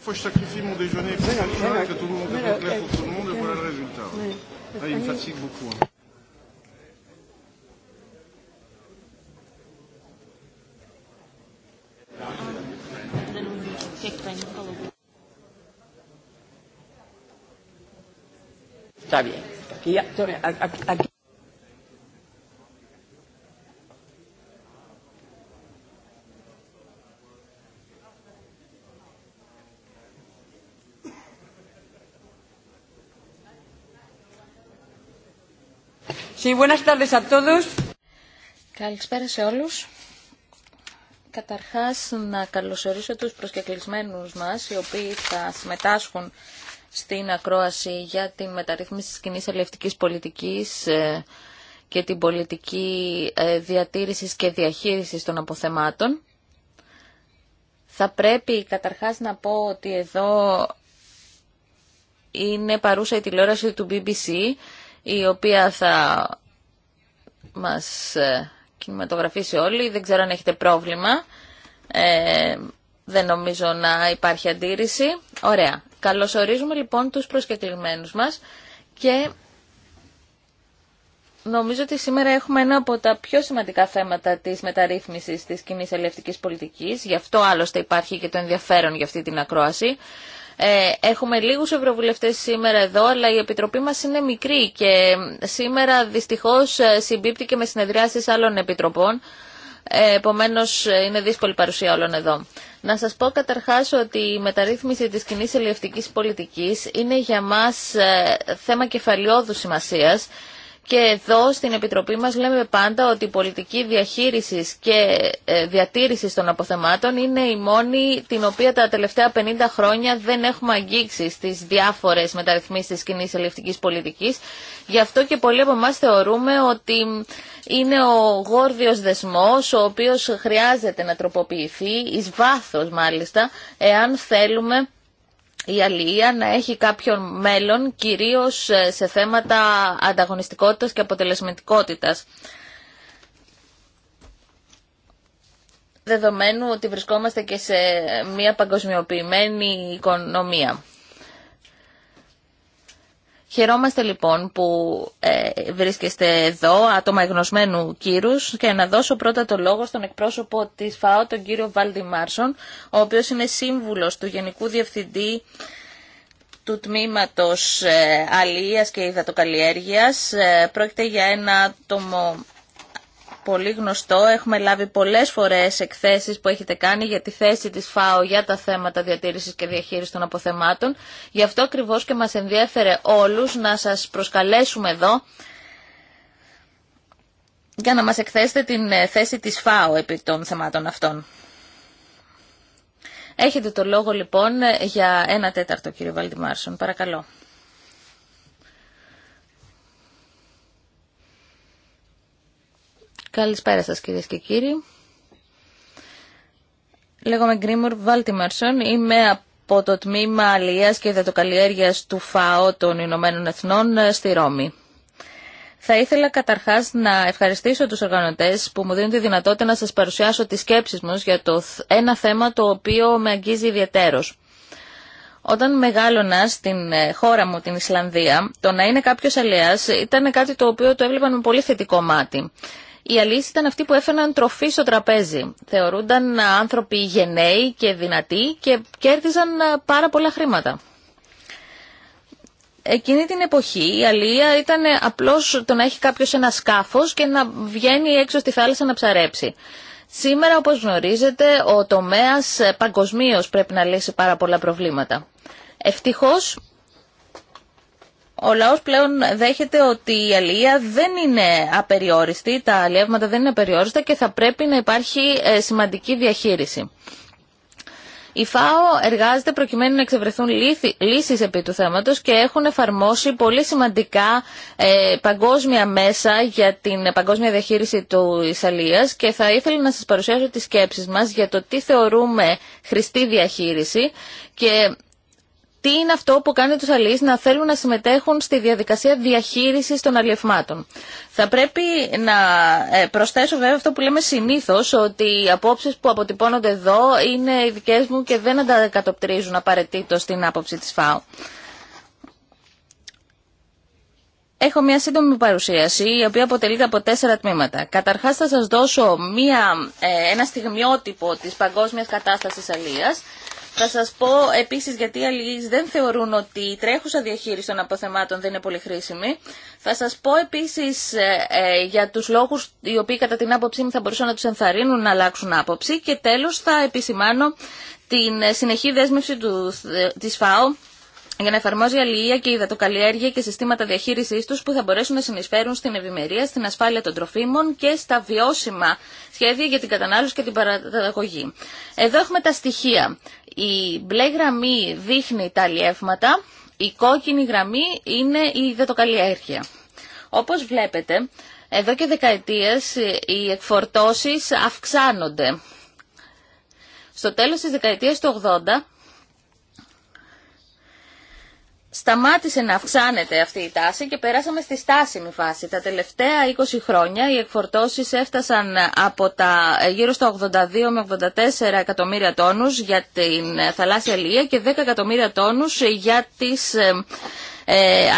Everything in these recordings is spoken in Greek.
faut que je sacrifie mon déjeuner pour ça, que tout le monde est clair pour tout le monde, et voilà le résultat. Là, il me fatigue beaucoup. Está bien. Aquí ya, aquí, aquí. Καλησπέρα σε όλους. Καταρχάς, να καλωσορίσω τους προσκεκλισμένους μας, οι οποίοι θα συμμετάσχουν στην ακρόαση για την μεταρρύθμιση της κοινής ελευτικής πολιτικής ε, και την πολιτική ε, διατήρησης και διαχείρισης των αποθεμάτων. Θα πρέπει καταρχάς να πω ότι εδώ είναι παρούσα η τηλεόραση του BBC η οποία θα μας ε, κινηματογραφήσει όλοι. Δεν ξέρω αν έχετε πρόβλημα. Ε, δεν νομίζω να υπάρχει αντίρρηση. Ωραία. Καλωσορίζουμε λοιπόν τους προσκεκλημένους μας και νομίζω ότι σήμερα έχουμε ένα από τα πιο σημαντικά θέματα της μεταρρύθμισης της κοινή ελευτικής πολιτικής. Γι' αυτό άλλωστε υπάρχει και το ενδιαφέρον για αυτή την ακρόαση. Ε, έχουμε λίγους ευρωβουλευτές σήμερα εδώ, αλλά η Επιτροπή μας είναι μικρή και σήμερα δυστυχώς ε, συμπίπτει και με συνεδριάσεις άλλων επιτροπών. Ε, επομένως είναι δύσκολη παρουσία όλων εδώ. Να σας πω καταρχάς ότι η μεταρρύθμιση της κοινή ελευθερικής πολιτικής είναι για μας θέμα κεφαλιόδου σημασίας και εδώ στην Επιτροπή μας λέμε πάντα ότι η πολιτική διαχείριση και ε, διατήρησης των αποθεμάτων είναι η μόνη την οποία τα τελευταία 50 χρόνια δεν έχουμε αγγίξει στις διάφορες μεταρρυθμίσεις της κοινή ελευτικής πολιτικής. Γι' αυτό και πολλοί από εμά θεωρούμε ότι είναι ο γόρδιος δεσμός ο οποίος χρειάζεται να τροποποιηθεί, εις βάθος μάλιστα, εάν θέλουμε η αλληλεία να έχει κάποιον μέλλον, κυρίως ε, σε θέματα ανταγωνιστικότητας και αποτελεσματικότητας. Δεδομένου ότι βρισκόμαστε και σε μια παγκοσμιοποιημένη οικονομία. Χαιρόμαστε λοιπόν που ε, βρίσκεστε εδώ, άτομα εγνωσμένου κύρους, και να δώσω πρώτα το λόγο στον εκπρόσωπο τη ΦΑΟ, τον κύριο Βάλντι Μάρσον, ο οποίο είναι σύμβουλο του Γενικού Διευθυντή του Τμήματος ε, και Ιδατοκαλλιέργεια. Ε, πρόκειται για ένα άτομο πολύ γνωστό. Έχουμε λάβει πολλές φορές εκθέσεις που έχετε κάνει για τη θέση της ΦΑΟ για τα θέματα διατήρησης και διαχείρισης των αποθεμάτων. Γι' αυτό ακριβώς και μας ενδιέφερε όλους να σας προσκαλέσουμε εδώ για να μας εκθέσετε την ε, θέση της ΦΑΟ επί των θεμάτων αυτών. Έχετε το λόγο λοιπόν ε, για ένα τέταρτο κύριε Βαλτιμάρσον. Παρακαλώ. Καλησπέρα σας κυρίες και κύριοι. Λέγομαι Γκρίμουρ Βάλτιμαρσον, είμαι από το τμήμα Αλλιάς και Δετοκαλλιέργειας του ΦΑΟ των Ηνωμένων Εθνών ε, στη Ρώμη. Θα ήθελα καταρχάς να ευχαριστήσω τους οργανωτές που μου δίνουν τη δυνατότητα να σας παρουσιάσω τις σκέψεις μου για το ένα θέμα το οποίο με αγγίζει ιδιαίτερος. Όταν μεγάλωνα στην ε, χώρα μου, την Ισλανδία, το να είναι κάποιος αλλιάς ήταν κάτι το οποίο το έβλεπαν με πολύ θετικό μάτι οι αλείς ήταν αυτοί που έφεραν τροφή στο τραπέζι. Θεωρούνταν άνθρωποι γενναίοι και δυνατοί και κέρδιζαν ε, πάρα πολλά χρήματα. Εκείνη την εποχή η αλία ήταν ε, απλώς το να έχει κάποιος ένα σκάφος και να βγαίνει έξω στη θάλασσα να ψαρέψει. Σήμερα, όπως γνωρίζετε, ο τομέας ε, παγκοσμίω πρέπει να λύσει πάρα πολλά προβλήματα. Ευτυχώς, ο λαός πλέον δέχεται ότι η αλληλεία δεν είναι απεριόριστη, τα αλλιεύματα δεν είναι απεριόριστα και θα πρέπει να υπάρχει ε, σημαντική διαχείριση. Η ΦΑΟ εργάζεται προκειμένου να εξευρεθούν λύσεις επί του θέματος και έχουν εφαρμόσει πολύ σημαντικά ε, παγκόσμια μέσα για την παγκόσμια διαχείριση του Ισαλία και θα ήθελα να σα παρουσιάσω τι σκέψει μα για το τι θεωρούμε χρηστή διαχείριση και τι είναι αυτό που κάνει τους αλληλείς να θέλουν να συμμετέχουν στη διαδικασία διαχείρισης των αλλιευμάτων. Θα πρέπει να ε, προσθέσω βέβαια αυτό που λέμε συνήθως, ότι οι απόψεις που αποτυπώνονται εδώ είναι οι δικές μου και δεν αντακατοπτρίζουν απαραίτητο στην άποψη της ΦΑΟ. Έχω μια σύντομη παρουσίαση, η οποία αποτελείται από τέσσερα τμήματα. Καταρχάς θα σας δώσω μια, ε, ένα στιγμιότυπο της παγκόσμιας κατάστασης αλίας. Θα σα πω επίση γιατί οι αλληλεί δεν θεωρούν ότι η τρέχουσα διαχείριση των αποθεμάτων δεν είναι πολύ χρήσιμη. Θα σα πω επίση ε, ε, για του λόγου οι οποίοι κατά την άποψή μου θα μπορούσαν να του ενθαρρύνουν να αλλάξουν άποψη και τέλο θα επισημάνω την συνεχή δέσμευση του, ε, της ΦΑΟ για να εφαρμόζει αλληλεία και υδατοκαλλιέργεια και συστήματα διαχείρισή του που θα μπορέσουν να συνεισφέρουν στην ευημερία, στην ασφάλεια των τροφίμων και στα βιώσιμα σχέδια για την κατανάλωση και την παραγωγή. Εδώ έχουμε τα στοιχεία. Η μπλε γραμμή δείχνει τα αλλιεύματα, η κόκκινη γραμμή είναι η υδατοκαλλιέργεια. Όπως βλέπετε, εδώ και δεκαετίες οι εκφορτώσεις αυξάνονται. Στο τέλος της δεκαετίας του 80 σταμάτησε να αυξάνεται αυτή η τάση και περάσαμε στη στάσιμη φάση. Τα τελευταία 20 χρόνια οι εκφορτώσεις έφτασαν από τα ε, γύρω στα 82 με 84 εκατομμύρια τόνους για την ε, θαλάσσια αλληλεία και 10 εκατομμύρια τόνους για τις ε, ε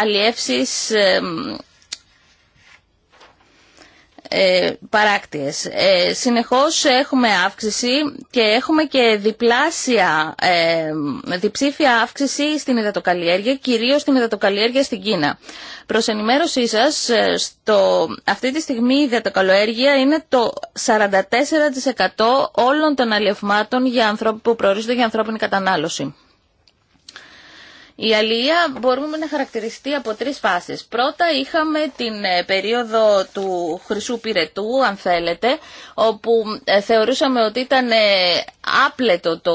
ε, παράκτιες. Ε, συνεχώς έχουμε αύξηση και έχουμε και διπλάσια, ε, διψήφια αύξηση στην υδατοκαλλιέργεια, κυρίως στην υδατοκαλλιέργεια στην Κίνα. Προς ενημέρωσή σας, στο, αυτή τη στιγμή η υδατοκαλλιέργεια είναι το 44% όλων των αλλιευμάτων για που προορίζονται για ανθρώπινη κατανάλωση. Η αλληλεία μπορούμε να χαρακτηριστεί από τρεις φάσεις. Πρώτα είχαμε την ε, περίοδο του χρυσού πυρετού, αν θέλετε, όπου ε, θεωρούσαμε ότι ήταν ε, άπλετο το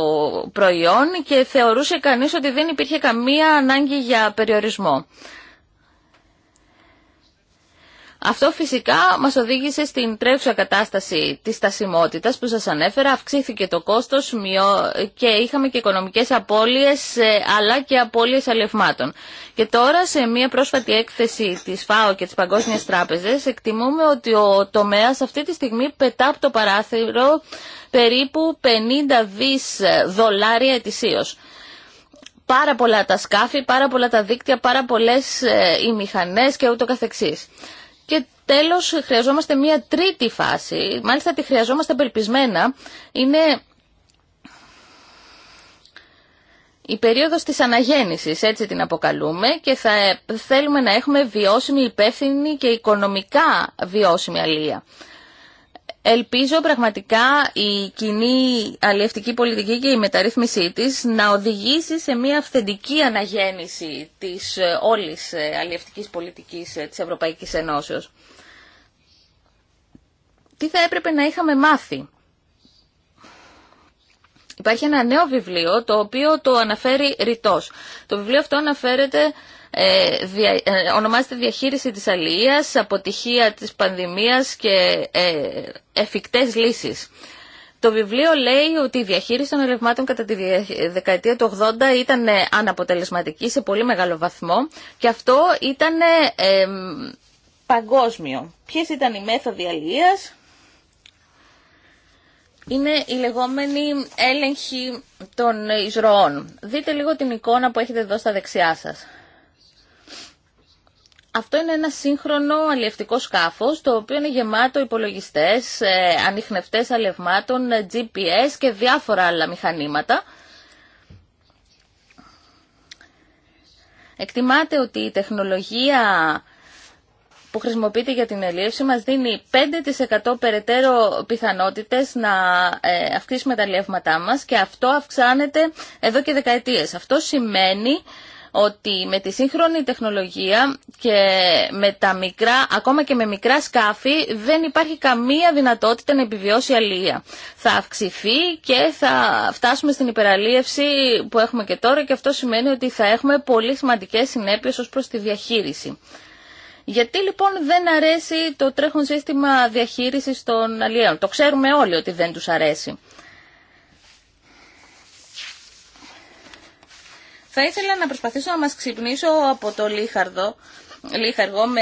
προϊόν και θεωρούσε κανείς ότι δεν υπήρχε καμία ανάγκη για περιορισμό. Αυτό φυσικά μας οδήγησε στην τρέχουσα κατάσταση της στασιμότητας που σας ανέφερα. Αυξήθηκε το κόστος και είχαμε και οικονομικές απώλειες ε, αλλά και απώλειες αλευμάτων. Και τώρα σε μια πρόσφατη έκθεση της ΦΑΟ και της Παγκόσμιας Τράπεζας εκτιμούμε ότι ο τομέας αυτή τη στιγμή πετά από το παράθυρο περίπου 50 δις δολάρια ετησίως. Πάρα πολλά τα σκάφη, πάρα πολλά τα δίκτυα, πάρα πολλές ε, οι μηχανές και ούτω καθεξής. Τέλος, χρειαζόμαστε μία τρίτη φάση, μάλιστα τη χρειαζόμαστε απελπισμένα, είναι η περίοδος της αναγέννησης, έτσι την αποκαλούμε, και θα θέλουμε να έχουμε βιώσιμη, υπεύθυνη και οικονομικά βιώσιμη αλία. Ελπίζω πραγματικά η κοινή αλλιευτική πολιτική και η μεταρρύθμισή της να οδηγήσει σε μια αυθεντική αναγέννηση της όλης ε, αλλιευτικής πολιτικής ε, της Ευρωπαϊκής Ενώσεως τι θα έπρεπε να είχαμε μάθει. Υπάρχει ένα νέο βιβλίο το οποίο το αναφέρει ρητός. Το βιβλίο αυτό αναφέρεται ε, ε ονομάζεται «Διαχείριση της αλληλείας, αποτυχία της πανδημίας και ε, εφικτές λύσεις». Το βιβλίο λέει ότι η διαχείριση των ελευμάτων κατά τη δεκαετία του 80 ήταν ε, αναποτελεσματική σε πολύ μεγάλο βαθμό και αυτό ήταν παγκόσμιο. Ποιες ήταν οι μέθοδοι αλληλείας είναι η λεγόμενη έλεγχη των εισρωών. Δείτε λίγο την εικόνα που έχετε εδώ στα δεξιά σας. Αυτό είναι ένα σύγχρονο αλλιευτικό σκάφος, το οποίο είναι γεμάτο υπολογιστές, ε, ανιχνευτές αλευμάτων, ε, GPS και διάφορα άλλα μηχανήματα. Εκτιμάται ότι η τεχνολογία που χρησιμοποιείται για την ελίευση μας δίνει 5% περαιτέρω πιθανότητες να ε, αυξήσουμε τα λεύματά μας και αυτό αυξάνεται εδώ και δεκαετίες. Αυτό σημαίνει ότι με τη σύγχρονη τεχνολογία και με τα μικρά, ακόμα και με μικρά σκάφη, δεν υπάρχει καμία δυνατότητα να επιβιώσει αλληλεία. Θα αυξηθεί και θα φτάσουμε στην υπεραλίευση που έχουμε και τώρα και αυτό σημαίνει ότι θα έχουμε πολύ σημαντικές συνέπειες ως προς τη διαχείριση. Γιατί λοιπόν δεν αρέσει το τρέχον σύστημα διαχείρισης των αλλιέων. Το ξέρουμε όλοι ότι δεν τους αρέσει. Θα ήθελα να προσπαθήσω να μας ξυπνήσω από το λίχαρδο, λίχαργο με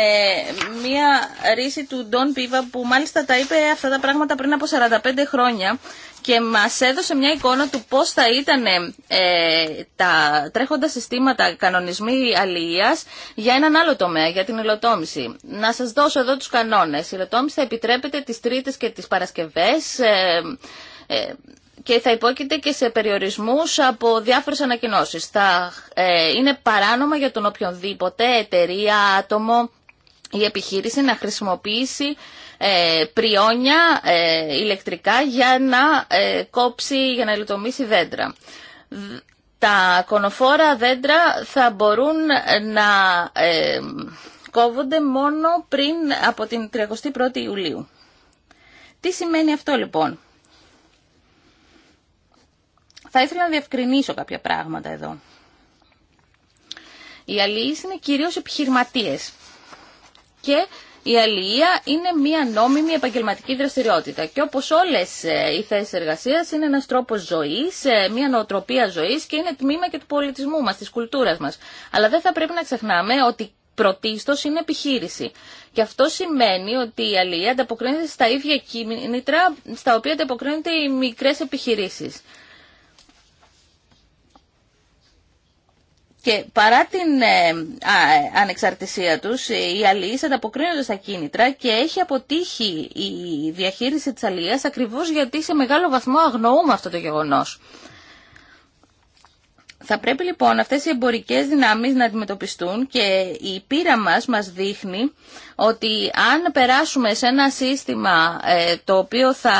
μία ρίση του Ντόν Πίβα που μάλιστα τα είπε αυτά τα πράγματα πριν από 45 χρόνια και μας έδωσε μια εικόνα του πώς θα ήταν ε, τα τρέχοντα συστήματα κανονισμοί αλληλεία για έναν άλλο τομέα, για την υλοτόμηση. Να σας δώσω εδώ τους κανόνες. Η υλοτόμηση θα επιτρέπεται τις Τρίτες και τις Παρασκευές ε, ε, και θα υπόκειται και σε περιορισμούς από διάφορες ανακοινώσεις. Θα είναι παράνομα για τον οποιονδήποτε εταιρεία, άτομο ή επιχείρηση να χρησιμοποιήσει ε, πριόνια ε, ηλεκτρικά για να ε, κόψει, για να λιτομήσει δέντρα. Τα κονοφόρα δέντρα θα μπορούν να κόβονται μόνο πριν από την 31η Ιουλίου. Τι σημαίνει αυτό λοιπόν. Θα ήθελα να διευκρινίσω κάποια πράγματα εδώ. Οι αλληλείς είναι κυρίως επιχειρηματίες και η αλληλεία είναι μια νόμιμη επαγγελματική δραστηριότητα και όπως όλες ε, οι θέσεις εργασίας είναι ένας τρόπος ζωής, ε, μια νοοτροπία ζωής και είναι τμήμα και του πολιτισμού μας, της κουλτούρας μας. Αλλά δεν θα πρέπει να ξεχνάμε ότι πρωτίστως είναι επιχείρηση. Και αυτό σημαίνει ότι η αλληλεία ανταποκρίνεται στα ίδια κίνητρα στα οποία ανταποκρίνονται οι μικρές επιχειρήσεις. Και παρά την ε, ανεξαρτησία τους, οι αλληλείς ανταποκρίνονται στα κίνητρα και έχει αποτύχει η διαχείριση της αλληλείας ακριβώς γιατί σε μεγάλο βαθμό αγνοούμε αυτό το γεγονός. Θα πρέπει λοιπόν αυτές οι εμπορικές δυνάμεις να αντιμετωπιστούν και η πείρα μας μας δείχνει ότι αν περάσουμε σε ένα σύστημα ε, το οποίο θα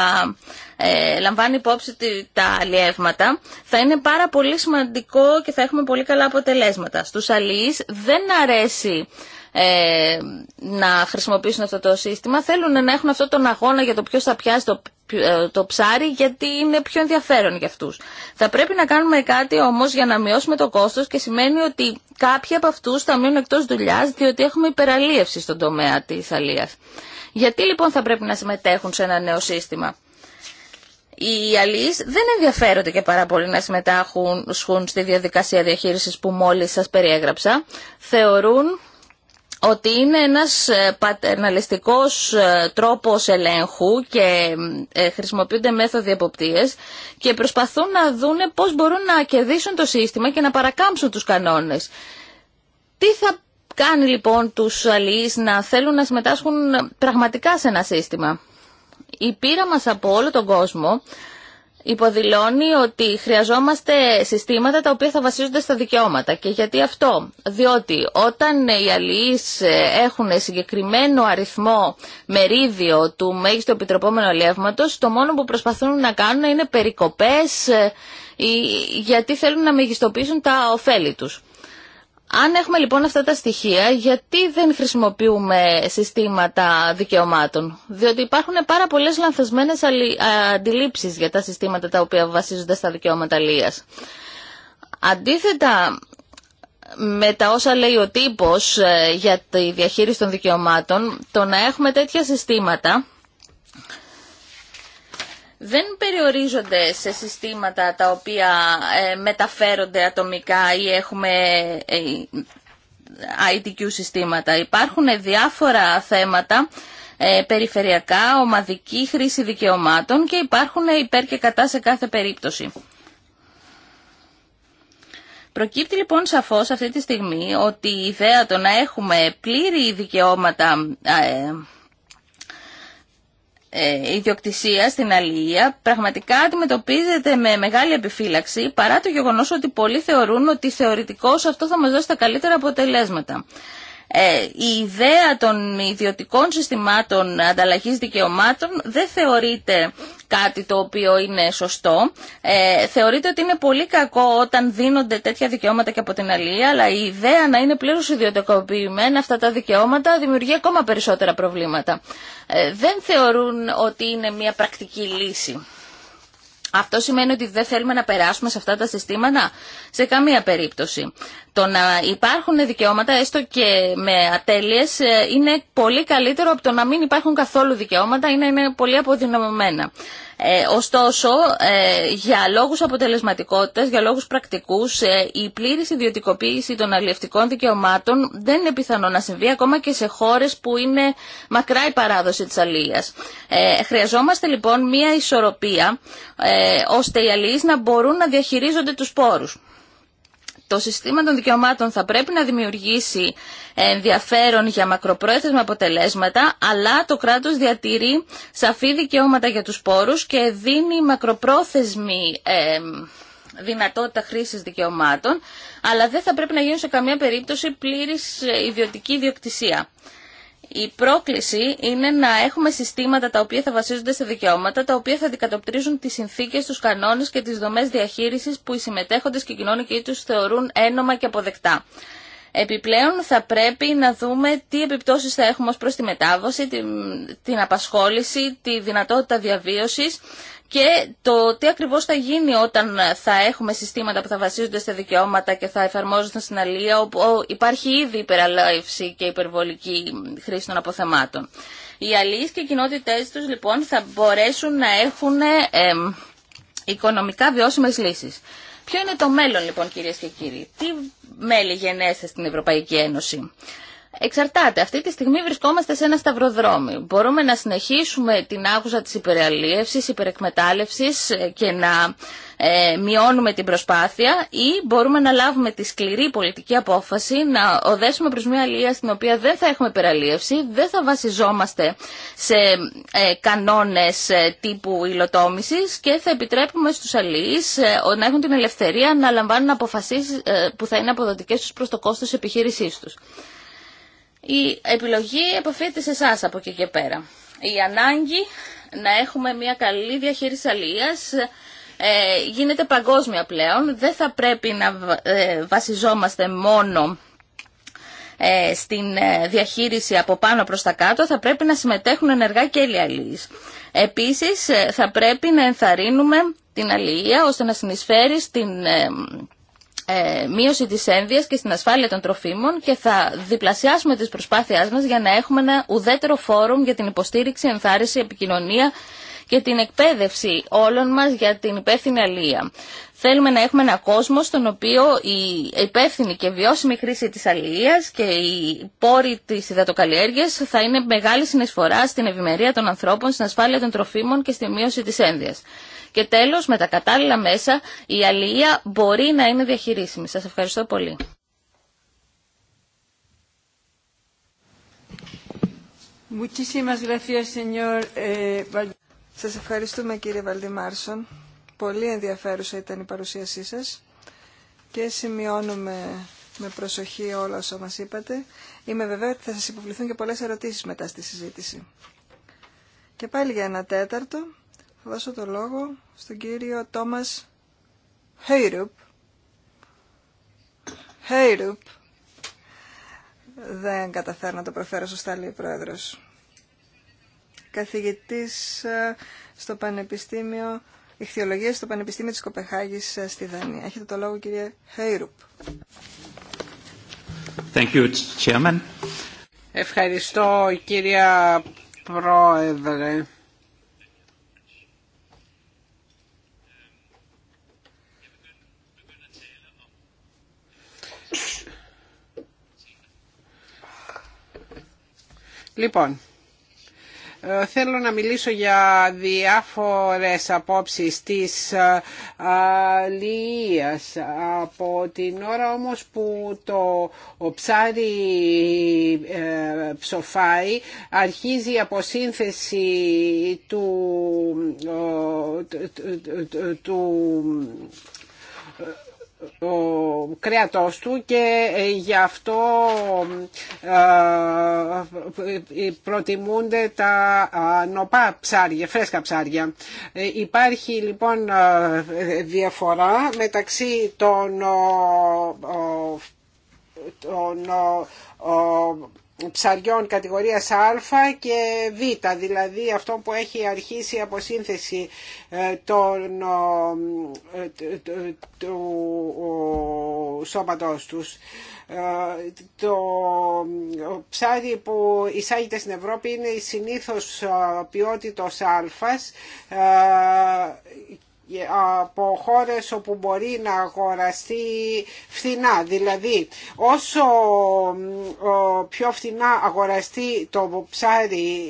ε, λαμβάνει υπόψη τα αλλιεύματα, θα είναι πάρα πολύ σημαντικό και θα έχουμε πολύ καλά αποτελέσματα. Στους αλλιείς δεν αρέσει ε, να χρησιμοποιήσουν αυτό το σύστημα, θέλουν να έχουν αυτόν τον αγώνα για το ποιο θα πιάσει το, ε, το ψάρι, γιατί είναι πιο ενδιαφέρον για αυτούς. Θα πρέπει να κάνουμε κάτι όμως για να μειώσουμε το κόστος και σημαίνει ότι κάποιοι από αυτούς θα μείνουν εκτός δουλειά, διότι έχουμε υπεραλίευση στον τομέα της αλίας. Γιατί λοιπόν θα πρέπει να συμμετέχουν σε ένα νέο σύστημα. Οι αλληλείς δεν ενδιαφέρονται και πάρα πολύ να συμμετάχουν στη διαδικασία διαχείρισης που μόλις σας περιέγραψα. Θεωρούν ότι είναι ένας ε, πατερναλιστικός ε, τρόπος ελέγχου και ε, χρησιμοποιούνται μέθοδοι εποπτείες και προσπαθούν να δούνε πώς μπορούν να κερδίσουν το σύστημα και να παρακάμψουν τους κανόνες. Τι θα κάνει λοιπόν τους αλληλείς να θέλουν να συμμετάσχουν πραγματικά σε ένα σύστημα. Η πείρα μας από όλο τον κόσμο υποδηλώνει ότι χρειαζόμαστε συστήματα τα οποία θα βασίζονται στα δικαιώματα. Και γιατί αυτό. Διότι όταν οι αλληλείς ε, έχουν συγκεκριμένο αριθμό μερίδιο του μέγιστο επιτροπόμενου αλλιεύματος, το μόνο που προσπαθούν να κάνουν είναι περικοπές ε, γιατί θέλουν να μεγιστοποιήσουν τα ωφέλη τους. Αν έχουμε λοιπόν αυτά τα στοιχεία, γιατί δεν χρησιμοποιούμε συστήματα δικαιωμάτων. Διότι υπάρχουν πάρα πολλέ λανθασμένες αντιλήψεις για τα συστήματα τα οποία βασίζονται στα δικαιώματα Αντίθετα με τα όσα λέει ο τύπο ε, για τη διαχείριση των δικαιωμάτων, το να έχουμε τέτοια συστήματα δεν περιορίζονται σε συστήματα τα οποία ε, μεταφέρονται ατομικά ή έχουμε ITQ ε, συστήματα. Υπάρχουν διάφορα θέματα ε, περιφερειακά, ομαδική χρήση δικαιωμάτων και υπάρχουν υπέρ και κατά σε κάθε περίπτωση. Προκύπτει λοιπόν σαφώς αυτή τη στιγμή ότι η ιδέα το να έχουμε πλήρη δικαιώματα ε, ιδιοκτησία στην αλληλεία πραγματικά αντιμετωπίζεται με μεγάλη επιφύλαξη παρά το γεγονός ότι πολλοί θεωρούν ότι θεωρητικώς αυτό θα μας δώσει τα καλύτερα αποτελέσματα. Ε, η ιδέα των ιδιωτικών συστημάτων ανταλλαγής δικαιωμάτων δεν θεωρείται κάτι το οποίο είναι σωστό. Ε, θεωρείται ότι είναι πολύ κακό όταν δίνονται τέτοια δικαιώματα και από την αλληλεία, αλλά η ιδέα να είναι πλήρως ιδιωτικοποιημένα αυτά τα δικαιώματα δημιουργεί ακόμα περισσότερα προβλήματα. Ε, δεν θεωρούν ότι είναι μια πρακτική λύση. Αυτό σημαίνει ότι δεν θέλουμε να περάσουμε σε αυτά τα συστήματα σε καμία περίπτωση. Το να υπάρχουν δικαιώματα, έστω και με ατέλειες, ε, είναι πολύ καλύτερο από το να μην υπάρχουν καθόλου δικαιώματα ή να είναι πολύ αποδυναμωμένα. Ε, ωστόσο, ε, για λόγους αποτελεσματικότητας, για λόγους πρακτικούς, ε, η πλήρης ιδιωτικοποίηση των αλληλευτικών δικαιωμάτων δεν είναι πιθανό να συμβεί ακόμα και σε χώρες που είναι μακρά η παράδοση της αλληλείας. Χρειαζόμαστε λοιπόν μία ισορροπία ώστε οι αλληλείς να μπορούν να διαχειρίζονται τους πόρους. Το συστήμα των δικαιωμάτων θα πρέπει να δημιουργήσει ενδιαφέρον για μακροπρόθεσμα αποτελέσματα, αλλά το κράτος διατηρεί σαφή δικαιώματα για τους πόρους και δίνει μακροπρόθεσμη δυνατότητα χρήσης δικαιωμάτων, αλλά δεν θα πρέπει να γίνει σε καμία περίπτωση πλήρης ε, ιδιωτική ιδιοκτησία. Η πρόκληση είναι να έχουμε συστήματα τα οποία θα βασίζονται σε δικαιώματα, τα οποία θα αντικατοπτρίζουν τι συνθήκε, του κανόνε και τι δομέ διαχείριση που οι συμμετέχοντε και οι κοινωνικοί του θεωρούν ένομα και αποδεκτά. Επιπλέον θα πρέπει να δούμε τι επιπτώσεις θα έχουμε ως προς τη μετάβαση, την, την απασχόληση, τη δυνατότητα διαβίωσης και το τι ακριβώς θα γίνει όταν θα έχουμε συστήματα που θα βασίζονται στα δικαιώματα και θα εφαρμόζονται στην αλληλεία όπου υπάρχει ήδη υπεραλάβηση και υπερβολική χρήση των αποθεμάτων. Οι αλληλείς και οι κοινότητές τους λοιπόν θα μπορέσουν να έχουν οικονομικά βιώσιμες λύσεις. Ποιο είναι το μέλλον λοιπόν κυρίες και κύριοι. Τι μέλη γενέστε στην Ευρωπαϊκή Ένωση. Εξαρτάται. Αυτή τη στιγμή βρισκόμαστε σε ένα σταυροδρόμι. Μπορούμε να συνεχίσουμε την άγουσα της υπεραλίευσης, υπερεκμετάλλευσης ε, και να ε, μειώνουμε την προσπάθεια ή μπορούμε να λάβουμε τη σκληρή πολιτική απόφαση να οδέσουμε προς μια αλληλεία στην οποία δεν θα έχουμε υπεραλίευση, δεν θα βασιζόμαστε σε ε, κανόνες ε, τύπου υλοτόμησης και θα επιτρέπουμε στους αλληλείς να έχουν την ελευθερία να λαμβάνουν αποφασίσεις που θα είναι αποδοτικές τους προς το κόστος επιχείρησής τους. Η επιλογή επαφείται σε εσά από εκεί και πέρα. Η ανάγκη να έχουμε μια καλή διαχείριση αλληλείας ε, γίνεται παγκόσμια πλέον. Δεν θα πρέπει να ε, βασιζόμαστε μόνο ε, στην διαχείριση από πάνω προς τα κάτω, θα πρέπει να συμμετέχουν ενεργά και οι αλληλείς. Επίσης, θα πρέπει να ενθαρρύνουμε την αλληλεία ώστε να συνεισφέρει στην ε, μείωση της ένδυας και στην ασφάλεια των τροφίμων και θα διπλασιάσουμε τις προσπάθειές μας για να έχουμε ένα ουδέτερο φόρουμ για την υποστήριξη, ενθάρρυνση, επικοινωνία και την εκπαίδευση όλων μας για την υπεύθυνη αλληλεία. Θέλουμε να έχουμε ένα κόσμο στον οποίο η υπεύθυνη και βιώσιμη χρήση της αλληλείας και οι πόροι της υδατοκαλλιέργειας θα είναι μεγάλη συνεισφορά στην ευημερία των ανθρώπων, στην ασφάλεια των τροφίμων και στη μείωση της ένδυας. Και τέλος, με τα κατάλληλα μέσα, η αλληλεία μπορεί να είναι διαχειρίσιμη. Σας ευχαριστώ πολύ. Eh, σας ευχαριστούμε κύριε Βαλτιμάρσον. Πολύ ενδιαφέρουσα ήταν η παρουσίασή σας και σημειώνουμε με προσοχή όλα όσα μας είπατε. Είμαι βεβαία ότι θα σας υποβληθούν και πολλές ερωτήσεις μετά στη συζήτηση. Και πάλι για ένα τέταρτο δώσω το λόγο στον κύριο Τόμας Χέιρουπ. Χέιρουπ. Δεν καταφέρνω να το προφέρω σωστά, λέει ο Πρόεδρος. Καθηγητής ε, στο Πανεπιστήμιο Ιχθιολογία στο Πανεπιστήμιο της Κοπεχάγης ε, στη Δανία. Έχετε το λόγο, κύριε Χέιρουπ. Thank you, Chairman. Ευχαριστώ, κύριε Πρόεδρε. Λοιπόν, ε, θέλω να μιλήσω για διάφορες απόψεις της ε, αλληλείας. Από την ώρα όμως που το ψάρι ε, ψοφάει αρχίζει η αποσύνθεση του, του ο κρέατός του και ε, γι' αυτό ε, ε, προτιμούνται τα νοπά ψάρια, φρέσκα ψάρια. Υπάρχει λοιπόν διαφορά μεταξύ των, των ψαριών κατηγορίας Α και Β, δηλαδή αυτό που έχει αρχίσει από σύνθεση ε, των, ε, του σώματός τους. Ε, το ψάρι που εισάγεται στην Ευρώπη είναι η συνήθως ποιότητος Α ε, από χώρες όπου μπορεί να αγοραστεί φθηνά. Δηλαδή όσο πιο φθηνά αγοραστεί το ψάρι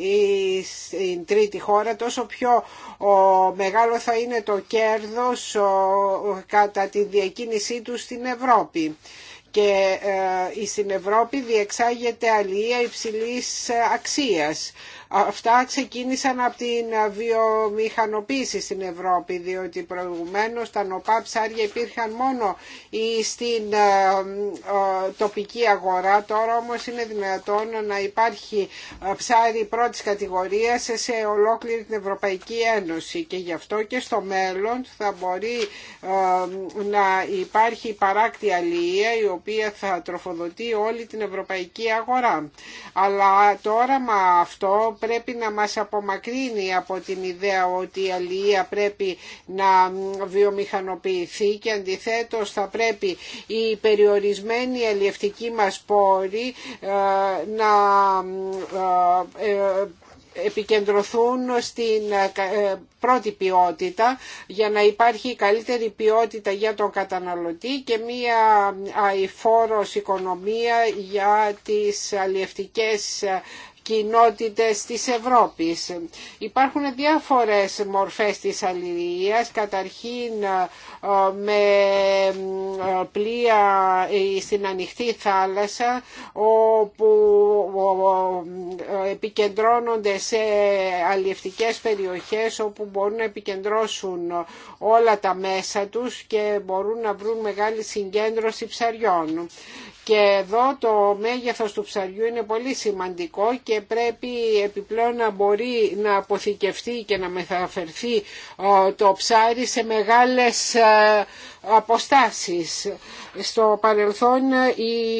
στην τρίτη χώρα τόσο πιο μεγάλο θα είναι το κέρδος κατά τη διακίνησή του στην Ευρώπη και ε, στην Ευρώπη διεξάγεται αλληλεία υψηλής ε, αξίας. Αυτά ξεκίνησαν από την βιομηχανοποίηση στην Ευρώπη, διότι προηγουμένως τα νοπά ψάρια υπήρχαν μόνο στην ε, ε, τοπική αγορά. Τώρα όμως είναι δυνατόν να υπάρχει ε, ψάρι πρώτης κατηγορίας σε ολόκληρη την Ευρωπαϊκή Ένωση και γι' αυτό και στο μέλλον θα μπορεί να υπάρχει παράκτη αλληλεία η οποία θα τροφοδοτεί όλη την ευρωπαϊκή αγορά. Αλλά τώρα με αυτό πρέπει να μας απομακρύνει από την ιδέα ότι η αλληλεία πρέπει να βιομηχανοποιηθεί και αντιθέτως θα πρέπει οι περιορισμένοι αλληλευτικοί μας πόροι ε, να ε, ε, επικεντρωθούν στην πρώτη ποιότητα για να υπάρχει καλύτερη ποιότητα για τον καταναλωτή και μία αηφόρος οικονομία για τις αλλιευτικές κοινότητες της Ευρώπης. Υπάρχουν διάφορες μορφές της αλληλείας, καταρχήν ε, με ε, πλοία στην ανοιχτή θάλασσα όπου επικεντρώνονται σε αλληλευτικές περιοχές όπου μπορούν να επικεντρώσουν όλα τα μέσα τους και μπορούν να βρουν μεγάλη συγκέντρωση ψαριών. Και εδώ το μέγεθος του ψαριού είναι πολύ σημαντικό και πρέπει επιπλέον να μπορεί να αποθηκευτεί και να μεταφερθεί το ψάρι σε μεγάλες ε, αποστάσεις. Στο παρελθόν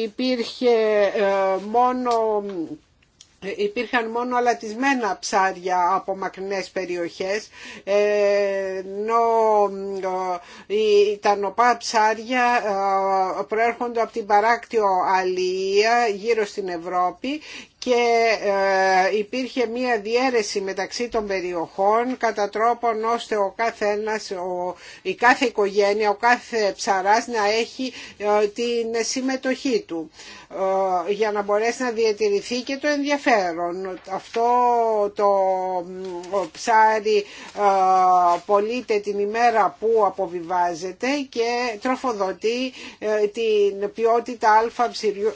υπήρχε ε, μόνο υπήρχαν μόνο αλατισμένα ψάρια από μακρινές περιοχές ενώ ε, τα νοπά ψάρια ε, προέρχονται από την παράκτιο αλληλεία γύρω στην Ευρώπη και ε, υπήρχε μία διέρεση μεταξύ των περιοχών κατά τρόπον ώστε ο κάθε ένας, ο, η κάθε οικογένεια, ο κάθε ψαράς να έχει την συμμετοχή του. Ε, για να μπορέσει να διατηρηθεί και το ενδιαφέρον. Αυτό το ψάρι ε, πωλείται την ημέρα που αποβιβάζεται και τροφοδοτεί ε, την ποιότητα αλφα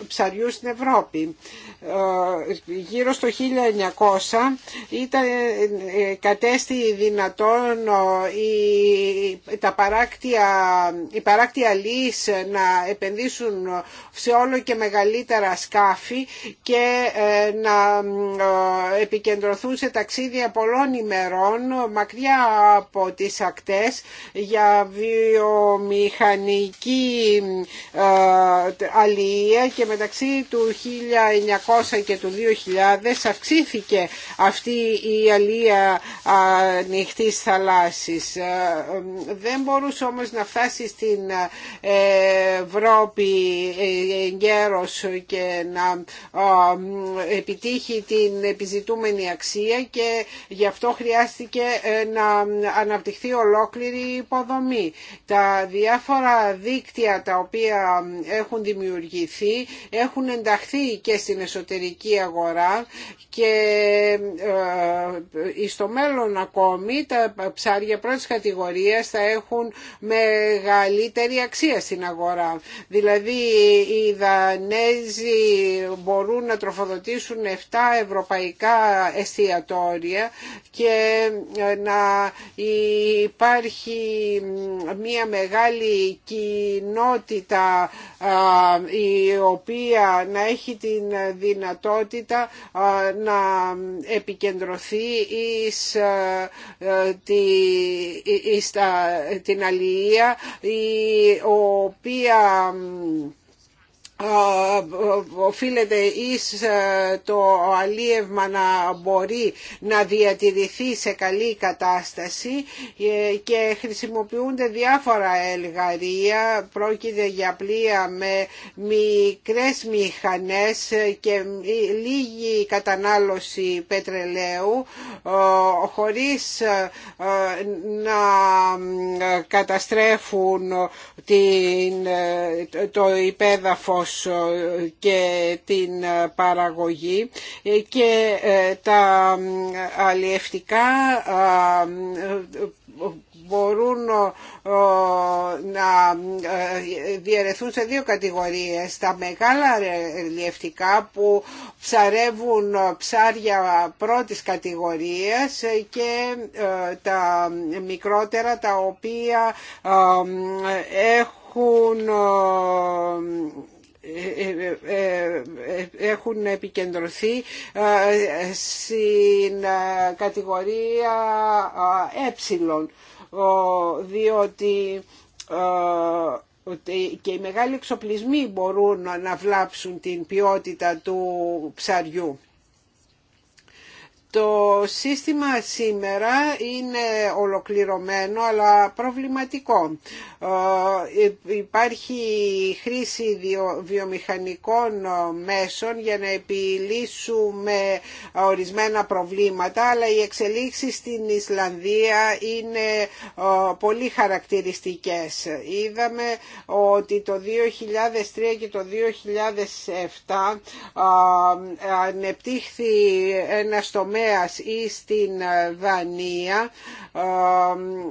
ψαριού στην Ευρώπη. Γύρω στο 1900 ήταν κατέστη δυνατόν η, τα παράκτια, η παράκτια να επενδύσουν σε όλο και μεγαλύτερο καλύτερα σκάφη και ε, να ε, επικεντρωθούν σε ταξίδια πολλών ημερών μακριά από τις ακτές για βιομηχανική ε, αλληλεία και μεταξύ του 1900 και του 2000 αυξήθηκε αυτή η αλληλεία ανοιχτής θαλάσσης. Δεν μπορούσε όμως να φτάσει στην Ευρώπη γέρο και να επιτύχει την επιζητούμενη αξία και γι' αυτό χρειάστηκε ε, να αναπτυχθεί ολόκληρη υποδομή. Τα διάφορα δίκτυα τα οποία έχουν δημιουργηθεί έχουν ενταχθεί και στην εσωτερική αγορά και στο ε, μέλλον ακόμη τα ψάρια πρώτης κατηγορίας θα έχουν μεγαλύτερη αξία στην αγορά. Δηλαδή οι δανέ Κινέζοι μπορούν να τροφοδοτήσουν 7 ευρωπαϊκά εστιατόρια και ε, να υπάρχει μια μεγάλη κοινότητα η οποία να έχει την δυνατότητα να επικεντρωθεί εις, ε, την αλληλεία η οποία οφείλεται εις ε, το αλίευμα να μπορεί να διατηρηθεί σε καλή κατάσταση ε, και χρησιμοποιούνται διάφορα ελγαρία, πρόκειται για πλοία με μικρές μηχανές και λίγη κατανάλωση πετρελαίου ε, χωρίς να καταστρέφουν το υπέδαφος ε, και την παραγωγή και τα αλλιευτικά μπορούν να διαιρεθούν σε δύο κατηγορίες. Τα μεγάλα αλλιευτικά που ψαρεύουν ψάρια πρώτης κατηγορίας ε, και ε, τα μικρότερα τα οποία έχουν έχουν επικεντρωθεί ε, στην κατηγορία ε, ε διότι ε, και οι μεγάλοι εξοπλισμοί μπορούν να βλάψουν την ποιότητα του ψαριού. Το σύστημα σήμερα είναι ολοκληρωμένο αλλά προβληματικό. Ε, υπάρχει χρήση βιομηχανικών ε, μέσων για να επιλύσουμε ε, ορισμένα προβλήματα αλλά οι εξελίξεις στην Ισλανδία είναι πολύ χαρακτηριστικές. Είδαμε ότι το 2003 και το 2007 ανεπτύχθη ένα τομέα ή στην ε, Δανία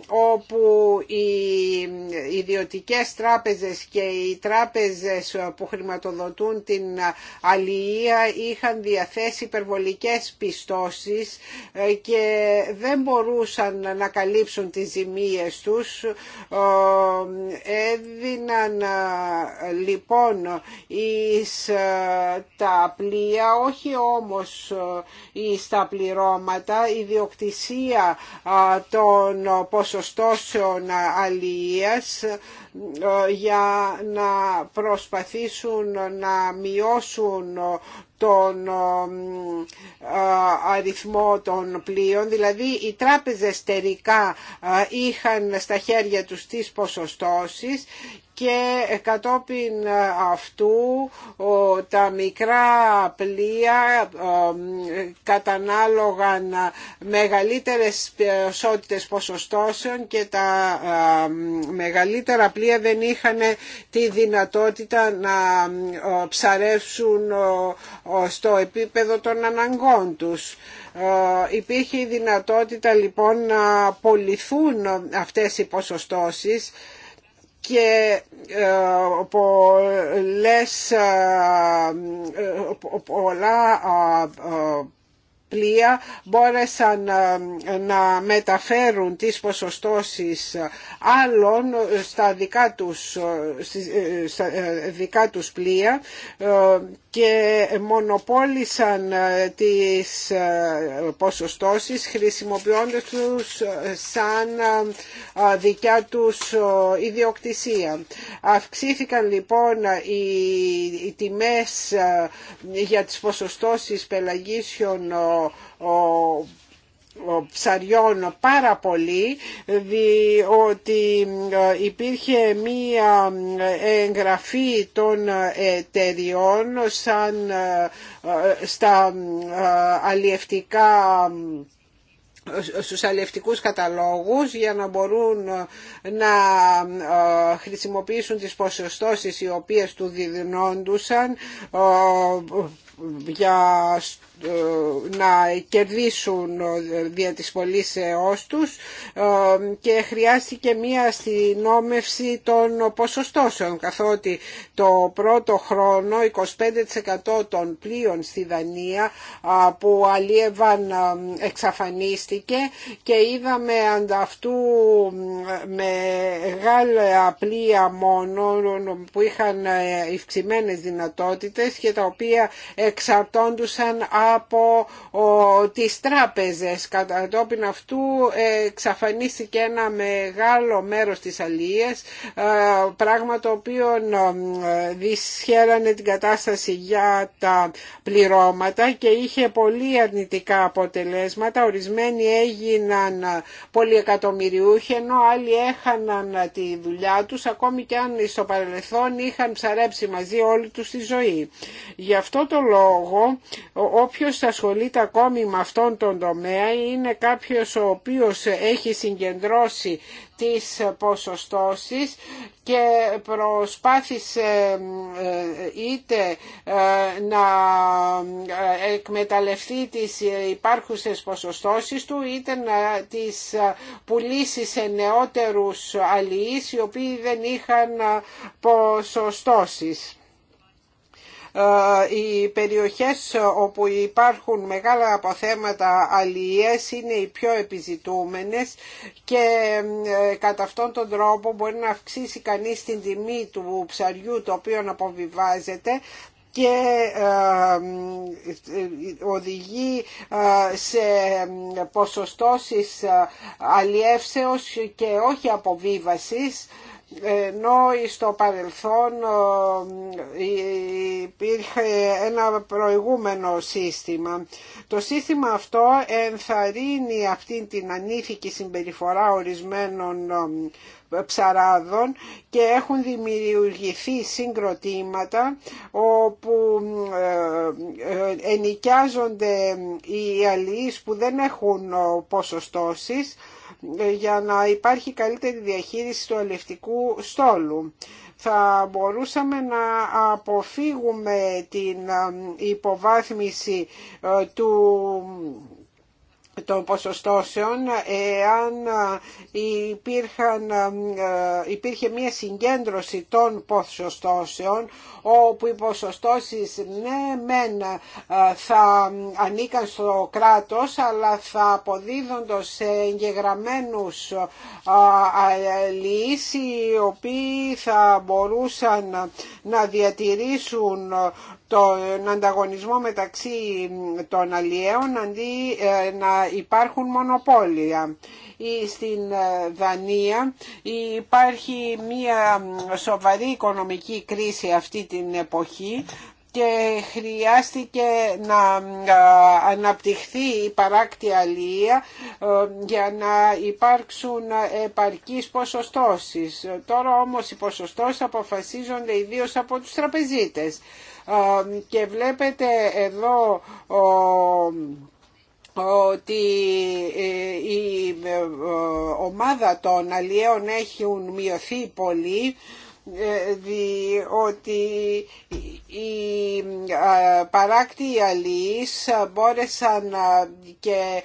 όπου οι ιδιωτικές τράπεζες και οι τράπεζες που χρηματοδοτούν την αλληλεία είχαν διαθέσει υπερβολικές πιστώσεις ε, και δεν μπορούσαν να καλύψουν τις ζημίες τους έδιναν ε, λοιπόν εις τα πλοία όχι όμως εις τα πλοία πληρώματα, ιδιοκτησία των ποσοστώσεων αλίες για να προσπαθήσουν να μειώσουν τον αριθμό των πλοίων, δηλαδή οι τράπεζες τερικά είχαν στα χέρια τους τις ποσοστώσεις και κατόπιν αυτού τα μικρά πλοία κατανάλογαν μεγαλύτερες ποσότητες ποσοστώσεων και τα μεγαλύτερα πλοία δεν είχαν τη δυνατότητα να ψαρεύσουν στο επίπεδο των αναγκών τους. Υπήρχε η δυνατότητα λοιπόν να πολιθούν αυτές οι ποσοστώσεις και ε, πολλές, ε, ε, πολλά πλοία μπόρεσαν ε, να μεταφέρουν τις ποσοστώσεις άλλων στα δικά τους, ε, ε, δικά τους πλοία και μονοπόλησαν τις ποσοστώσεις χρησιμοποιώντας τους σαν δικιά τους ιδιοκτησία. Αυξήθηκαν λοιπόν οι τιμές για τις ποσοστώσεις πελαγίσιων ψαριών πάρα πολύ διότι ε, υπήρχε μία εγγραφή των εταιριών σαν ε, ε, στα αλλιευτικά στους αλλιευτικούς καταλόγους για να μπορούν να χρησιμοποιήσουν τις ποσοστώσεις οι οποίες του διδυνόντουσαν για να κερδίσουν ε, δια της πωλήσεώς τους ε, και χρειάστηκε μία αστυνόμευση των ποσοστώσεων καθότι το πρώτο χρόνο 25% των πλοίων στη Δανία που αλλιευάν ε, εξαφανίστηκε και είδαμε ανταυτού μεγάλα πλοία μόνο που είχαν ευξημένες δυνατότητες και τα οποία εξαρτώντουσαν από τις τράπεζες. Κατόπιν αυτού ε, εξαφανίστηκε ένα μεγάλο μέρος της αλίες, ε, πράγμα το οποίο ε, δυσχέρανε την κατάσταση για τα πληρώματα και είχε πολύ αρνητικά αποτελέσματα. Ορισμένοι έγιναν πολυεκατομμυριούχοι, ενώ άλλοι έχαναν τη δουλειά τους, ακόμη και αν στο παρελθόν είχαν ψαρέψει μαζί όλη τους τη ζωή. Γι' αυτό το λόγο, κάποιος ασχολείται ακόμη με αυτόν τον τομέα είναι κάποιος ο οποίος έχει συγκεντρώσει τις ποσοστώσεις και προσπάθησε ε, είτε ε, να ε, εκμεταλλευτεί τις υπάρχουσες ποσοστώσεις του είτε να τις πουλήσει σε νεότερους αλληλείς οι οποίοι δεν είχαν ποσοστώσεις. Ε, οι περιοχές όπου υπάρχουν μεγάλα αποθέματα αλλιές είναι οι πιο επιζητούμενες και ε, κατά αυτόν τον τρόπο μπορεί να αυξήσει κανείς την τιμή του ψαριού το οποίο αποβιβάζεται και ε, οδηγεί σε ποσοστώσεις αλλιεύσεως και όχι αποβίβασης ενώ στο παρελθόν υπήρχε ένα προηγούμενο σύστημα. Το σύστημα αυτό ενθαρρύνει αυτή την ανήθικη συμπεριφορά ορισμένων ψαράδων και έχουν δημιουργηθεί συγκροτήματα όπου ε, ε, ενοικιάζονται οι αλληλείς που δεν έχουν ποσοστώσεις για να υπάρχει καλύτερη διαχείριση του ελευτικού στόλου. Θα μπορούσαμε να αποφύγουμε την ε, υποβάθμιση ε, του των ποσοστώσεων εάν υπήρχαν, ε, υπήρχε μια συγκέντρωση των ποσοστώσεων όπου οι ποσοστώσεις ναι μεν ε, θα ανήκαν στο κράτος αλλά θα αποδίδονται σε εγγεγραμμένους ε, αλληλείς οι οποίοι θα μπορούσαν να διατηρήσουν τον ανταγωνισμό μεταξύ των αλλιέων αντί ε, να υπάρχουν μονοπόλια. Στην ε, Δανία υπάρχει μια σοβαρή οικονομική κρίση αυτή την εποχή και χρειάστηκε να αναπτυχθεί η παράκτη αλληλεία ε, για να υπάρξουν επαρκείς ποσοστώσεις. Τώρα όμως οι ποσοστώσεις αποφασίζονται ιδίως από τους τραπεζίτες. Ε, και βλέπετε εδώ ότι ε, η ομάδα των αλλιέων έχουν μειωθεί πολύ διότι οι παράκτη αλληλείς μπόρεσαν και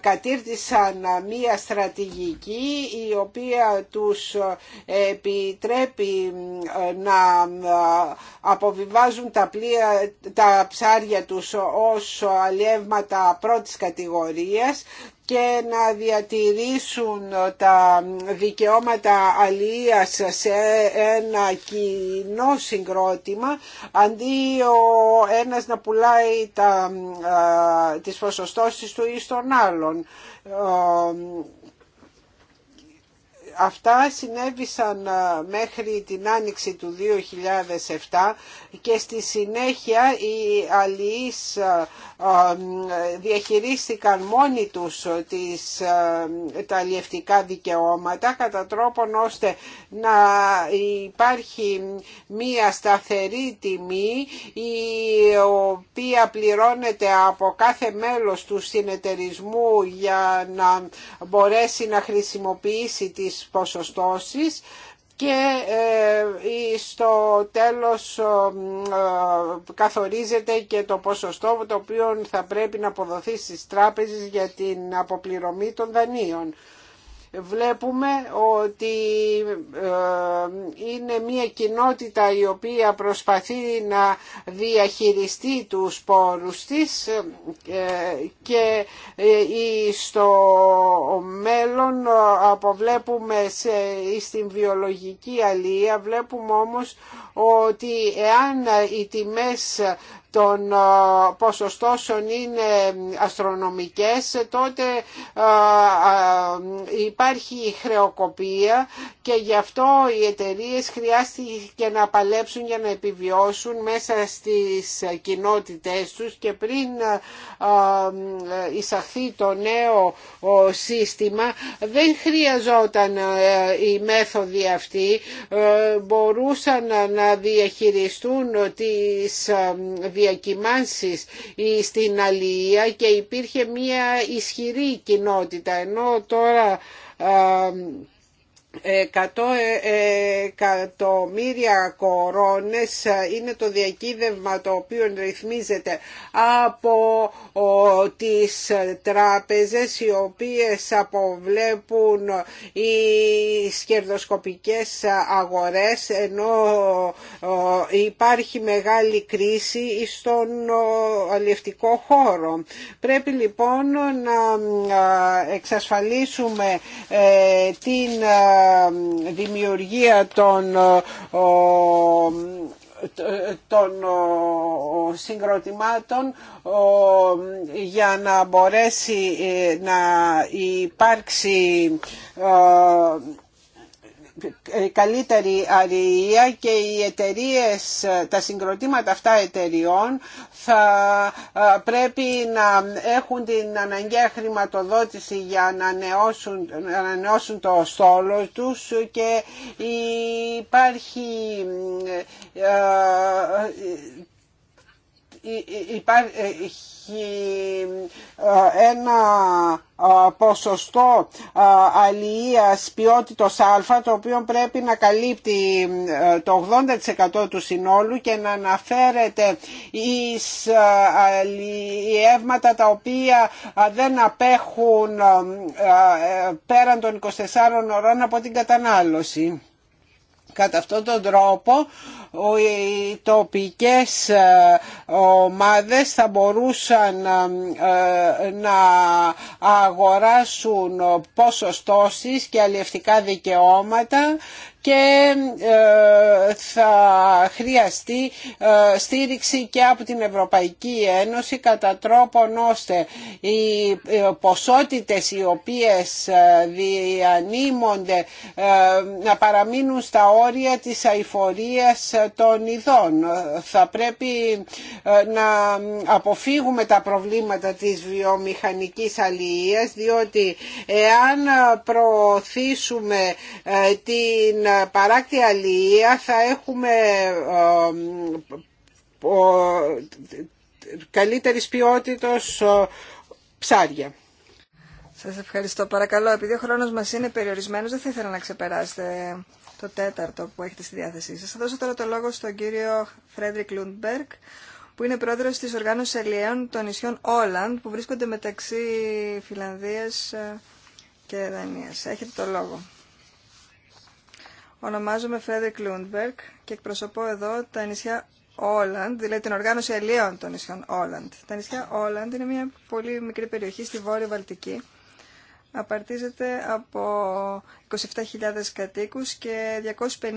κατήρτισαν μία στρατηγική η οποία τους επιτρέπει να αποβιβάζουν τα, πλοία, τα ψάρια τους ως αλλιεύματα πρώτης κατηγορίας και να διατηρήσουν τα δικαιώματα αλίας σε ένα κοινό συγκρότημα αντί ο ένας να πουλάει τα, ε, τις του ή στον άλλον ε, αυτά συνέβησαν μέχρι την άνοιξη του 2007 και στη συνέχεια οι αλληλείς διαχειρίστηκαν μόνοι τους τις, τα αλλιευτικά δικαιώματα κατά τρόπον ώστε να υπάρχει μία σταθερή τιμή η οποία πληρώνεται από κάθε μέλος του συνεταιρισμού για να μπορέσει να χρησιμοποιήσει τις και ε, στο τέλος ε, καθορίζεται και το ποσοστό το οποίο θα πρέπει να αποδοθεί στις τράπεζες για την αποπληρωμή των δανείων βλέπουμε ότι ε, είναι μια κοινότητα η οποία προσπαθεί να διαχειριστεί τους πόρους της ε, και ε, στο μέλλον αποβλέπουμε σε, στην βιολογική αλία βλέπουμε όμως ότι εάν οι τιμές των ε, ποσοστώσεων είναι αστρονομικές τότε ε, ε, υπάρχει χρεοκοπία και γι' αυτό οι εταιρείε χρειάστηκε να παλέψουν για να επιβιώσουν μέσα στις κοινότητές τους και πριν εισαχθεί το νέο σύστημα δεν χρειαζόταν η μέθοδοι αυτή μπορούσαν να να διαχειριστούν τις ε, διακυμάνσεις στην αλληλεία και υπήρχε μια ισχυρή κοινότητα ενώ τώρα ε, 100 ε, ε, εκατομμύρια κορώνες είναι το διακύβευμα το οποίο ρυθμίζεται από τις τράπεζες οι οποίες αποβλέπουν οι σκερδοσκοπικές αγορές ενώ υπάρχει μεγάλη κρίση στον αλληλευτικό χώρο. Πρέπει λοιπόν να εξασφαλίσουμε ε, την δημιουργία των ε, των ε, συγκροτημάτων για να μπορέσει ε, να υπάρξει ε, καλύτερη αριεία και οι εταιρείε, ε, τα συγκροτήματα αυτά εταιριών θα ε, πρέπει να έχουν την αναγκαία χρηματοδότηση για να ανανεώσουν, να ανανεώσουν το στόλο τους και υπάρχει υπάρχει ε, ένα ε, ποσοστό ε, αλληλείας ποιότητος α το οποίο πρέπει να καλύπτει το 80% του συνόλου και να αναφέρεται εις έύματα τα οποία δεν απέχουν πέραν των 24 ώρων από την κατανάλωση. Κατά αυτόν τον τρόπο οι τοπικές ε, ομάδες θα μπορούσαν ε, ε, να αγοράσουν ποσοστώσεις και αλλιευτικά δικαιώματα και ε, θα χρειαστεί ε, στήριξη και από την Ευρωπαϊκή Ένωση κατά τρόπον ώστε οι ποσότητες οι οποίες ε, διανύμονται να παραμείνουν στα όρια της αηφορίας των ειδών. Θα πρέπει να αποφύγουμε τα προβλήματα της βιομηχανικής αλληλείας διότι εάν προωθήσουμε την παράκτη αλληλεία θα έχουμε καλύτερης ποιότητας ψάρια. Σας ευχαριστώ. Παρακαλώ, επειδή ο χρόνος μας είναι περιορισμένος, δεν θα ήθελα να ξεπεράσετε το τέταρτο που έχετε στη διάθεσή σας. Θα δώσω τώρα το λόγο στον κύριο Φρέντρικ Λουντμπερκ που είναι πρόεδρος της Οργάνωσης Ελιαίων των νησιών Όλαντ, που βρίσκονται μεταξύ Φιλανδίας και Δανία. Έχετε το λόγο. Ονομάζομαι Φρέδρικ Λούντμπερκ και εκπροσωπώ εδώ τα νησιά Όλαντ, δηλαδή την οργάνωση αλλιών των νησιών Όλαντ. Τα νησιά Όλαντ είναι μια πολύ μικρή περιοχή στη Βόρεια Βαλτική. Απαρτίζεται από 27.000 κατοίκους και 250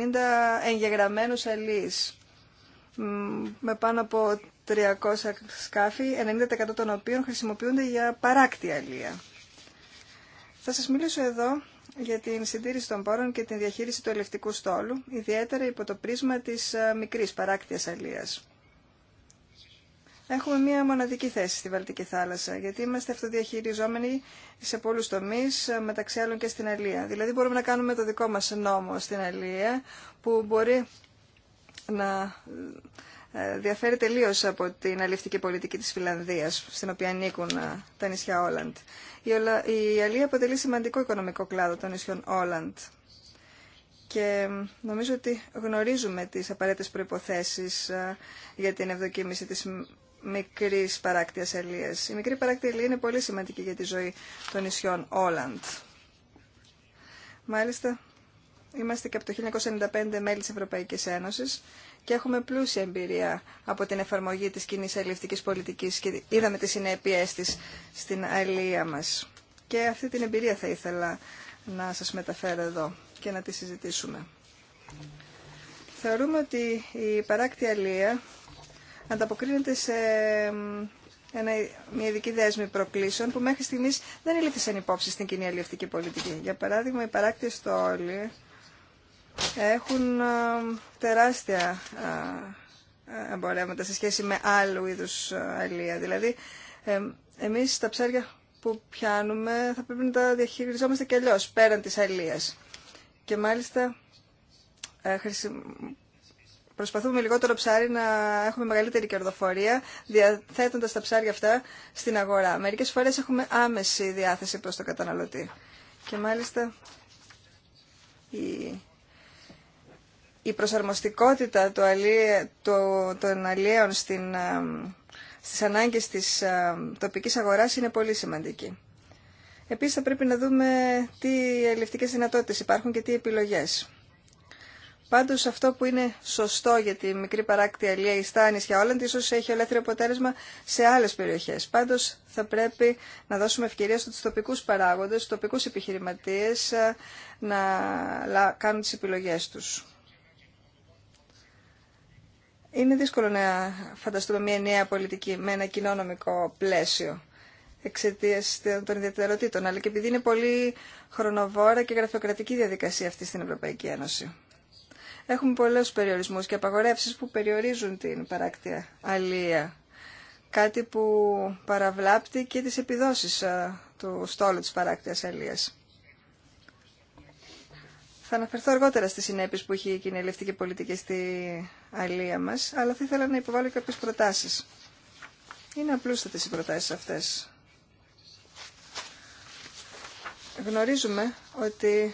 εγγεγραμμένους αλλοίς με πάνω από 300 σκάφη, 90% των οποίων χρησιμοποιούνται για παράκτη αλία. Θα σας μιλήσω εδώ για την συντήρηση των πόρων και την διαχείριση του ελευτικού στόλου, ιδιαίτερα υπό το πρίσμα της ε, μικρής παράκτειας αλίας. Έχουμε μία μοναδική θέση στη Βαλτική θάλασσα, γιατί είμαστε αυτοδιαχειριζόμενοι σε πολλού τομεί, ε, μεταξύ άλλων και στην Αλία. Δηλαδή μπορούμε να κάνουμε το δικό μα νόμο στην Αλία, που μπορεί να ε, διαφέρει τελείω από την αληφτική πολιτική τη Φιλανδία, στην οποία ανήκουν ε, τα νησιά Όλαντ. Η, Αλία αποτελεί σημαντικό οικονομικό κλάδο των νησιών Όλαντ. Και νομίζω ότι γνωρίζουμε τις απαραίτητες προϋποθέσεις ε, για την ευδοκίμηση της μικρής παράκτειας αλίας. Η μικρή παράκτεια αλία είναι πολύ σημαντική για τη ζωή των νησιών Όλαντ. Μάλιστα, είμαστε και από το 1995 μέλη της Ευρωπαϊκής Ένωσης και έχουμε πλούσια εμπειρία από την εφαρμογή της κοινή αλληλευτικής πολιτικής και είδαμε τις συνέπειές της στην αλληλεία μας. Και αυτή την εμπειρία θα ήθελα να σας μεταφέρω εδώ και να τη συζητήσουμε. Θεωρούμε ότι η παράκτη αλληλεία ανταποκρίνεται σε ένα, μια ειδική δέσμη προκλήσεων που μέχρι στιγμής δεν ελήφθησαν υπόψη στην κοινή αλληλευτική πολιτική. Για παράδειγμα, η παράκτη στο όλοι έχουν ε, τεράστια ε, ε, εμπορεύματα σε σχέση με άλλου είδους αλία. Δηλαδή, εμείς τα ψάρια που πιάνουμε θα πρέπει να τα διαχειριζόμαστε και αλλιώς, πέραν της αλίας. Και μάλιστα προσπαθούμε λιγότερο ψάρι να έχουμε μεγαλύτερη κερδοφορία διαθέτοντας τα ψάρια αυτά στην αγορά. Μερικές φορές έχουμε άμεση διάθεση προς το καταναλωτή. Και μάλιστα η προσαρμοστικότητα του των αλλιέων στην, στις ανάγκες της τοπικής αγοράς είναι πολύ σημαντική. Επίσης θα πρέπει να δούμε τι ελευτικές δυνατότητες υπάρχουν και τι επιλογές. Πάντως αυτό που είναι σωστό για τη μικρή παράκτη αλία η για όλα, Όλαντ ίσως έχει ελεύθερο αποτέλεσμα σε άλλες περιοχές. Πάντως θα πρέπει να δώσουμε ευκαιρία στους τοπικούς παράγοντες, στους τοπικούς επιχειρηματίες ε, να κάνουν τις επιλογές τους. Είναι δύσκολο να φανταστούμε μια νέα πολιτική με ένα κοινό νομικό πλαίσιο εξαιτία των ιδιαιτεροτήτων, αλλά και επειδή είναι πολύ χρονοβόρα και γραφειοκρατική διαδικασία αυτή στην Ευρωπαϊκή Ένωση. Έχουμε πολλού περιορισμούς και απαγορεύσεις που περιορίζουν την παράκτεια αλία. Κάτι που παραβλάπτει και τι επιδόσει ε, του στόλου τη παράκτεια αλίας. Θα αναφερθώ αργότερα στι συνέπειε που έχει η κοινή πολιτική στη αλία μα, αλλά θα ήθελα να υποβάλω κάποιε προτάσει. Είναι απλούστατε οι προτάσει αυτέ. Γνωρίζουμε ότι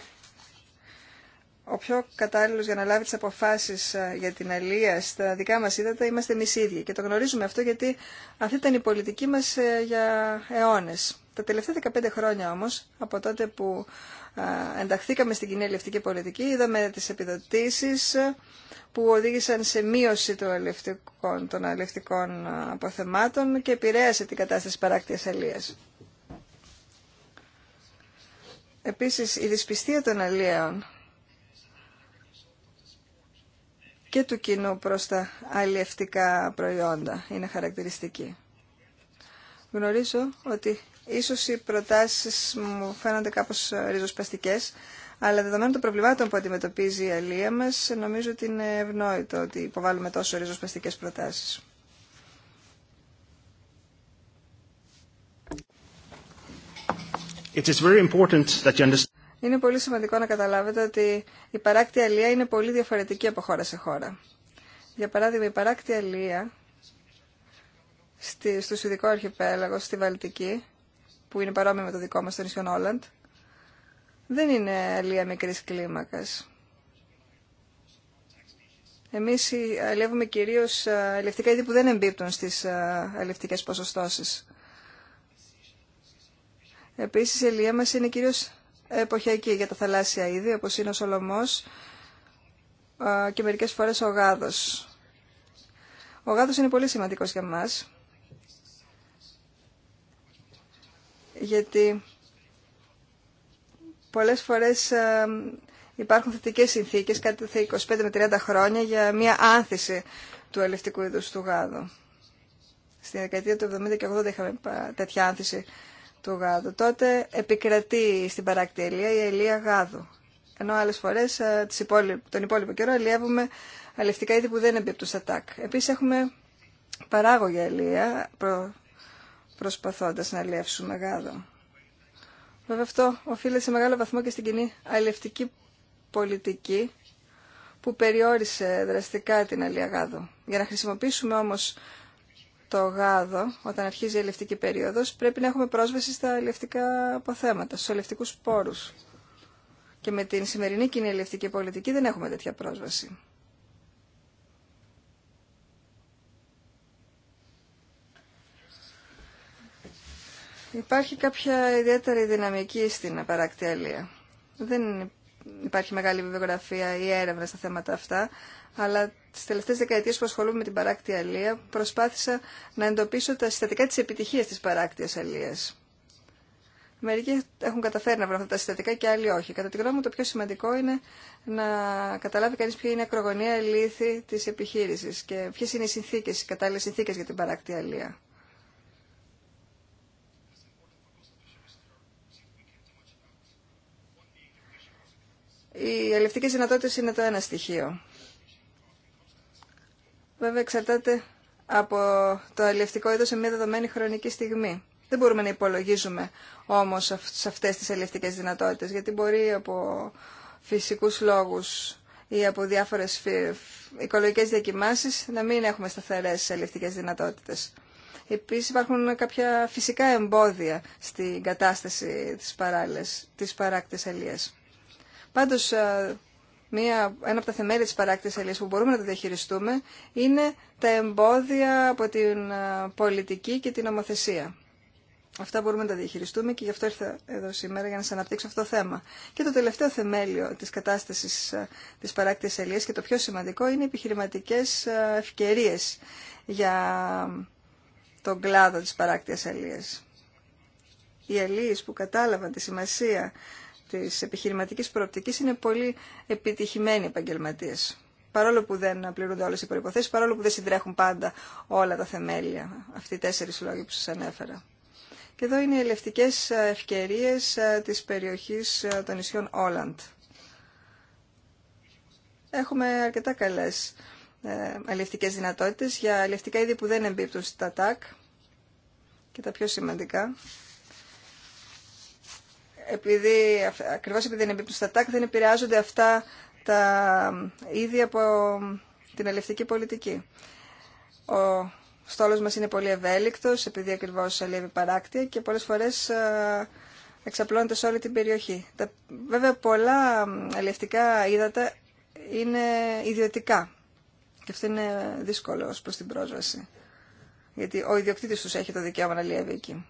ο πιο κατάλληλο για να λάβει τι αποφάσει ε, για την αλία στα δικά μα ύδατα είμαστε εμεί ίδιοι. Και το γνωρίζουμε αυτό γιατί αυτή ήταν η πολιτική μα ε, για αιώνε. Τα τελευταία 15 χρόνια όμω, από τότε που ενταχθήκαμε στην κοινή αλληλευτική πολιτική, είδαμε τις επιδοτήσεις ε, που οδήγησαν σε μείωση των αλληλευτικών, των ε, αποθεμάτων και επηρέασε την κατάσταση παράκτη αλίας. Επίσης, η δυσπιστία των αλίαων και του κοινού προς τα αλλιευτικά προϊόντα είναι χαρακτηριστική. Γνωρίζω ότι Ίσως οι προτάσεις μου φαίνονται κάπως ε, ριζοσπαστικές, αλλά δεδομένου των προβλημάτων που αντιμετωπίζει η αλία μας, νομίζω ότι είναι ευνόητο ότι υποβάλλουμε τόσο ριζοσπαστικές προτάσεις. It is very important that you understand... Είναι πολύ σημαντικό να καταλάβετε ότι η παράκτη αλία είναι πολύ διαφορετική από χώρα σε χώρα. Για παράδειγμα, η παράκτη αλία στη, στο Σουδικό Αρχιπέλαγο, στη Βαλτική, που είναι παρόμοιο με το δικό μας το νησιόν Όλαντ, δεν είναι αλία μικρής κλίμακας. Εμείς αλληλεύουμε κυρίως ελευθερικά είδη που δεν εμπίπτουν στις ε, αλλιευτικές ποσοστώσεις. Επίσης η αλληλεία μας είναι κυρίως εποχιακή για τα θαλάσσια είδη, όπως είναι ο Σολομός ε, και μερικές φορές ο Γάδος. Ο Γάδος είναι πολύ σημαντικός για μας γιατί πολλές φορές ε, υπάρχουν θετικές συνθήκες, κάτι 25 με 30 χρόνια, για μια άνθηση του ελευτικού είδους του γάδου. Στην δεκαετία του 70 και 80 είχαμε τέτοια άνθηση του γάδου. Τότε επικρατεί στην παράκτη η ελία γάδου. Ενώ άλλες φορές ε, τον υπόλοιπο καιρό ελιεύουμε αλευτικά είδη που δεν εμπίπτουν στα τάκ. Επίσης έχουμε παράγωγη ελία, προσπαθώντας να αλλιεύσουμε γάδο. Βέβαια αυτό οφείλεται σε μεγάλο βαθμό και στην κοινή αλλιευτική πολιτική που περιόρισε δραστικά την αλία Για να χρησιμοποιήσουμε όμως το γάδο όταν αρχίζει η αλλιευτική περίοδος πρέπει να έχουμε πρόσβαση στα αλλιευτικά αποθέματα, στους αλλιευτικούς πόρους. Και με την σημερινή κοινή αλλιευτική πολιτική δεν έχουμε τέτοια πρόσβαση. Υπάρχει κάποια ιδιαίτερη δυναμική στην παρακτέλεια. Δεν υπάρχει μεγάλη βιβλιογραφία ή έρευνα στα θέματα αυτά, αλλά τι τελευταίε δεκαετίε που ασχολούμαι με την παράκτη αλεία προσπάθησα να εντοπίσω τα συστατικά της επιτυχίας τη παράκτη αλίας. Μερικοί έχουν καταφέρει να βρουν αυτά τα συστατικά και άλλοι όχι. Κατά τη γνώμη μου το πιο σημαντικό είναι να καταλάβει κανεί ποια είναι η ακρογωνία λύθη τη επιχείρηση και ποιε είναι οι συνθήκε οι κατάλληλε συνθήκε για την παράκτη αλία. Οι ελευτικές δυνατότητες είναι το ένα στοιχείο. Βέβαια εξαρτάται από το αλληλευτικό είδος σε μια δεδομένη χρονική στιγμή. Δεν μπορούμε να υπολογίζουμε όμως σε αυτές τις αλληλευτικές δυνατότητες, γιατί μπορεί από φυσικούς λόγους ή από διάφορες οικολογικές διακοιμάσεις να μην έχουμε σταθερές αλληλευτικές δυνατότητες. Επίσης υπάρχουν κάποια φυσικά εμπόδια στην κατάσταση της, της παράκτης αλίας. Πάντω, ε, ένα από τα θεμέλια τη παράκτη ελίας που μπορούμε να το διαχειριστούμε είναι τα εμπόδια από την ε, πολιτική και την ομοθεσία. Αυτά μπορούμε να τα διαχειριστούμε και γι' αυτό ήρθα εδώ σήμερα για να σα αναπτύξω αυτό το θέμα. Και το τελευταίο θεμέλιο τη κατάσταση ε, τη παράκτη ελίας και το πιο σημαντικό είναι οι επιχειρηματικέ ευκαιρίε για τον κλάδο της παράκτη ελίας. Οι ελίες που κατάλαβαν τη σημασία της επιχειρηματικής προοπτικής είναι πολύ επιτυχημένοι επαγγελματίε. Παρόλο που δεν πληρούνται όλες οι προϋποθέσεις, παρόλο που δεν συντρέχουν πάντα όλα τα θεμέλια, αυτοί οι τέσσερις λόγοι που σας ανέφερα. Και εδώ είναι οι ελευτικές ευκαιρίες ε, της περιοχής ε, των νησιών Όλαντ. Έχουμε αρκετά καλές ε, ελευτικές δυνατότητες για ελευτικά είδη που δεν εμπίπτουν στα ΤΑΚ και τα πιο σημαντικά επειδή, ακριβώς επειδή είναι επίπτωση στα τάκ, δεν επηρεάζονται αυτά τα ίδια από την αλληλευτική πολιτική. Ο στόλος μας είναι πολύ ευέλικτος, επειδή ακριβώς αλληλεύει παράκτη και πολλές φορές ε, εξαπλώνεται σε όλη την περιοχή. Τα, βέβαια πολλά αλληλευτικά ύδατα είναι ιδιωτικά και αυτό είναι δύσκολο ως προς την πρόσβαση. Γιατί ο ιδιοκτήτης τους έχει το δικαίωμα να αλληλεύει εκεί.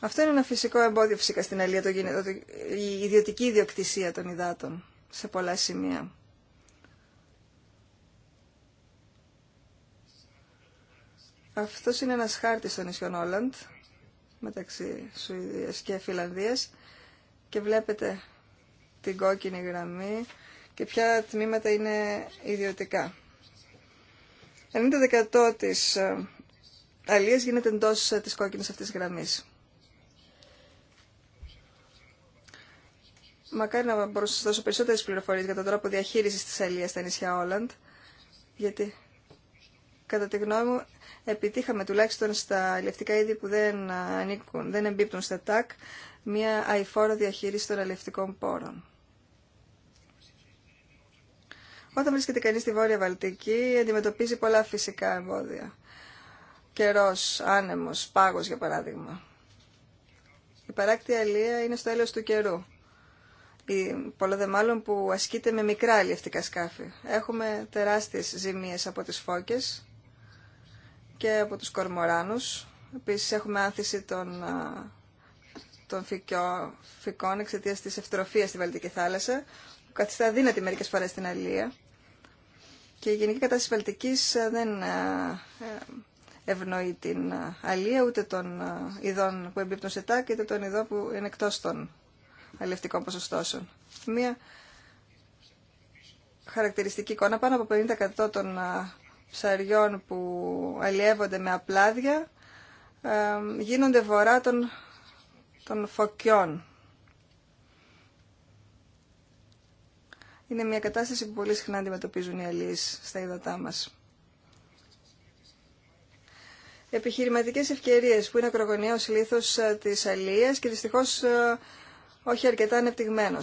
Αυτό είναι ένα φυσικό εμπόδιο φυσικά στην Αλία, το, η ιδιωτική ιδιοκτησία των υδάτων σε πολλά σημεία. Αυτό είναι ένας χάρτης των νησιών Όλαντ, μεταξύ Σουηδίας και Φιλανδίας και βλέπετε την κόκκινη γραμμή και ποια τμήματα είναι ιδιωτικά. 90% της ε, αλίας γίνεται εντός ε, της κόκκινης αυτής γραμμής. Μακάρι να μπορούσα να σα δώσω περισσότερε πληροφορίε για τον τρόπο διαχείριση τη αλληλεία στα νησιά Όλαντ. Γιατί, κατά τη γνώμη μου, επιτύχαμε τουλάχιστον στα αλληλευτικά είδη που δεν ανήκουν, δεν εμπίπτουν στα ΤΑΚ, μια αηφόρο διαχείριση των αλληλευτικών πόρων. Όταν βρίσκεται κανεί στη Βόρεια Βαλτική, αντιμετωπίζει πολλά φυσικά εμπόδια. Καιρό, άνεμο, πάγο για παράδειγμα. Η παράκτη αλληλεία είναι στο έλεος του καιρού Πολλά δε μάλλον που ασκείται με μικρά αλληλευτικά σκάφη. Έχουμε τεράστιες ζημίες από τις φώκες και από τους κορμοράνους. Επίσης έχουμε άνθηση των, των φυκιό, φυκών εξαιτία της ευτροφίας στη Βαλτική θάλασσα, που καθιστά δύνατη μερικές φορές την αλληλεία. Και η γενική κατάσταση Βαλτικής δεν ε, ευνοεί την αλία ούτε των ειδών που εμπίπτουν σε τάκη, ούτε των ειδών που είναι εκτός των αλληλευτικών ποσοστώσεων. Μία χαρακτηριστική εικόνα, πάνω από 50% των ψαριών που αλλιεύονται με απλάδια ε, γίνονται βορρά των, των φωκιών. Είναι μια κατάσταση που πολύ συχνά αντιμετωπίζουν οι αλληλείς στα υδατά μας. Επιχειρηματικές ευκαιρίες που είναι ακρογωνιαίος λήθος ε, της αλληλείας και δυστυχώς ε, όχι αρκετά ανεπτυγμένο.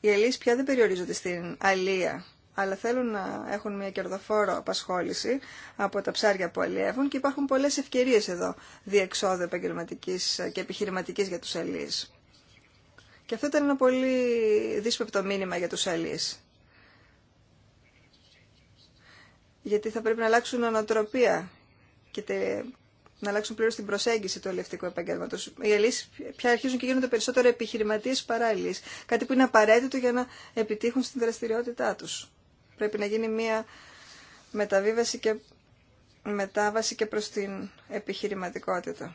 Οι Ελλείς πια δεν περιορίζονται στην αλεία, αλλά θέλουν να έχουν μια κερδοφόρο απασχόληση από τα ψάρια που αλλιεύουν και υπάρχουν πολλές ευκαιρίες εδώ διεξόδου επαγγελματική και επιχειρηματική για τους Ελλείς. Και αυτό ήταν ένα πολύ δύσπεπτο μήνυμα για τους Ελλείς. Γιατί θα πρέπει να αλλάξουν ονοτροπία και να αλλάξουν πλήρω την προσέγγιση του ελευτικού επαγγέλματο. Οι αλλοί πια αρχίζουν και γίνονται περισσότερο επιχειρηματίε παρά αλλοί. Κάτι που είναι απαραίτητο για να επιτύχουν στην δραστηριότητά του. Πρέπει να γίνει μια μεταβίβαση και μετάβαση και προ την επιχειρηματικότητα.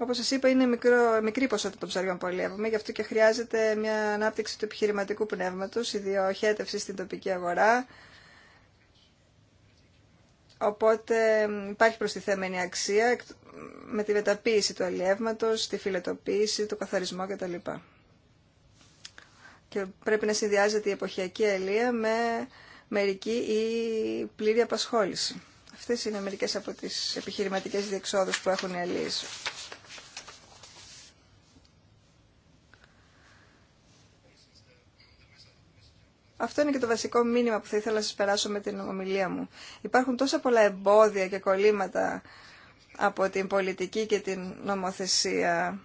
Όπω σα είπα, είναι μικρό, μικρή ποσότητα των ψαριών που αλλιεύουμε, γι' αυτό και χρειάζεται μια ανάπτυξη του επιχειρηματικού πνεύματο, ιδιοχέτευση στην τοπική αγορά, Οπότε υπάρχει προστιθέμενη αξία με τη μεταποίηση του αλλιεύματος, τη φιλετοποίηση, το καθαρισμό κτλ. Και πρέπει να συνδυάζεται η εποχιακή αλλία με μερική ή πλήρη απασχόληση. Αυτές είναι μερικές από τις επιχειρηματικές διεξόδους που έχουν οι Αυτό είναι και το βασικό μήνυμα που θα ήθελα να σας περάσω με την ομιλία μου. Υπάρχουν τόσα πολλά εμπόδια και κολλήματα από την πολιτική και την νομοθεσία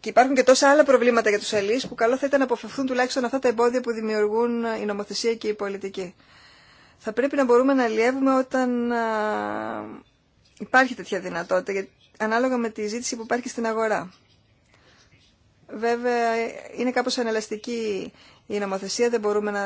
και υπάρχουν και τόσα άλλα προβλήματα για τους ελλείς που καλό θα ήταν να αποφευθούν τουλάχιστον αυτά τα εμπόδια που δημιουργούν η νομοθεσία και η πολιτική. Θα πρέπει να μπορούμε να λιεύουμε όταν υπάρχει τέτοια δυνατότητα, ανάλογα με τη ζήτηση που υπάρχει στην αγορά. Βέβαια, είναι κάπως αναλαστική η νομοθεσία, δεν μπορούμε να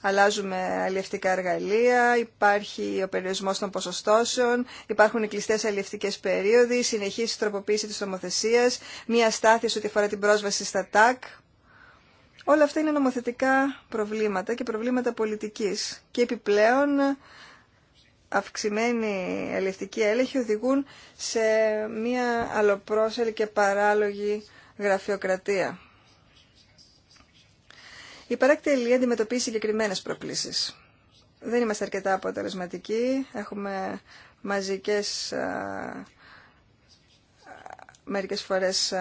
αλλάζουμε αλλιευτικά εργαλεία, υπάρχει ο περιορισμός των ποσοστώσεων, υπάρχουν οι κλειστές αλλιευτικές περίοδοι, η συνεχής τροποποίηση της νομοθεσίας, μία στάθεια ό,τι αφορά την πρόσβαση στα ΤΑΚ. Όλα αυτά είναι νομοθετικά προβλήματα και προβλήματα πολιτικής. Και επιπλέον αυξημένοι αλληλευτικοί έλεγχοι οδηγούν σε μία αλλοπρόσελη και παράλογη γραφειοκρατία. Η παράκτη Ελία αντιμετωπίζει συγκεκριμένε προκλήσει. Δεν είμαστε αρκετά αποτελεσματικοί, έχουμε μαζικές μερικές φορές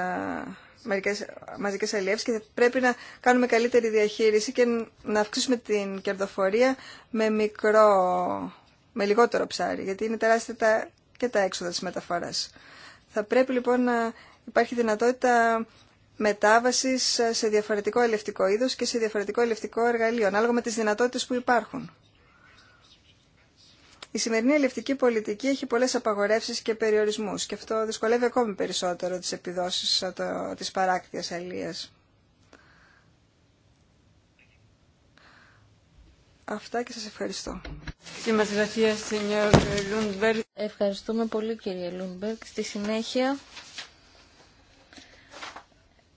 μερικές μαζικές αλλιεύσεις και πρέπει να κάνουμε καλύτερη διαχείριση και να αυξήσουμε την κερδοφορία με μικρό, με λιγότερο ψάρι, γιατί είναι τεράστια και τα έξοδα της μεταφοράς. Θα πρέπει λοιπόν να υπάρχει δυνατότητα μετάβασης σε διαφορετικό ελευτικό είδος και σε διαφορετικό ελευτικό εργαλείο, ανάλογα με τις δυνατότητες που υπάρχουν. Η σημερινή ελευτική πολιτική έχει πολλές απαγορεύσεις και περιορισμούς και αυτό δυσκολεύει ακόμη περισσότερο τις επιδόσεις της παράκτιας αλίας. Αυτά και σας ευχαριστώ. Ευχαριστούμε πολύ κύριε Λούνμπερκ. Στη συνέχεια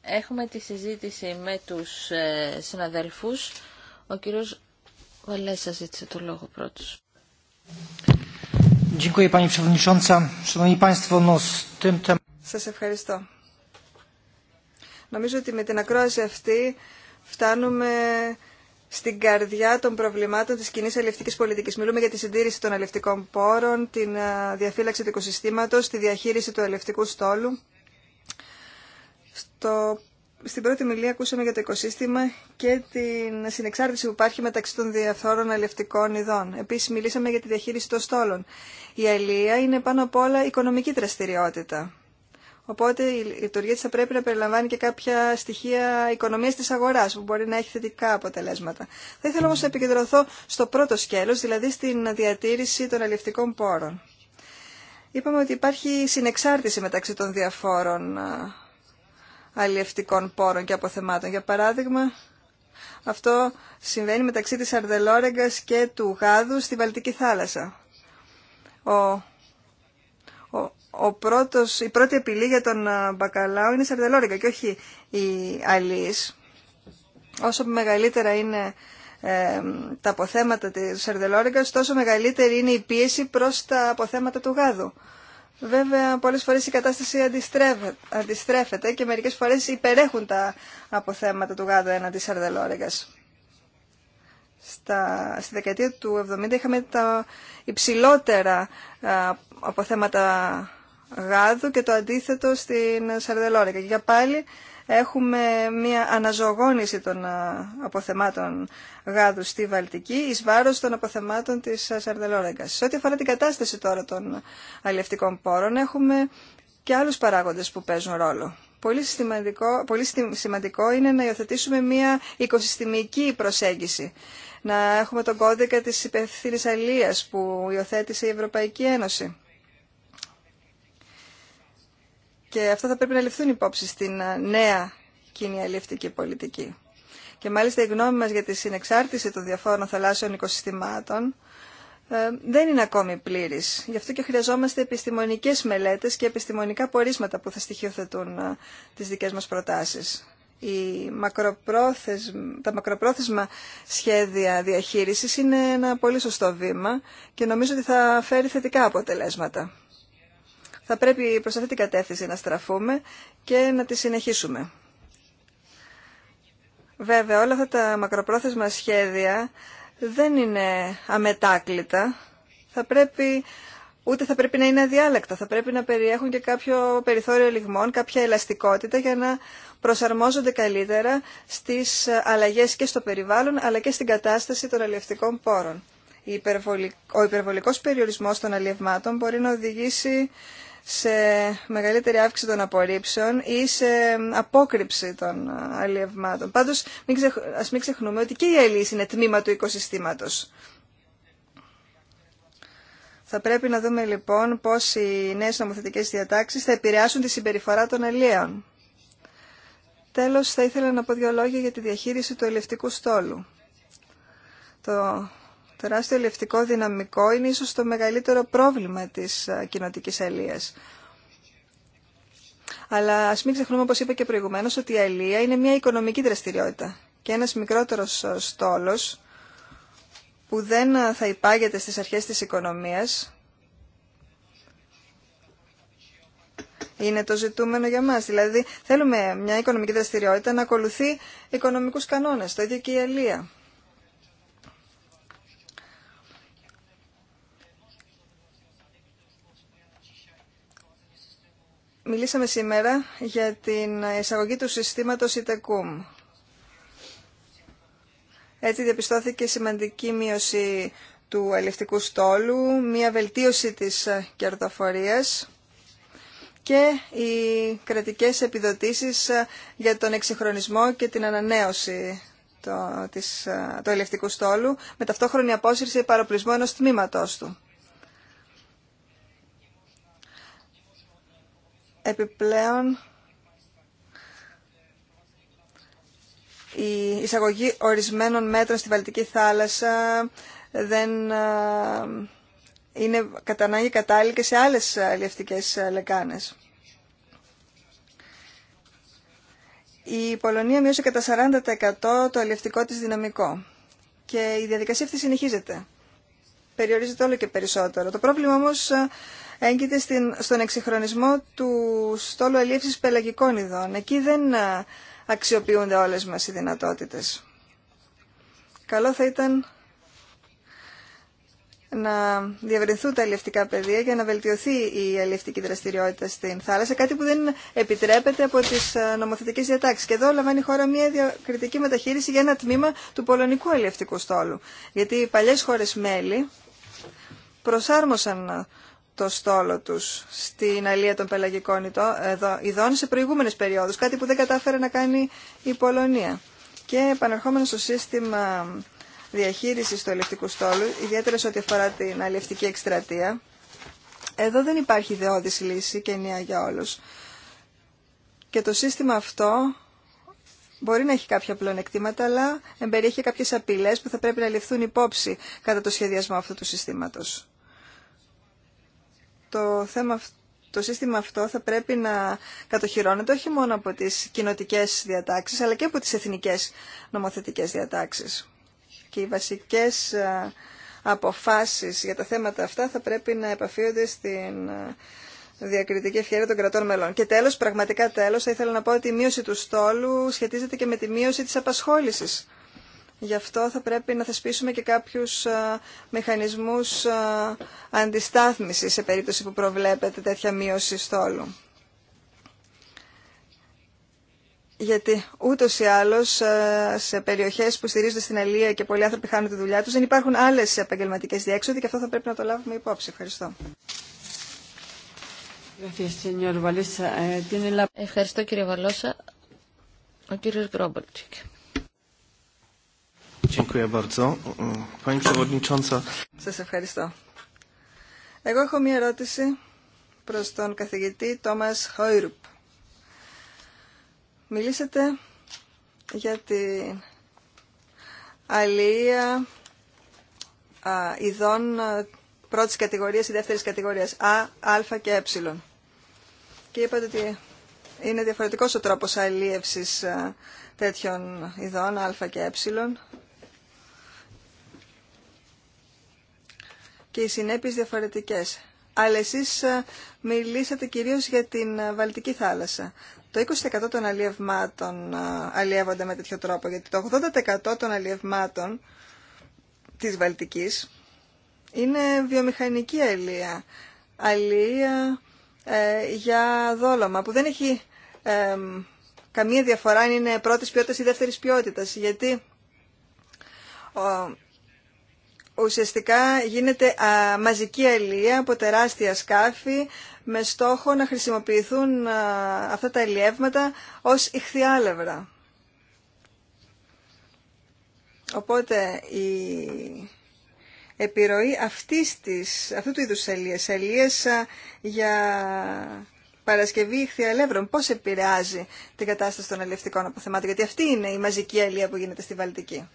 Έχουμε τη συζήτηση με τους ε, συναδέλφους. Ο κύριος Βαλέσσα ζήτησε το λόγο πρώτος. Σας ευχαριστώ. Νομίζω ότι με την ακρόαση αυτή φτάνουμε στην καρδιά των προβλημάτων της κοινή αλληλευτικής πολιτικής. Μιλούμε για τη συντήρηση των αλληλευτικών πόρων, την ε, διαφύλαξη του οικοσυστήματος, τη διαχείριση του αλληλευτικού στόλου στο, στην πρώτη μιλία ακούσαμε για το οικοσύστημα και την συνεξάρτηση που υπάρχει μεταξύ των διαφθόρων αλληλευτικών ειδών. Επίσης μιλήσαμε για τη διαχείριση των στόλων. Η αλληλεία είναι πάνω απ' όλα οικονομική δραστηριότητα. Οπότε η λειτουργία της θα πρέπει να περιλαμβάνει και κάποια στοιχεία οικονομίας της αγοράς που μπορεί να έχει θετικά αποτελέσματα. Θα ήθελα όμως να επικεντρωθώ στο πρώτο σκέλος, δηλαδή στην διατήρηση των αλληλευτικών πόρων. Είπαμε ότι υπάρχει συνεξάρτηση μεταξύ των διαφόρων αλλιευτικών πόρων και αποθεμάτων. Για παράδειγμα, αυτό συμβαίνει μεταξύ της Αρδελόρεγκας και του Γάδου στη Βαλτική θάλασσα. Ο, ο, ο πρώτος, η πρώτη απειλή για τον ε, Μπακαλάο είναι η Σαρδελόρεγκα και όχι η Αλής. Όσο μεγαλύτερα είναι τα αποθέματα της Σαρδελόρεγκας, τόσο μεγαλύτερη είναι η πίεση προς τα αποθέματα του Γάδου. Βέβαια, πολλές φορές η κατάσταση αντιστρέφεται και μερικές φορές υπερέχουν τα αποθέματα του γάδου έναντι σαρδελόρεγας. Στα, στη δεκαετία του 70 είχαμε τα υψηλότερα αποθέματα γάδου και το αντίθετο στην Σαρδελόρεγκα. Και για πάλι έχουμε μια αναζωογόνηση των ε, αποθεμάτων γάδου στη Βαλτική εις βάρος των αποθεμάτων της ε, Σαρδελόρεγκας. Σε ό,τι αφορά την κατάσταση τώρα των αλληλευτικών πόρων έχουμε και άλλους παράγοντες που παίζουν ρόλο. Πολύ σημαντικό, πολύ είναι να υιοθετήσουμε μια οικοσυστημική προσέγγιση. Να έχουμε τον κώδικα της υπευθύνης αλίας που υιοθέτησε η Ευρωπαϊκή Ένωση και αυτά θα πρέπει να ληφθούν υπόψη στην ε, νέα κοινή πολιτική. Και μάλιστα η γνώμη μας για τη συνεξάρτηση των διαφόρων θαλάσσιων οικοσυστημάτων ε, δεν είναι ακόμη πλήρης. Γι' αυτό και χρειαζόμαστε επιστημονικές μελέτες και επιστημονικά πορίσματα που θα στοιχειοθετούν ε, τις δικές μας προτάσεις. τα μακροπρόθεσμα σχέδια διαχείρισης είναι ένα πολύ σωστό βήμα και νομίζω ότι θα φέρει θετικά αποτελέσματα θα πρέπει προς αυτή την κατεύθυνση να στραφούμε και να τη συνεχίσουμε. Βέβαια, όλα αυτά τα μακροπρόθεσμα σχέδια δεν είναι αμετάκλητα. Θα πρέπει, ούτε θα πρέπει να είναι αδιάλεκτα. Θα πρέπει να περιέχουν και κάποιο περιθώριο λιγμών, κάποια ελαστικότητα για να προσαρμόζονται καλύτερα στις αλλαγές και στο περιβάλλον, αλλά και στην κατάσταση των αλλιευτικών πόρων. Ο υπερβολικός περιορισμός των αλλιευμάτων μπορεί να οδηγήσει σε μεγαλύτερη αύξηση των απορρίψεων ή σε απόκρυψη των αλλιευμάτων. Πάντως, ας μην ξεχνούμε ότι και η αλλιείς είναι τμήμα του οικοσυστήματος. Θα πρέπει να δούμε λοιπόν πώς οι νέες νομοθετικές διατάξεις θα επηρεάσουν τη συμπεριφορά των αλλιέων. Τέλος, θα ήθελα να πω δύο λόγια για τη διαχείριση του ελευτικού στόλου. Το τεράστιο ελευτικό δυναμικό είναι ίσως το μεγαλύτερο πρόβλημα της ε, κοινοτικής αλίας. Αλλά ας μην ξεχνούμε, όπως είπα και προηγουμένως, ότι η αλία είναι μια οικονομική δραστηριότητα και ένας μικρότερος ε, στόλος που δεν ε, θα υπάγεται στις αρχές της οικονομίας είναι το ζητούμενο για μας. Δηλαδή θέλουμε μια οικονομική δραστηριότητα να ακολουθεί οικονομικούς κανόνες, το ίδιο και η αλία. Μιλήσαμε σήμερα για την εισαγωγή του συστήματος ΙΤΕΚΟΥΜ. Έτσι διαπιστώθηκε σημαντική μείωση του ελευτικού στόλου, μία βελτίωση της κερδοφορίας και οι κρατικές επιδοτήσεις για τον εξυγχρονισμό και την ανανέωση του ελευτικού στόλου, με ταυτόχρονη απόσυρση παροπλισμό ενός τμήματός του. Επιπλέον, η εισαγωγή ορισμένων μέτρων στη Βαλτική θάλασσα δεν ε, είναι κατά ανάγκη κατάλληλη και σε άλλες αλλιευτικές λεκάνες. Η Πολωνία μείωσε κατά 40% το αλληλευτικό της δυναμικό και η διαδικασία αυτή συνεχίζεται περιορίζεται όλο και περισσότερο. Το πρόβλημα όμως ε, έγκυται στην, στον εξυγχρονισμό του στόλου ελίευσης πελαγικών ειδών. Εκεί δεν ε, αξιοποιούνται όλες μας οι δυνατότητες. Καλό θα ήταν να διαβρυνθούν τα αλληλευτικά πεδία για να βελτιωθεί η αλληλευτική δραστηριότητα στην θάλασσα, κάτι που δεν επιτρέπεται από τις ε, νομοθετικές διατάξεις. Και εδώ λαμβάνει η χώρα μια διακριτική μεταχείριση για ένα τμήμα του πολωνικού αλληλευτικού στόλου. Γιατί οι παλιέ χώρε μέλη προσάρμοσαν το στόλο του στην αλία των πελαγικών ειδών σε προηγούμενε περιόδου, κάτι που δεν κατάφερε να κάνει η Πολωνία. Και επαναρχόμενο στο σύστημα διαχείριση του ελευτικού στόλου, ιδιαίτερα σε ό,τι αφορά την αλληλευτική εκστρατεία, εδώ δεν υπάρχει ιδεώδη λύση και ενιαία για όλου. Και το σύστημα αυτό μπορεί να έχει κάποια πλεονεκτήματα, αλλά εμπεριέχει κάποιε απειλέ που θα πρέπει να ληφθούν υπόψη κατά το σχεδιασμό αυτού του συστήματος το θέμα το σύστημα αυτό θα πρέπει να κατοχυρώνεται όχι μόνο από τις κοινοτικέ διατάξεις, αλλά και από τις εθνικές νομοθετικές διατάξεις. Και οι βασικές ε, αποφάσεις για τα θέματα αυτά θα πρέπει να επαφίονται στην ε, διακριτική ευχαίρεια των κρατών μελών. Και τέλος, πραγματικά τέλος, θα ήθελα να πω ότι η μείωση του στόλου σχετίζεται και με τη μείωση της απασχόλησης. Γι' αυτό θα πρέπει να θεσπίσουμε και κάποιους μηχανισμούς αντιστάθμισης σε περίπτωση που προβλέπεται τέτοια μείωση στόλου. Γιατί ούτω ή άλλω σε περιοχέ που στηρίζονται στην Αλία και πολλοί άνθρωποι χάνουν τη δουλειά του δεν υπάρχουν άλλε επαγγελματικέ διέξοδοι και αυτό θα πρέπει να το λάβουμε υπόψη. Ευχαριστώ. Eh, Ευχαριστώ κύριε Βαλώσα. Ο κύριο Γκρόμπολτσικ. Σας ευχαριστώ. Εγώ έχω μία ερώτηση προς τον καθηγητή Τόμας Χόιρουπ. Μιλήσατε για την αλληλεία ειδών πρώτης κατηγορίας ή δεύτερης κατηγορίας Α, Α και Ε. Και είπατε ότι είναι διαφορετικός ο τρόπος αλλήλευσης τέτοιων ειδών Α και Ε και οι συνέπειες διαφορετικές. Αλλά εσείς ε, μιλήσατε κυρίως για την ε, Βαλτική θάλασσα. Το 20% των αλλιευμάτων ε, αλλιεύονται με τέτοιο τρόπο, γιατί το 80% των αλλιευμάτων της Βαλτικής είναι βιομηχανική αλλιεία. Αλλιεία για δόλωμα, που δεν έχει καμία διαφορά αν είναι πρώτης ποιότητας ή δεύτερης ποιότητας, γιατί ουσιαστικά γίνεται μαζική αλία από τεράστια σκάφη με στόχο να χρησιμοποιηθούν αυτά τα αλλιεύματα ως ηχθιάλευρα. Οπότε η επιρροή αυτής της, αυτού του είδους ελιές, α, για Παρασκευή ηχθιαλεύρων, πώς επηρεάζει την κατάσταση των αλληλευτικών αποθεμάτων, γιατί αυτή είναι η μαζική αλία που γίνεται στη Βαλτική.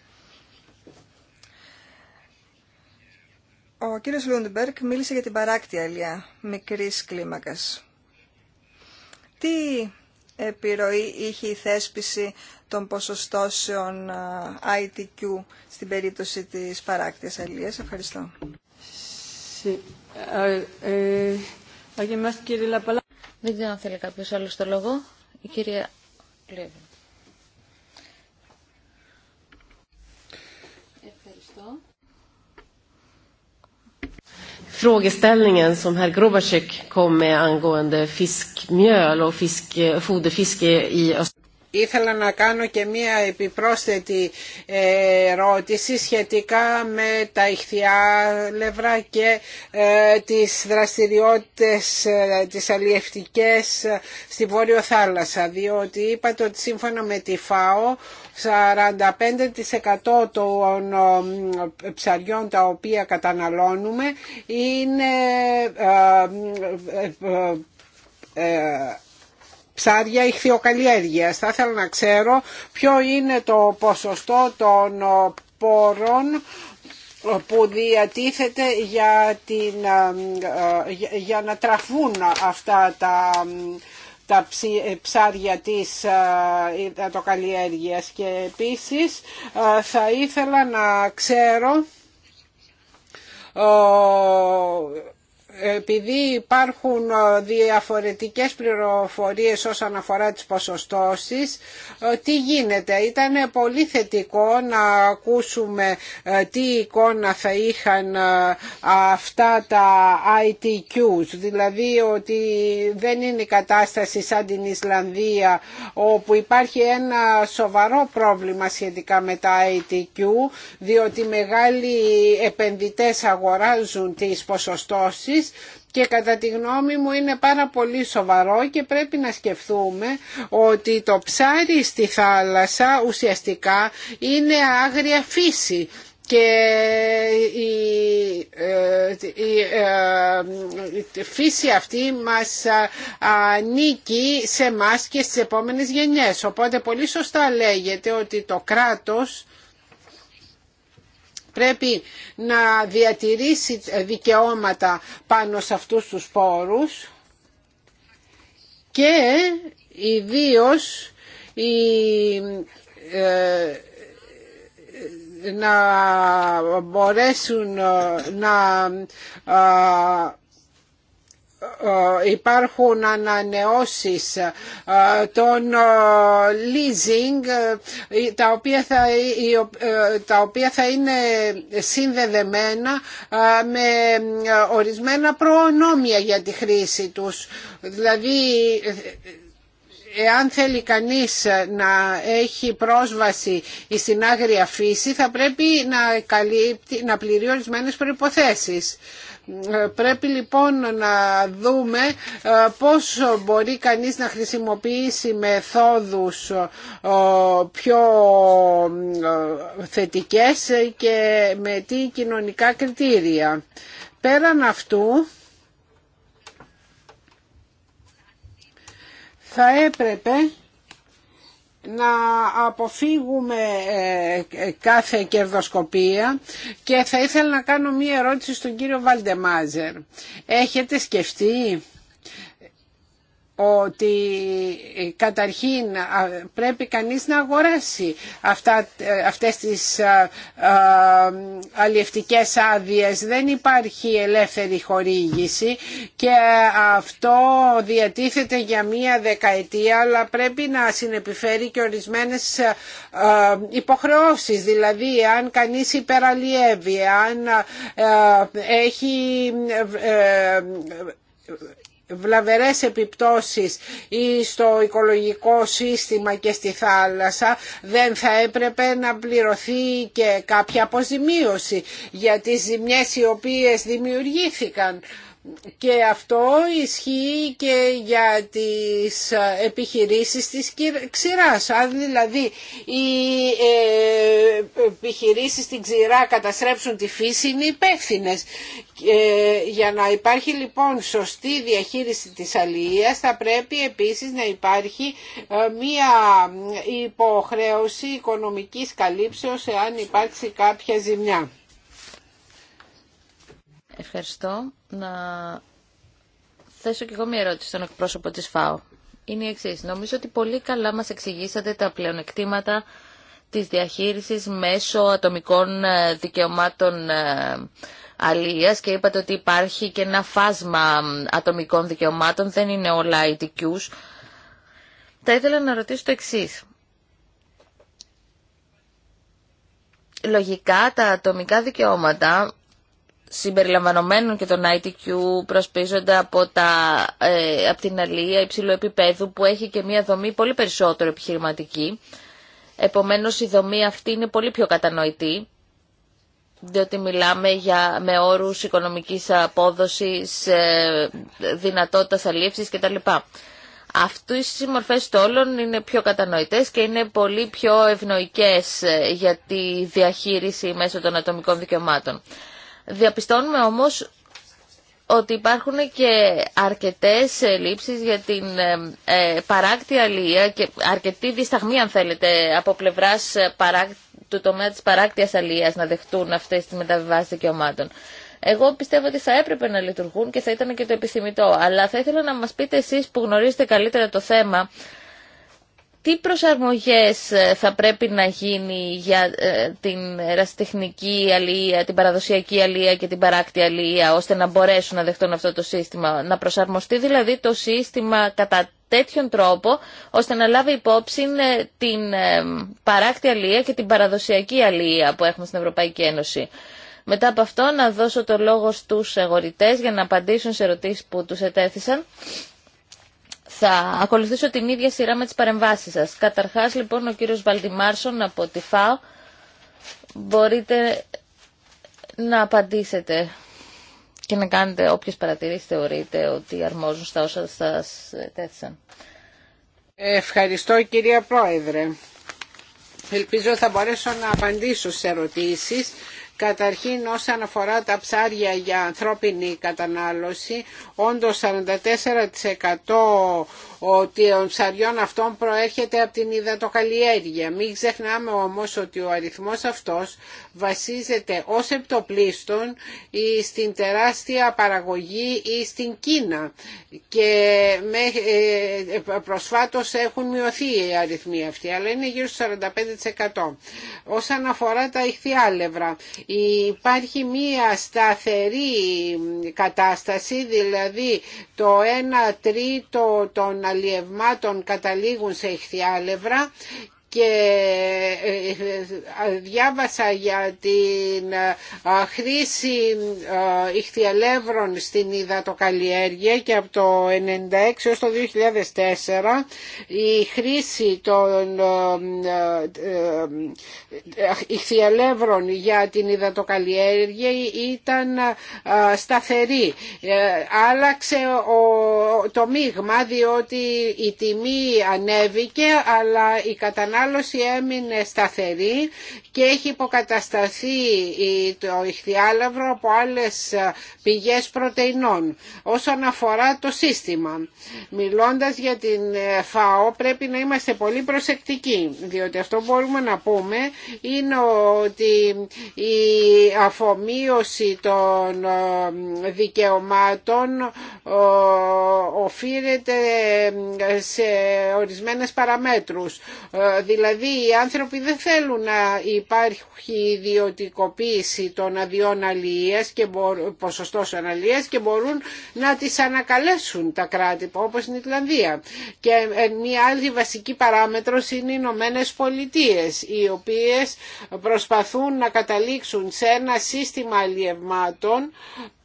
Ο κύριος Λούντεμπερκ μίλησε για την παράκτη αλιά μικρής κλίμακας. Τι επιρροή είχε η θέσπιση των ποσοστώσεων ITQ στην περίπτωση της παράκτης αλίας. Ευχαριστώ. Eh, Δεν ξέρω αν θέλει κάποιος άλλος το λόγο. Η κυρία Λέβη. frågeställningen som herr kom med angående fiskmjöl och fisk, foderfiske i Ήθελα να κάνω και μία επιπρόσθετη ε, ερώτηση σχετικά με τα ηχθιάλευρα και ε, τις δραστηριότητες ε, τις αλλιευτικές στη Βόρειο Θάλασσα διότι είπατε ότι σύμφωνα με τη ΦΑΟ 45% των ψαριών τα οποία καταναλώνουμε είναι ε, ε, ε, ψάρια ηχθειοκαλλιέργειας. Θα ήθελα να ξέρω ποιο είναι το ποσοστό των πόρων που διατίθεται για, για να τραφούν αυτά τα τα ε, ψάρια της ε, ε, καλλιέργειας και επίσης θα ήθελα να ξέρω επειδή υπάρχουν ε, διαφορετικές πληροφορίες όσον αφορά τις ποσοστώσεις, ε, τι γίνεται. Ήταν πολύ θετικό να ακούσουμε ε, τι εικόνα θα είχαν αυτά τα ITQs, δηλαδή ότι δεν είναι η κατάσταση σαν την Ισλανδία όπου υπάρχει ένα σοβαρό πρόβλημα σχετικά με τα ITQ, διότι μεγάλοι επενδυτές αγοράζουν τις ποσοστώσεις και κατά τη γνώμη μου είναι πάρα πολύ σοβαρό και πρέπει να σκεφτούμε ότι το ψάρι στη θάλασσα ουσιαστικά είναι άγρια φύση και η ε, ε, φύση αυτή μας ανήκει σε μας και στις επόμενες γενιές. Οπότε πολύ σωστά λέγεται ότι το κράτος πρέπει να διατηρήσει δικαιώματα πάνω σε αυτούς τους πόρους και ιδίως η, ε, να μπορέσουν ε, να ε, ε, υπάρχουν ανανεώσεις ε, των ε, leasing τα οποία θα, τα είναι συνδεδεμένα με ορισμένα προνόμια για τη χρήση τους. Δηλαδή εάν θέλει κανείς να έχει πρόσβαση στην άγρια φύση θα πρέπει να, καλύπτει, να πληρεί ορισμένες προϋποθέσεις. Ε, πρέπει λοιπόν να δούμε ε, πώς μπορεί κανείς να χρησιμοποιήσει μεθόδους ε, πιο θετικές και με τι κοινωνικά κριτήρια. Πέραν αυτού, θα έπρεπε να αποφύγουμε ε, κάθε κερδοσκοπία και θα ήθελα να κάνω μία ερώτηση στον κύριο Βαλτεμάζερ. Έχετε σκεφτεί ότι ε, καταρχήν πρέπει κανείς να αγοράσει αυτά, ε, αυτές τις ε, αλλιευτικές άδειες. Δεν υπάρχει ελεύθερη χορήγηση και αυτό διατίθεται για μία δεκαετία αλλά πρέπει να συνεπιφέρει και ορισμένες υποχρεώσεις. Δηλαδή αν κανείς υπεραλλιεύει, αν έχει βλαβερές επιπτώσεις ή στο οικολογικό σύστημα και στη θάλασσα δεν θα έπρεπε να πληρωθεί και κάποια αποζημίωση για τις ζημιές οι οποίες δημιουργήθηκαν και αυτό ισχύει και για τις επιχειρήσεις της ξηράς. Αν δηλαδή οι ε, επιχειρήσεις στην ξηρά καταστρέψουν τη φύση είναι υπεύθυνε. Ε, για να υπάρχει λοιπόν σωστή διαχείριση της αλληλείας θα πρέπει επίσης να υπάρχει ε, μία υποχρέωση οικονομικής καλύψεως εάν υπάρξει κάποια ζημιά. Ευχαριστώ. Να θέσω και εγώ μια ερώτηση στον εκπρόσωπο της ΦΑΟ. Είναι η εξή. Νομίζω ότι πολύ καλά μας εξηγήσατε τα πλεονεκτήματα της διαχείρισης μέσω ατομικών ε, δικαιωμάτων ε, αλίας και είπατε ότι υπάρχει και ένα φάσμα ατομικών δικαιωμάτων, δεν είναι όλα ειδικιούς. Θα ήθελα να ρωτήσω το εξής. Λογικά τα ατομικά δικαιώματα συμπεριλαμβανομένων και των ITQ προσπίζονται από, τα, ε, από την αλληλεία υψηλού επίπεδου που έχει και μια δομή πολύ περισσότερο επιχειρηματική. Επομένως η δομή αυτή είναι πολύ πιο κατανοητή διότι μιλάμε για, με όρους οικονομικής απόδοσης, ε, δυνατότητας αλήψης κτλ. Αυτού οι μορφές τόλων είναι πιο κατανοητές και είναι πολύ πιο ευνοϊκές ε, για τη διαχείριση μέσω των ατομικών δικαιωμάτων. Διαπιστώνουμε όμως ότι υπάρχουν και αρκετές λήψεις για την ε, παράκτη αλληλεία και αρκετή δισταγμή αν θέλετε από πλευράς του τομέα της παράκτιας αλληλείας να δεχτούν αυτές τις μεταβιβάσεις δικαιωμάτων. Εγώ πιστεύω ότι θα έπρεπε να λειτουργούν και θα ήταν και το επιθυμητό. Αλλά θα ήθελα να μας πείτε εσείς που γνωρίζετε καλύτερα το θέμα τι προσαρμογές ε, θα πρέπει να γίνει για ε, την ερασιτεχνική αλία, την παραδοσιακή αλία και την παράκτη αλία, ώστε να μπορέσουν να δεχτούν αυτό το σύστημα. Να προσαρμοστεί δηλαδή το σύστημα κατά τέτοιον τρόπο, ώστε να λάβει υπόψη ε, την παράκτη αλία και την παραδοσιακή αλία που έχουμε στην Ευρωπαϊκή Ένωση. Μετά από αυτό να δώσω το λόγο στους αγορητές για να απαντήσουν σε ερωτήσεις που τους ετέθησαν. Θα ακολουθήσω την ίδια σειρά με τις παρεμβάσεις σας. Καταρχάς, λοιπόν, ο κύριος Βαλτιμάρσον από τη ΦΑΟ. Μπορείτε να απαντήσετε και να κάνετε όποιες παρατηρήσεις θεωρείτε ότι αρμόζουν στα όσα σας τέτοισαν. Ευχαριστώ κυρία Πρόεδρε. Ελπίζω θα μπορέσω να απαντήσω σε ερωτήσεις Καταρχήν όσον αφορά τα ψάρια για ανθρώπινη κατανάλωση, όντως 44% ότι ο ψαριών αυτών προέρχεται από την υδατοκαλλιέργεια. Μην ξεχνάμε όμως ότι ο αριθμός αυτός βασίζεται ως επτοπλίστων ή στην τεράστια παραγωγή ή στην Κίνα και με, ε, προσφάτως έχουν μειωθεί οι αριθμοί αυτοί, αλλά είναι γύρω στο 45%. Όσον αφορά τα ηχθιάλευρα, υπάρχει μία σταθερή κατάσταση, δηλαδή το 1 τρίτο των αλλιευμάτων καταλήγουν σε ηχθιάλευρα και ε, ε, διάβασα για την ε, χρήση ηχθιαλεύρων στην υδατοκαλλιέργεια και από το 1996 έως το 2004 η χρήση των ηχθιαλεύρων για την υδατοκαλλιέργεια ήταν σταθερή. Άλλαξε το μείγμα διότι η τιμή ανέβηκε αλλά η κατανάλωση κατανάλωση έμεινε σταθερή και έχει υποκατασταθεί το ηχθιάλαυρο από άλλες ε, πηγές πρωτεϊνών όσον αφορά το σύστημα. Μιλώντας για την ε, ΦΑΟ πρέπει να είμαστε πολύ προσεκτικοί διότι αυτό μπορούμε να πούμε είναι ότι η αφομοίωση των ε, δικαιωμάτων οφείλεται σε ορισμένες παραμέτρους Δηλαδή οι άνθρωποι δεν θέλουν να υπάρχει ιδιωτικοποίηση των αδειών αλληλείας και ποσοστός και μπορούν να τις ανακαλέσουν τα κράτη όπως η Ιρλανδία. Και ε, μια άλλη βασική παράμετρος είναι οι Ηνωμένε Πολιτείε, οι οποίες προσπαθούν να καταλήξουν σε ένα σύστημα αλλιευμάτων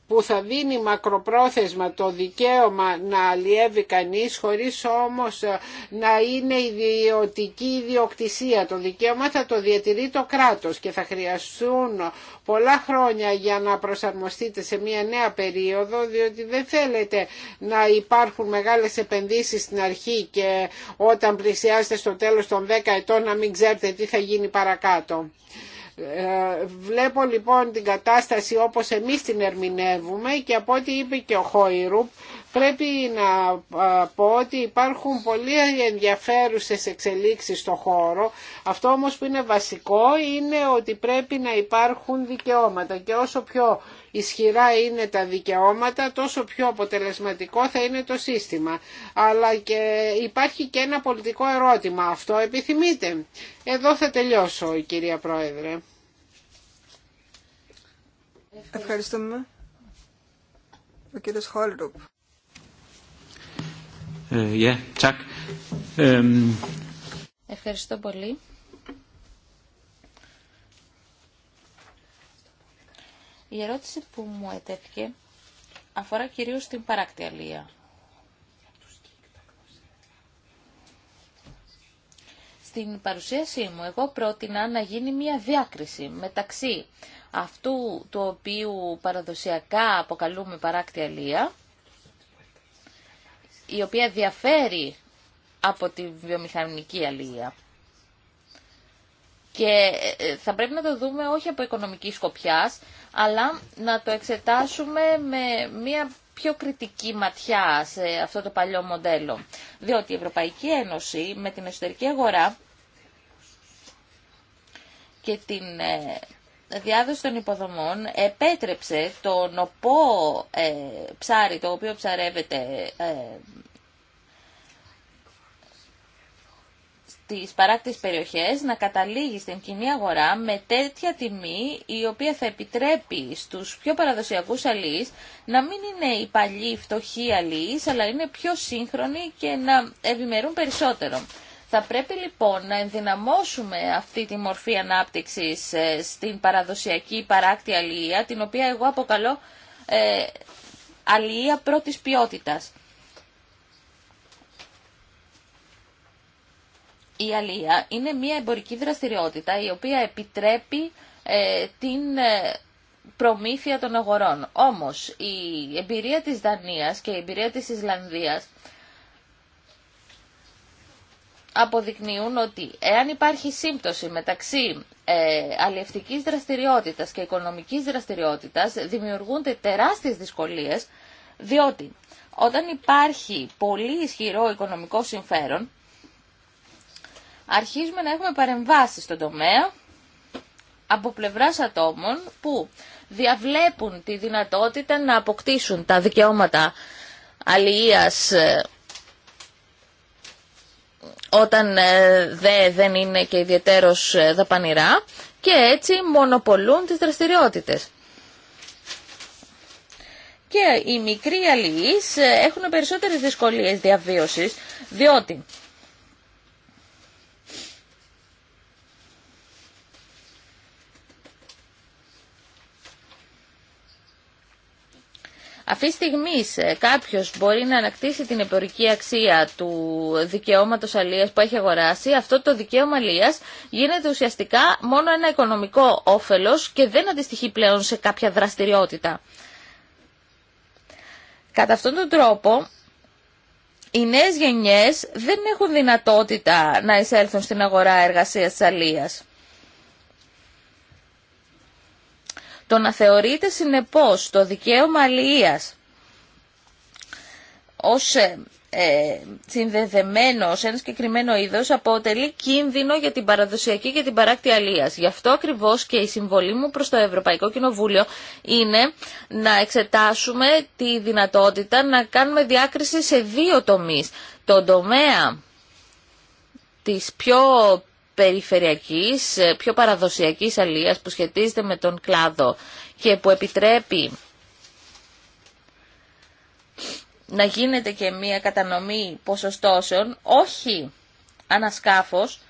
που θα δίνει μακροπρόθεσμα το δικαίωμα να αλλιεύει κανείς χωρίς όμως να είναι ιδιωτική ιδιοκτησία. Το δικαίωμα θα το διατηρεί το κράτος και θα χρειαστούν πολλά χρόνια για να προσαρμοστείτε σε μια νέα περίοδο διότι δεν θέλετε να υπάρχουν μεγάλες επενδύσεις στην αρχή και όταν πλησιάσετε στο τέλος των 10 ετών να μην ξέρετε τι θα γίνει παρακάτω. Βλέπω λοιπόν την κατάσταση όπως εμείς την ερμηνεύουμε και από ό,τι είπε και ο Χόιρουπ Πρέπει να πω ότι υπάρχουν πολύ ενδιαφέρουσες εξελίξεις στο χώρο. Αυτό όμως που είναι βασικό είναι ότι πρέπει να υπάρχουν δικαιώματα και όσο πιο ισχυρά είναι τα δικαιώματα τόσο πιο αποτελεσματικό θα είναι το σύστημα. Αλλά και υπάρχει και ένα πολιτικό ερώτημα. Αυτό επιθυμείτε. Εδώ θα τελειώσω κυρία Πρόεδρε. Ευχαριστούμε. Ο ε, Ευχαριστώ πολύ. Η ερώτηση που μου ετέθηκε αφορά κυρίως την παρακτιαλία. Στην παρουσίασή μου εγώ πρότεινα να γίνει μια διάκριση μεταξύ αυτού του οποίου παραδοσιακά αποκαλούμε παράκτη αλία η οποία διαφέρει από τη βιομηχανική αλληλεία. Και ε, θα πρέπει να το δούμε όχι από οικονομική σκοπιάς, αλλά να το εξετάσουμε με μια πιο κριτική ματιά σε αυτό το παλιό μοντέλο. Διότι η Ευρωπαϊκή Ένωση με την εσωτερική αγορά και την ε, διάδοση των υποδομών επέτρεψε το νοπό ε, ψάρι το οποίο ψαρεύεται ε, στις παράκτης περιοχές να καταλήγει στην κοινή αγορά με τέτοια τιμή η οποία θα επιτρέπει στους πιο παραδοσιακούς αλείς να μην είναι οι παλιοί φτωχοί αλείς αλλά είναι πιο σύγχρονοι και να ευημερούν περισσότερο. Θα πρέπει λοιπόν να ενδυναμώσουμε αυτή τη μορφή ανάπτυξης ε, στην παραδοσιακή παράκτη αλληλεία, την οποία εγώ αποκαλώ ε, αλληλεία πρώτης ποιότητας. Η αλληλεία είναι μια εμπορική δραστηριότητα η οποία επιτρέπει ε, την ε, προμήθεια των αγορών. Όμως η εμπειρία της Δανίας και η εμπειρία της Ισλανδίας αποδεικνύουν ότι εάν υπάρχει σύμπτωση μεταξύ ε, αλλιευτικής δραστηριότητας και οικονομικής δραστηριότητας δημιουργούνται τεράστιες δυσκολίες διότι όταν υπάρχει πολύ ισχυρό οικονομικό συμφέρον αρχίζουμε να έχουμε παρεμβάσει στον τομέα από πλευράς ατόμων που διαβλέπουν τη δυνατότητα να αποκτήσουν τα δικαιώματα αλληλείας ε, όταν ε, δε, δεν είναι και ιδιαίτερος ε, δαπανηρά και έτσι μονοπολούν τις δραστηριότητες. Και οι μικροί αλληλείς ε, έχουν περισσότερες δυσκολίες διαβίωσης, διότι Αυτή τη στιγμή ε, κάποιο μπορεί να ανακτήσει την εμπορική αξία του δικαιώματο αλλία που έχει αγοράσει, αυτό το δικαίωμα αλλία γίνεται ουσιαστικά μόνο ένα οικονομικό όφελο και δεν αντιστοιχεί πλέον σε κάποια δραστηριότητα. Κατά αυτόν τον τρόπο, οι νέες γενιές δεν έχουν δυνατότητα να εισέλθουν στην αγορά εργασίας της αλίας. Το να θεωρείται συνεπώς το δικαίωμα αλληλείας ως ε, ε συνδεδεμένο σε ένα συγκεκριμένο είδο αποτελεί κίνδυνο για την παραδοσιακή και την παράκτη αλεία. Γι' αυτό ακριβώς και η συμβολή μου προς το Ευρωπαϊκό Κοινοβούλιο είναι να εξετάσουμε τη δυνατότητα να κάνουμε διάκριση σε δύο τομείς. Το τομέα της πιο περιφερειακής, ε, πιο παραδοσιακής αλίας που σχετίζεται με τον κλάδο και που επιτρέπει να γίνεται και μία κατανομή ποσοστώσεων, όχι ανασκάφος,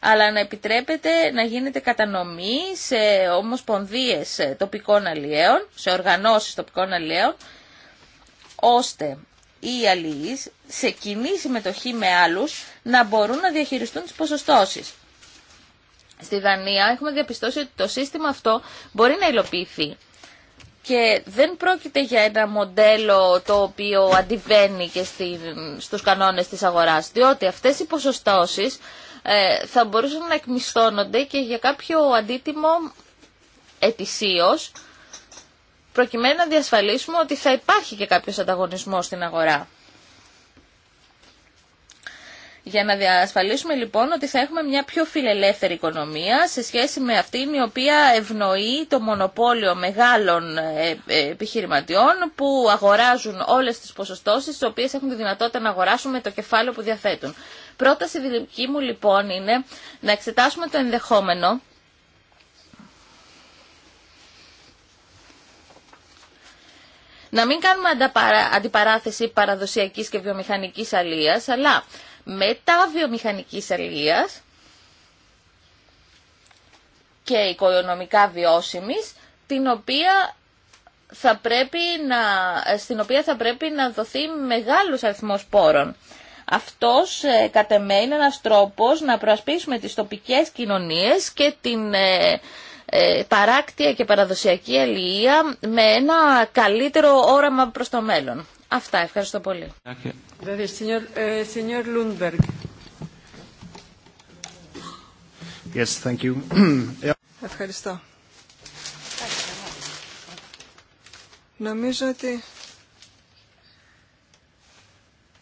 αλλά να επιτρέπεται να γίνεται κατανομή σε ομοσπονδίες τοπικών αλλιέων, σε οργανώσεις τοπικών αλλιέων, ώστε ή αλληλεί σε κοινή συμμετοχή με άλλου να μπορούν να διαχειριστούν τις ποσοστώσεις. Στη Δανία έχουμε διαπιστώσει ότι το σύστημα αυτό μπορεί να υλοποιηθεί. Και δεν πρόκειται για ένα μοντέλο το οποίο αντιβαίνει και στους κανόνες της αγοράς, διότι αυτές οι ποσοστώσεις ε, θα μπορούσαν να εκμισθώνονται και για κάποιο αντίτιμο ετησίως, προκειμένου να διασφαλίσουμε ότι θα υπάρχει και κάποιος ανταγωνισμός στην αγορά. Για να διασφαλίσουμε λοιπόν ότι θα έχουμε μια πιο φιλελεύθερη οικονομία σε σχέση με αυτήν η οποία ευνοεί το μονοπόλιο μεγάλων ε, ε, επιχειρηματιών που αγοράζουν όλες τις ποσοστώσεις τις οποίες έχουν τη δυνατότητα να αγοράσουν με το κεφάλαιο που διαθέτουν. Πρόταση δική μου λοιπόν είναι να εξετάσουμε το ενδεχόμενο να μην κάνουμε αντιπαράθεση παραδοσιακής και βιομηχανικής αλίας, αλλά μετά βιομηχανικής αλίας και οικονομικά βιώσιμης, την οποία θα πρέπει να, στην οποία θα πρέπει να δοθεί μεγάλος αριθμός πόρων. Αυτός ε, κατ' εμέ είναι ένας τρόπος να προασπίσουμε τις τοπικές κοινωνίες και την ε, ε, παράκτια και παραδοσιακή αλληλεία με ένα καλύτερο όραμα προς το μέλλον. Αυτά. Ευχαριστώ πολύ. Eh, Ευχαριστώ. Νομίζω ότι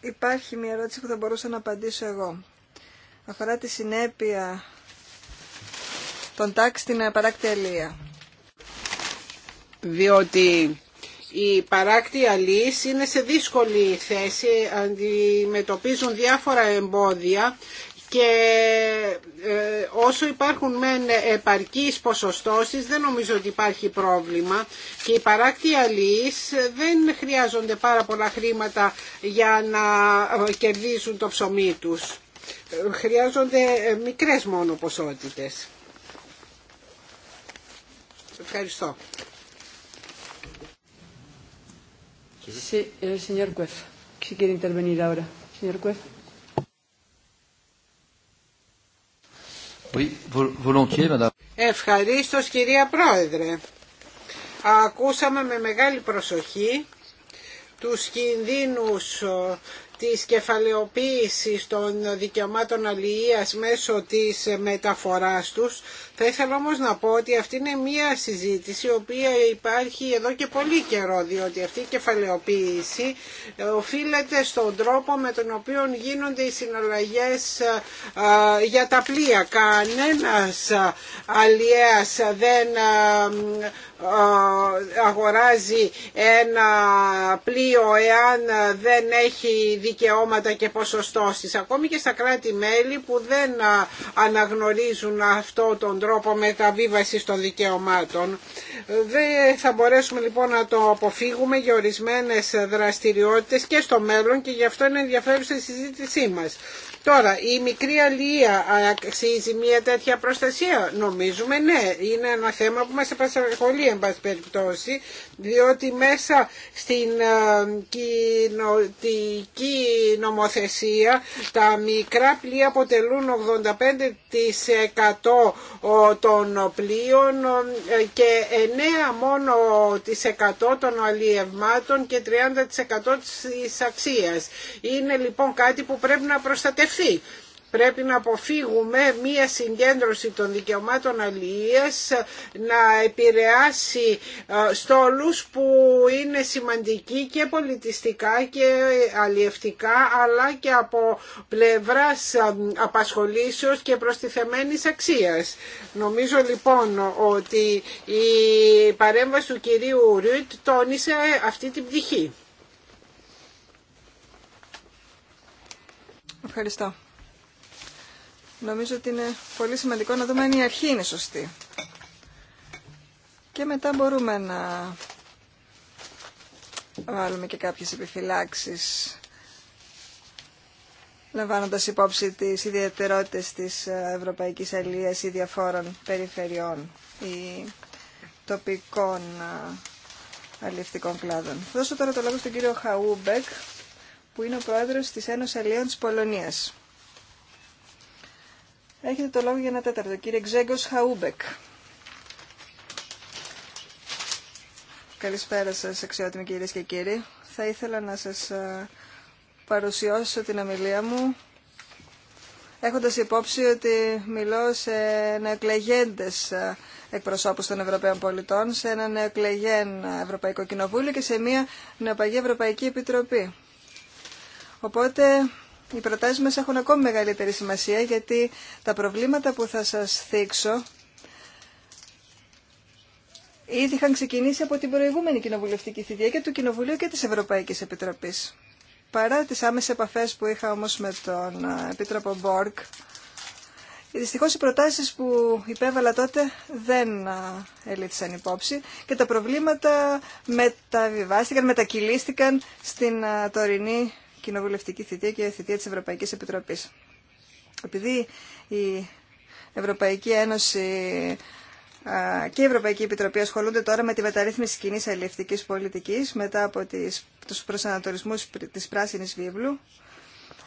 υπάρχει μια ερώτηση που θα μπορούσα να απαντήσω εγώ. Αφορά τη συνέπεια τον τάξη στην ε, παράκτη αλία. Διότι η παράκτη αλής είναι σε δύσκολη θέση, αντιμετωπίζουν διάφορα εμπόδια και ε, όσο υπάρχουν μεν επαρκείς ποσοστώσεις δεν νομίζω ότι υπάρχει πρόβλημα και οι παράκτη αλής δεν χρειάζονται πάρα πολλά χρήματα για να ε, κερδίσουν το ψωμί τους. Χρειάζονται μικρές μόνο ποσότητες. Ευχαριστώ. Eh, Ευχαριστώ κυρία Πρόεδρε. Ακούσαμε με μεγάλη προσοχή τους κινδύνους ε, της κεφαλαιοποίησης των δικαιωμάτων αλληλείας μέσω της μεταφοράς τους. Θα ήθελα όμως να πω ότι αυτή είναι μία συζήτηση η οποία υπάρχει εδώ και πολύ καιρό διότι αυτή η κεφαλαιοποίηση οφείλεται στον τρόπο με τον οποίο γίνονται οι συναλλαγές για τα πλοία. Κανένας αλλιέας δεν ε, αγοράζει ένα πλοίο εάν δεν έχει δικαιώματα και ποσοστώσεις. Ακόμη και στα κράτη-μέλη που δεν ε, αναγνωρίζουν αυτό τον τρόπο μεταβίβασης των δικαιωμάτων. Δεν θα μπορέσουμε λοιπόν να το αποφύγουμε για ορισμένες δραστηριότητες και στο μέλλον και γι' αυτό είναι ενδιαφέρουσα η συζήτησή μας. Τώρα, η μικρή αλληλεία αξίζει μια τέτοια προστασία. Νομίζουμε ναι, είναι ένα θέμα που μας επασχολεί εν πάση περιπτώσει, διότι μέσα στην ε, κοινοτική νομοθεσία τα μικρά πλοία αποτελούν 85% των πλοίων ε, και 9% μόνο 100 των αλλιευμάτων και 30% της αξίας. Είναι λοιπόν κάτι που πρέπει να προστατεύσουμε. Πρέπει να αποφύγουμε μία συγκέντρωση των δικαιωμάτων αλληλείας να επηρεάσει ε, στόλους που είναι σημαντικοί και πολιτιστικά και αλλιευτικά αλλά και από πλευράς ε, απασχολήσεως και προστιθεμένης αξίας. Νομίζω λοιπόν ότι η παρέμβαση του κυρίου Ρουτ τόνισε αυτή την πτυχή. Ευχαριστώ. Νομίζω ότι είναι πολύ σημαντικό να δούμε αν η αρχή είναι σωστή. Και μετά μπορούμε να βάλουμε και κάποιες επιφυλάξεις λαμβάνοντας υπόψη τις ιδιαιτερότητες της ε, Ευρωπαϊκής Αλίας ή διαφόρων περιφερειών ή τοπικών ε, αλληλευτικών κλάδων. Θα δώσω τώρα το λόγο στον κύριο Χαούμπεκ που είναι ο πρόεδρος της Ένωσης Αλλιών της Πολωνίας. Έχετε το λόγο για ένα τέταρτο, κύριε Ξέγκος Χαούμπεκ. Καλησπέρα σας, αξιότιμοι κυρίες και κύριοι. Θα ήθελα να σας ε, παρουσιώσω την ομιλία μου έχοντας υπόψη ότι μιλώ σε νεοεκλεγέντες ε, εκπροσώπους των Ευρωπαίων πολιτών, σε ένα νεοεκλεγέν Ευρωπαϊκό Κοινοβούλιο και σε μια νεοπαγή Ευρωπαϊκή Επιτροπή. Οπότε οι προτάσεις μας έχουν ακόμη μεγαλύτερη σημασία γιατί τα προβλήματα που θα σας θίξω ήδη είχαν ξεκινήσει από την προηγούμενη κοινοβουλευτική θητεία και του Κοινοβουλίου και της Ευρωπαϊκής Επιτροπής. Παρά τις άμεσες επαφές που είχα όμως με τον ε, Επίτροπο Μπόρκ, δυστυχώς οι προτάσεις που υπέβαλα τότε δεν ε, ελήφθησαν υπόψη και τα προβλήματα μεταβιβάστηκαν, μετακυλίστηκαν στην ε, τωρινή κοινοβουλευτική θητεία και η θητεία της Ευρωπαϊκής Επιτροπής. Επειδή η Ευρωπαϊκή Ένωση και η Ευρωπαϊκή Επιτροπή ασχολούνται τώρα με τη μεταρρύθμιση κοινή αλληλευτικής πολιτικής μετά από τις, τους προσανατολισμούς της Πράσινης Βίβλου,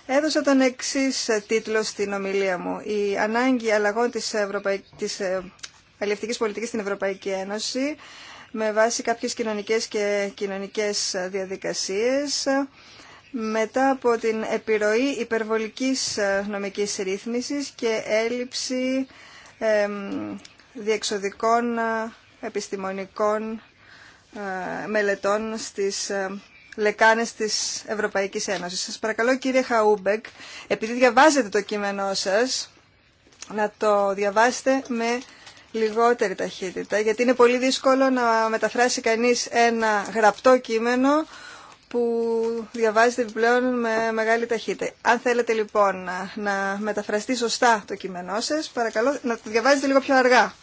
έδωσα τον εξή τίτλο στην ομιλία μου. Η ανάγκη αλλαγών της, Ευρωπαϊ... της ε, στην Ευρωπαϊκή Ένωση με βάση κάποιε κοινωνικέ και κοινωνικέ διαδικασίε μετά από την επιρροή υπερβολικής ε, νομικής ρύθμισης και έλλειψη διεξοδικών ε, επιστημονικών ε, μελετών στις λεκάνες της Ευρωπαϊκής Ένωσης. Σας παρακαλώ κύριε Χαούμπεκ, επειδή διαβάζετε το κείμενό σας, να το διαβάσετε με λιγότερη ταχύτητα, γιατί είναι πολύ δύσκολο να μεταφράσει κανείς ένα γραπτό κείμενο που διαβάζετε επιπλέον με μεγάλη ταχύτητα. Αν θέλετε λοιπόν να, να μεταφραστεί σωστά το κείμενό σας, παρακαλώ να το διαβάζετε λίγο πιο αργά.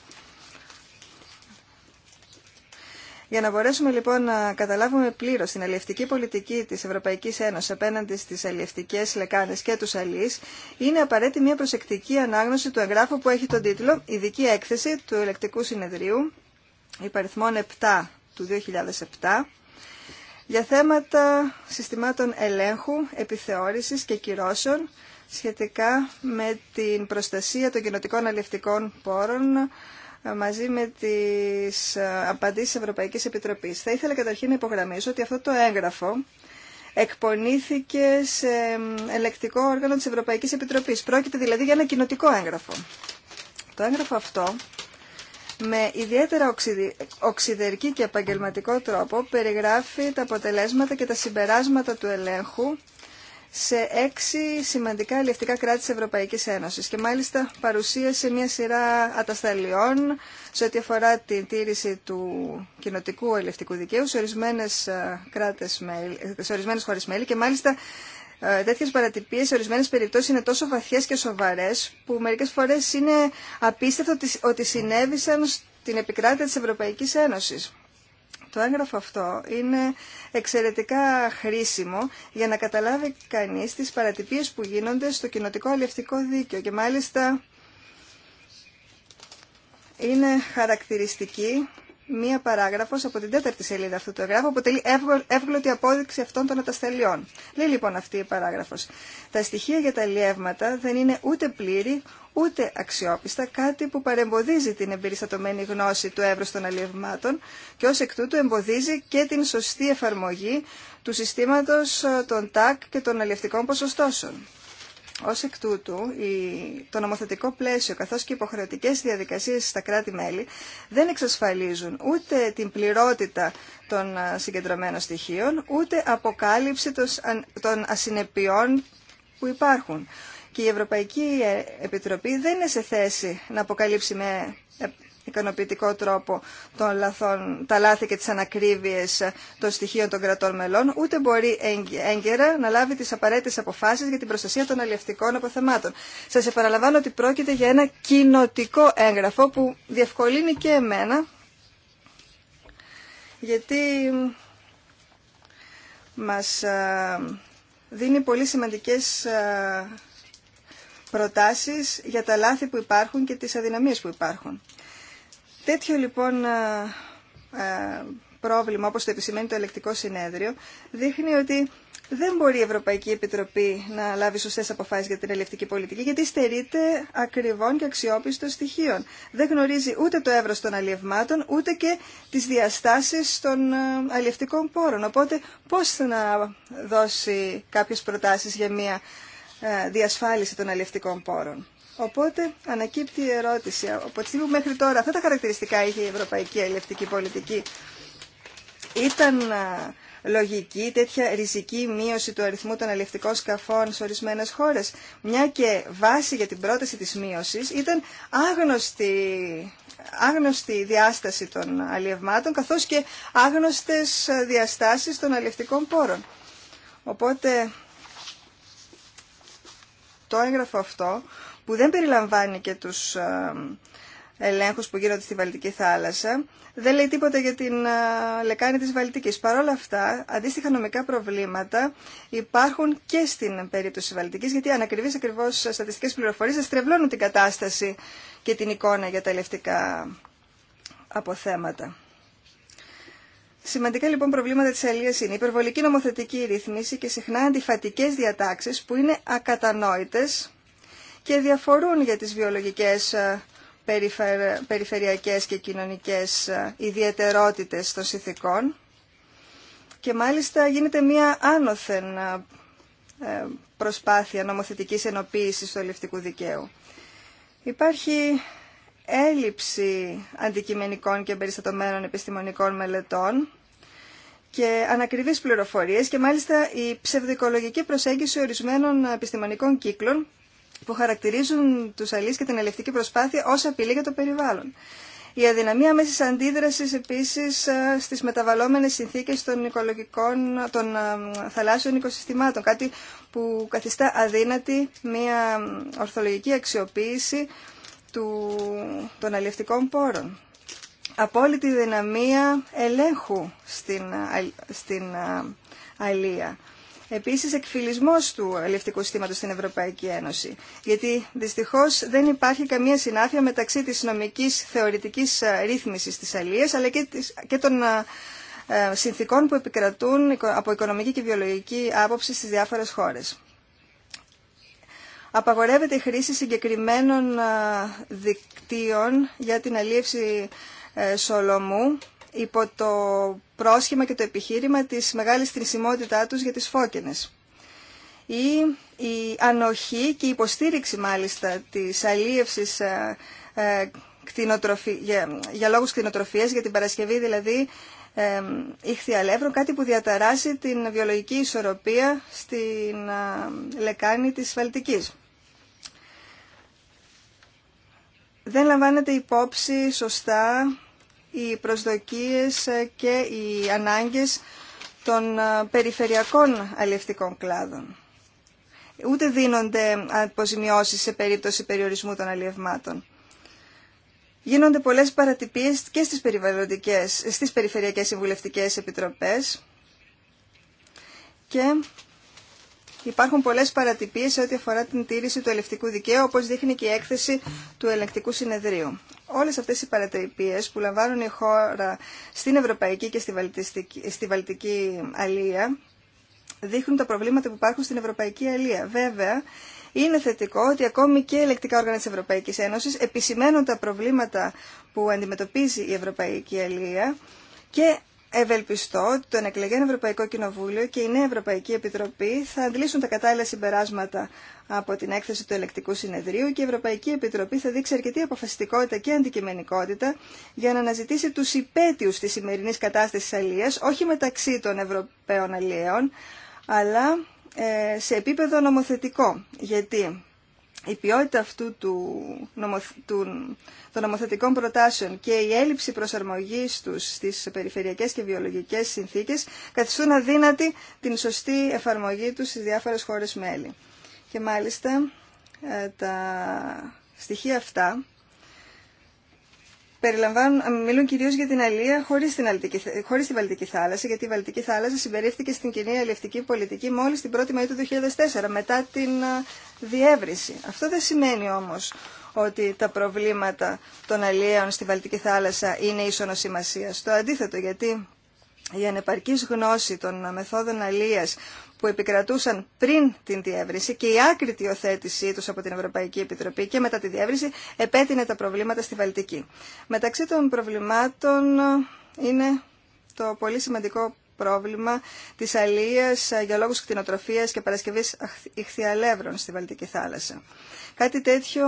Για να μπορέσουμε λοιπόν να καταλάβουμε πλήρω την αλληλευτική πολιτική τη Ευρωπαϊκή Ένωση απέναντι στι αλληλευτικέ λεκάνε και του αλληλεί, είναι απαραίτητη μια προσεκτική ανάγνωση του εγγράφου που έχει τον τίτλο Ειδική έκθεση του Ελεκτικού Συνεδρίου, υπαριθμών 7 του 2007 για θέματα συστημάτων ελέγχου, επιθεώρησης και κυρώσεων σχετικά με την προστασία των κοινοτικών αλληλευτικών πόρων ε, μαζί με τις ε, απαντήσεις Ευρωπαϊκής Επιτροπής. Θα ήθελα καταρχήν να υπογραμμίσω ότι αυτό το έγγραφο εκπονήθηκε σε ελεκτικό όργανο της Ευρωπαϊκής Επιτροπής. Πρόκειται δηλαδή για ένα κοινοτικό έγγραφο. Το έγγραφο αυτό με ιδιαίτερα οξυδερκή και επαγγελματικό τρόπο περιγράφει τα αποτελέσματα και τα συμπεράσματα του ελέγχου σε έξι σημαντικά ελευτικά κράτη της Ευρωπαϊκής Ένωσης και μάλιστα παρουσίασε μια σειρά ατασταλιών σε ό,τι αφορά την τήρηση του κοινοτικού ελευτικού δικαίου σε ορισμένες, ε, κράτες, ε, σε ορισμένες χώρες μέλη και μάλιστα ε, τέτοιε παρατυπίες σε ορισμένες περιπτώσεις είναι τόσο βαθιέ και σοβαρές που μερικές φορές είναι απίστευτο ότι συνέβησαν στην επικράτεια της Ευρωπαϊκής Ένωσης. Το έγγραφο αυτό είναι εξαιρετικά χρήσιμο για να καταλάβει κανείς τις παρατυπίες που γίνονται στο κοινοτικό αλληλευτικό δίκαιο και μάλιστα είναι χαρακτηριστική μία παράγραφος από την τέταρτη σελίδα αυτού του εγγράφου αποτελεί εύγλωτη απόδειξη αυτών των ατασταλιών. Λέει λοιπόν αυτή η παράγραφος. Τα στοιχεία για τα αλλιεύματα δεν είναι ούτε πλήρη, ούτε αξιόπιστα, κάτι που παρεμποδίζει την εμπεριστατωμένη γνώση του Εύρου των αλλιευμάτων και ως εκ τούτου εμποδίζει και την σωστή εφαρμογή του συστήματος ε, των ΤΑΚ και των αλλιευτικών ποσοστώσεων. Ως εκ τούτου, το νομοθετικό πλαίσιο καθώς και οι υποχρεωτικές διαδικασίες στα κράτη-μέλη δεν εξασφαλίζουν ούτε την πληρότητα των ε, συγκεντρωμένων στοιχείων, ούτε αποκάλυψη των ασυνεπιών που υπάρχουν. Και η Ευρωπαϊκή ε, Επιτροπή δεν είναι σε θέση να αποκαλύψει με ε, ικανοποιητικό τρόπο των λαθών, τα λάθη και τις ανακρίβειες των στοιχείων των κρατών μελών, ούτε μπορεί έγκαιρα να λάβει τις απαραίτητες αποφάσεις για την προστασία των αλληλευτικών αποθεμάτων. Σας επαναλαμβάνω ότι πρόκειται για ένα κοινοτικό έγγραφο που διευκολύνει και εμένα, γιατί μας ε, δίνει πολύ σημαντικές ε, προτάσεις για τα λάθη που υπάρχουν και τις αδυναμίες που υπάρχουν. Τέτοιο λοιπόν ε, ε, πρόβλημα, όπως το επισημαίνει το ελεκτικό συνέδριο, δείχνει ότι δεν μπορεί η Ευρωπαϊκή Επιτροπή να λάβει σωστέ αποφάσει για την ελεκτική πολιτική, γιατί στερείται ακριβών και αξιόπιστων στοιχείων. Δεν γνωρίζει ούτε το εύρο των αλλιευμάτων, ούτε και τι διαστάσει των ε, αλλιευτικών πόρων. Οπότε, πώ να δώσει κάποιε προτάσει για μια διασφάλιση των αλλιευτικών πόρων. Οπότε ανακύπτει η ερώτηση, από τη στιγμή που μέχρι τώρα αυτά τα χαρακτηριστικά είχε η ευρωπαϊκή αλληλευτική πολιτική, ήταν λογική τέτοια ριζική μείωση του αριθμού των αλληλευτικών σκαφών σε ορισμένε χώρε, μια και βάση για την πρόταση τη μείωση ήταν άγνωστη άγνωστη διάσταση των αλλιευμάτων καθώς και άγνωστες διαστάσεις των αλλιευτικών πόρων. Οπότε το έγγραφο αυτό που δεν περιλαμβάνει και τους ε, ελέγχους που γίνονται στη Βαλτική θάλασσα, δεν λέει τίποτα για την ε, λεκάνη της Βαλτικής. Παρ' όλα αυτά, αντίστοιχα νομικά προβλήματα υπάρχουν και στην περίπτωση της Βαλτικής, γιατί ανακριβείς ακριβώς στατιστικές πληροφορίες στρεβλώνουν την κατάσταση και την εικόνα για τα ελευτικά αποθέματα. Σημαντικά λοιπόν προβλήματα της αλίας είναι η υπερβολική νομοθετική ρυθμίση και συχνά αντιφατικές διατάξεις που είναι ακατανόητες και διαφορούν για τις βιολογικές ε, περιφερειακές και κοινωνικές ε, ιδιαιτερότητες των συνθηκών και μάλιστα γίνεται μία άνοθεν ε, προσπάθεια νομοθετικής ενοποίησης του ελευτικού δικαίου. Υπάρχει έλλειψη αντικειμενικών και περιστατωμένων επιστημονικών μελετών και ανακριβείς πληροφορίες και μάλιστα η ψευδικολογική προσέγγιση ορισμένων επιστημονικών κύκλων που χαρακτηρίζουν τους αλείς και την αλληλευτική προσπάθεια ως απειλή για το περιβάλλον. Η αδυναμία στις αντίδρασης επίσης ε, στις μεταβαλλόμενες συνθήκες των, οικολογικών, των ε, θαλάσσιων οικοσυστημάτων, κάτι που καθιστά αδύνατη μια ορθολογική αξιοποίηση του, των αλληλευτικών πόρων. Απόλυτη δυναμία ελέγχου στην, ε, στην αλία επίσης εκφυλισμός του αλληλευτικού συστήματος στην Ευρωπαϊκή Ένωση. Γιατί δυστυχώς δεν υπάρχει καμία συνάφεια μεταξύ της νομικής θεωρητικής ε, ρύθμισης της αλίας αλλά και των ε, ε, συνθήκων που επικρατούν από οικονομική και βιολογική άποψη στις διάφορες χώρες. Απαγορεύεται η χρήση συγκεκριμένων δικτύων για την αλίευση σολομού υπό το πρόσχημα και το επιχείρημα της μεγάλης θρησιμότητά τους για τις φώκενες. Ή η ανοχή και η υποστήριξη μάλιστα της αλίευσης ε, ε, για, για λόγους κτηνοτροφίας, για την Παρασκευή δηλαδή ε, αλεύρων κάτι που διαταράσει την βιολογική ισορροπία στην ε, λεκάνη της Βαλτικής. Δεν λαμβάνεται υπόψη σωστά οι προσδοκίες και οι ανάγκες των ε, περιφερειακών αλληλευτικών κλάδων. Ούτε δίνονται αποζημιώσεις σε περίπτωση περιορισμού των αλλιευμάτων. Γίνονται πολλές παρατυπίες και στις, περιβαλλοντικές, στις περιφερειακές συμβουλευτικές επιτροπές και υπάρχουν πολλές παρατυπίες σε ό,τι αφορά την τήρηση του ελευτικού δικαίου, όπως δείχνει και η έκθεση του ελεκτικού συνεδρίου. Όλες αυτές οι παρατυπίες που λαμβάνουν η χώρα στην Ευρωπαϊκή και στη Βαλτική, Αλία δείχνουν τα προβλήματα που υπάρχουν στην Ευρωπαϊκή Αλία. Βέβαια, είναι θετικό ότι ακόμη και ελεκτικά όργανα τη Ευρωπαϊκή Ένωση επισημαίνουν τα προβλήματα που αντιμετωπίζει η Ευρωπαϊκή Αλία και ευελπιστώ ότι το ενεκλεγέν Ευρωπαϊκό Κοινοβούλιο και η νέα Ευρωπαϊκή Επιτροπή θα αντλήσουν τα κατάλληλα συμπεράσματα από την έκθεση του ελεκτικού συνεδρίου και η Ευρωπαϊκή Επιτροπή θα δείξει αρκετή αποφασιστικότητα και αντικειμενικότητα για να αναζητήσει του υπέτειου τη σημερινή κατάσταση αλίας, όχι μεταξύ των Ευρωπαίων αλλιέων, αλλά ε, σε επίπεδο νομοθετικό. Γιατί η ποιότητα αυτού του, του, των νομοθετικών προτάσεων και η έλλειψη προσαρμογής τους στις περιφερειακές και βιολογικές συνθήκες καθιστούν αδύνατη την σωστή εφαρμογή τους στις διάφορες χώρες μέλη. Και μάλιστα ε, τα στοιχεία αυτά περιλαμβάνουν, μιλούν κυρίως για την αλία χωρίς την, την Βαλτική θάλασσα, γιατί η Βαλτική θάλασσα συμπερίφθηκε στην κοινή αλληλευτική πολιτική μόλις την 1η Μαΐου του 2004, μετά την διεύρυνση. Αυτό δεν σημαίνει όμως ότι τα προβλήματα των αλίων στη Βαλτική θάλασσα είναι ίσονος σημασία. Το αντίθετο, γιατί η ανεπαρκής γνώση των μεθόδων αλίας που επικρατούσαν πριν την διεύρυνση και η άκρητη υιοθέτησή τους από την Ευρωπαϊκή Επιτροπή και μετά τη διεύρυνση επέτεινε τα προβλήματα στη Βαλτική. Μεταξύ των προβλημάτων είναι το πολύ σημαντικό πρόβλημα της αλίας για λόγου κτηνοτροφίας και παρασκευή ηχθιαλεύρων στη Βαλτική θάλασσα. Κάτι τέτοιο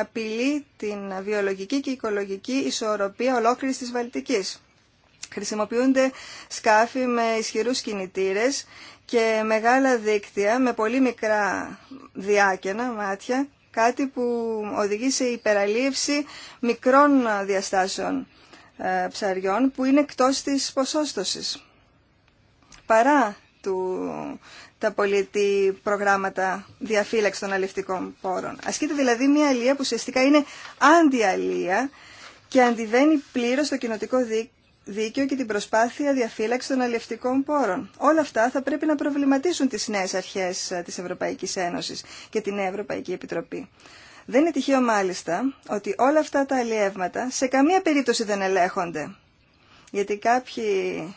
απειλεί την βιολογική και οικολογική ισορροπία ολόκληρης της Βαλτικής. Χρησιμοποιούνται σκάφη με ισχυρούς κινητήρες και μεγάλα δίκτυα με πολύ μικρά διάκαινα, μάτια, κάτι που οδηγεί σε υπεραλίευση μικρών διαστάσεων ε, ψαριών που είναι εκτός της ποσόστοσης. Παρά του, τα πολιτή προγράμματα διαφύλαξη των αληφτικών πόρων. Ασκείται δηλαδή μια αλία που ουσιαστικά είναι αντιαλία και αντιβαίνει πλήρως στο κοινοτικό δίκτυο δίκαιο και την προσπάθεια διαφύλαξη των αλληλευτικών πόρων. Όλα αυτά θα πρέπει να προβληματίσουν τις νέες αρχές ε, της Ευρωπαϊκής Ένωσης και την Ευρωπαϊκή Επιτροπή. Δεν είναι τυχαίο μάλιστα ότι όλα αυτά τα αλλιεύματα σε καμία περίπτωση δεν ελέγχονται. Γιατί κάποιοι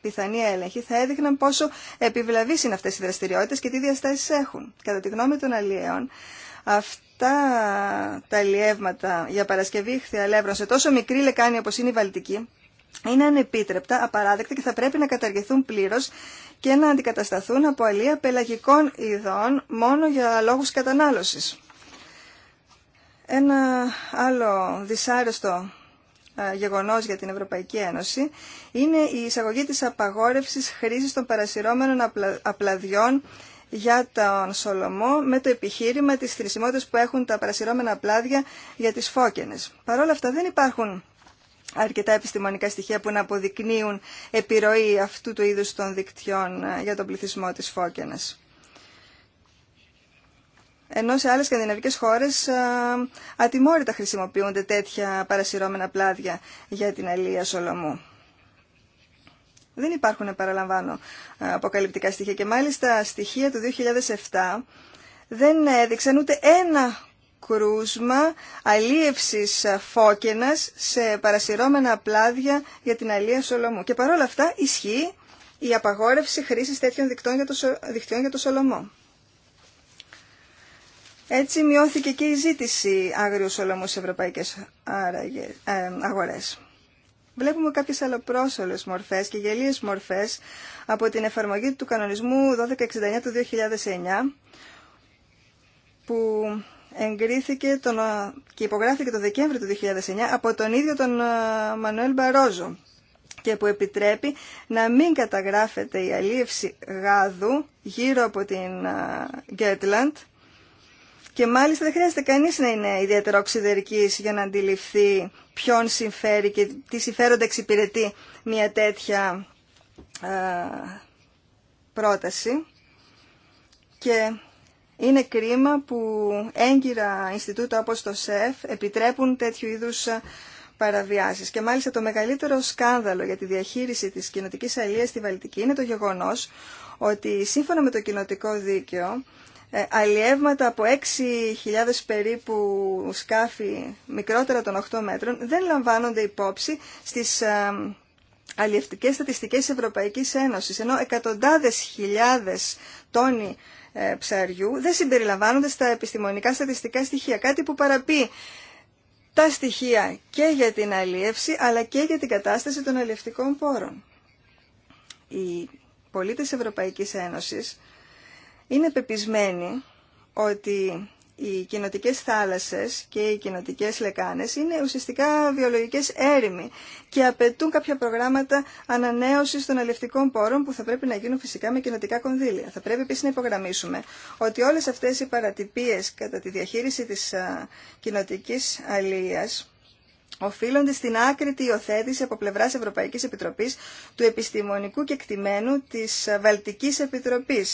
πιθανοί έλεγχοι θα έδειχναν πόσο επιβλαβεί είναι αυτές οι δραστηριότητες και τι διαστάσεις έχουν. Κατά τη γνώμη των αλλιέων, αυτά τα αλλιεύματα για Παρασκευή χθιαλεύρων σε τόσο μικρή λεκάνη όπω είναι η Βαλτική είναι ανεπίτρεπτα, απαράδεκτα και θα πρέπει να καταργηθούν πλήρως και να αντικατασταθούν από αλία πελαγικών ειδών μόνο για λόγους κατανάλωσης. Ένα άλλο δυσάρεστο γεγονός για την Ευρωπαϊκή Ένωση είναι η εισαγωγή της απαγόρευσης χρήσης των παρασυρώμενων απλαδιών για τον Σολομό με το επιχείρημα της θρησιμότητας που έχουν τα παρασυρώμενα απλάδια για τις φόκενες. Παρ' όλα αυτά δεν υπάρχουν αρκετά επιστημονικά στοιχεία που να αποδεικνύουν επιρροή αυτού του είδους των δικτυών ε, για τον πληθυσμό της Φόκενας. Ενώ σε άλλες σκανδιναβικές χώρες ε, ατιμόρυτα χρησιμοποιούνται τέτοια παρασυρώμενα πλάδια για την αλία Σολομού. Δεν υπάρχουν, παραλαμβάνω, ε, αποκαλυπτικά στοιχεία και μάλιστα στοιχεία του 2007 δεν έδειξαν ούτε ένα κρούσμα αλίευσης φώκενας σε παρασυρώμενα πλάδια για την αλία σολομού. Και παρόλα αυτά ισχύει η απαγόρευση χρήσης τέτοιων δικτών για το, δικτύων για το σολομό. Έτσι μειώθηκε και η ζήτηση άγριου σολομού σε ευρωπαϊκές ε, αγορές. Βλέπουμε κάποιες αλλοπρόσωλες μορφές και γελίες μορφές από την εφαρμογή του κανονισμού 1269 του 2009 που εγκρίθηκε και υπογράφηκε το Δεκέμβριο του 2009 από τον ίδιο τον Μανουέλ Μπαρόζο και που επιτρέπει να μην καταγράφεται η αλίευση γάδου γύρω από την Γκέτλαντ και μάλιστα δεν χρειάζεται κανείς να είναι ιδιαίτερα οξυδερκής για να αντιληφθεί ποιον συμφέρει και τι συμφέροντα εξυπηρετεί μια τέτοια πρόταση. Και είναι κρίμα που έγκυρα Ινστιτούτα όπως το ΣΕΦ επιτρέπουν τέτοιου είδους παραβιάσεις. Και μάλιστα το μεγαλύτερο σκάνδαλο για τη διαχείριση της κοινοτική αλληλείας στη Βαλτική είναι το γεγονός ότι σύμφωνα με το κοινοτικό δίκαιο ε, αλλιεύματα από 6.000 περίπου σκάφη μικρότερα των 8 μέτρων δεν λαμβάνονται υπόψη στις ε, αλλιευτικές στατιστικές Ευρωπαϊκής Ένωσης, ενώ εκατοντάδες χιλιάδες τόνοι ε, ψαριού δεν συμπεριλαμβάνονται στα επιστημονικά στατιστικά στοιχεία. Κάτι που παραπεί τα στοιχεία και για την αλίευση αλλά και για την κατάσταση των αλιευτικών πόρων. Οι πολίτες Ευρωπαϊκής Ένωσης είναι πεπισμένοι ότι οι κοινοτικέ θάλασσες και οι κοινοτικέ λεκάνες είναι ουσιαστικά βιολογικές έρημοι και απαιτούν κάποια προγράμματα ανανέωσης των αλληλευτικών πόρων που θα πρέπει να γίνουν φυσικά με κοινοτικά κονδύλια. Θα πρέπει επίσης να υπογραμμίσουμε ότι όλες αυτές οι παρατυπίες κατά τη διαχείριση της κοινοτική αλίας οφείλονται στην άκρητη υιοθέτηση από πλευρά Ευρωπαϊκή Επιτροπή του επιστημονικού κεκτημένου τη Βαλτική Επιτροπή,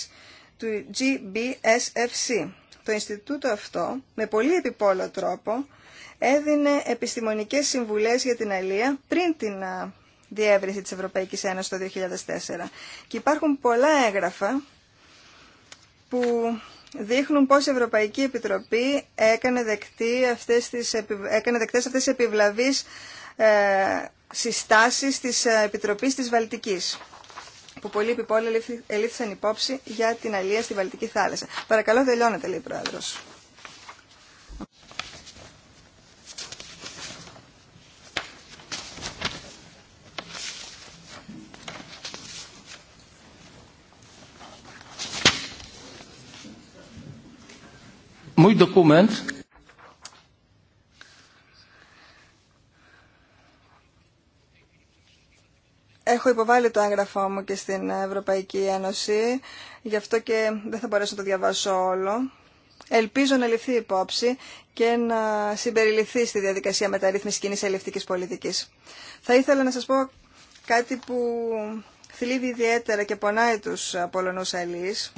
του GBSFC το Ινστιτούτο αυτό με πολύ επιπόλο τρόπο έδινε επιστημονικές συμβουλές για την αλία πριν την διεύρυνση της Ευρωπαϊκής Ένωσης το 2004. Και υπάρχουν πολλά έγγραφα που δείχνουν πώς η Ευρωπαϊκή Επιτροπή έκανε, δεκτή αυτές τις, έκανε δεκτές αυτές τις επιβλαβείς ε, συστάσεις της ε, Επιτροπής της Βαλτικής που πολλοί επιπόλαιοι ελήφθησαν υπόψη για την αλία στη Βαλτική θάλασσα. Παρακαλώ, τελειώνετε, λέει η πρόεδρο. το document Έχω υποβάλει το έγγραφό μου και στην Ευρωπαϊκή Ένωση, γι' αυτό και δεν θα μπορέσω να το διαβάσω όλο. Ελπίζω να ληφθεί υπόψη και να συμπεριληφθεί στη διαδικασία μεταρρύθμισης κοινής ελευτικής πολιτικής. Θα ήθελα να σας πω κάτι που θλίβει ιδιαίτερα και πονάει τους Πολωνούς αλληλείς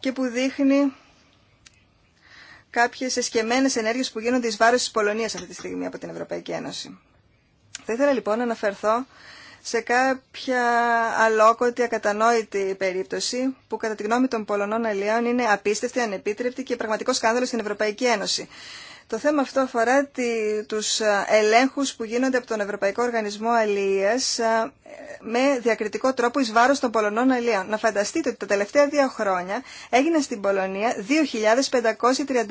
και που δείχνει κάποιες εσκεμμένες ενέργειες που γίνονται εις βάρος της Πολωνίας αυτή τη στιγμή από την Ευρωπαϊκή Ένωση. Θα ήθελα λοιπόν να αναφερθώ σε κάποια αλόκοτη, ακατανόητη περίπτωση που κατά τη γνώμη των Πολωνών Αλλιέων είναι απίστευτη, ανεπίτρεπτη και πραγματικό σκάνδαλο στην Ευρωπαϊκή Ένωση. Το θέμα αυτό αφορά τη, τους ε, ελέγχους που γίνονται από τον Ευρωπαϊκό Οργανισμό Αλίας ε, με διακριτικό τρόπο εις βάρος των Πολωνών Αλίων. Να φανταστείτε ότι τα τελευταία δύο χρόνια έγιναν στην Πολωνία 2.536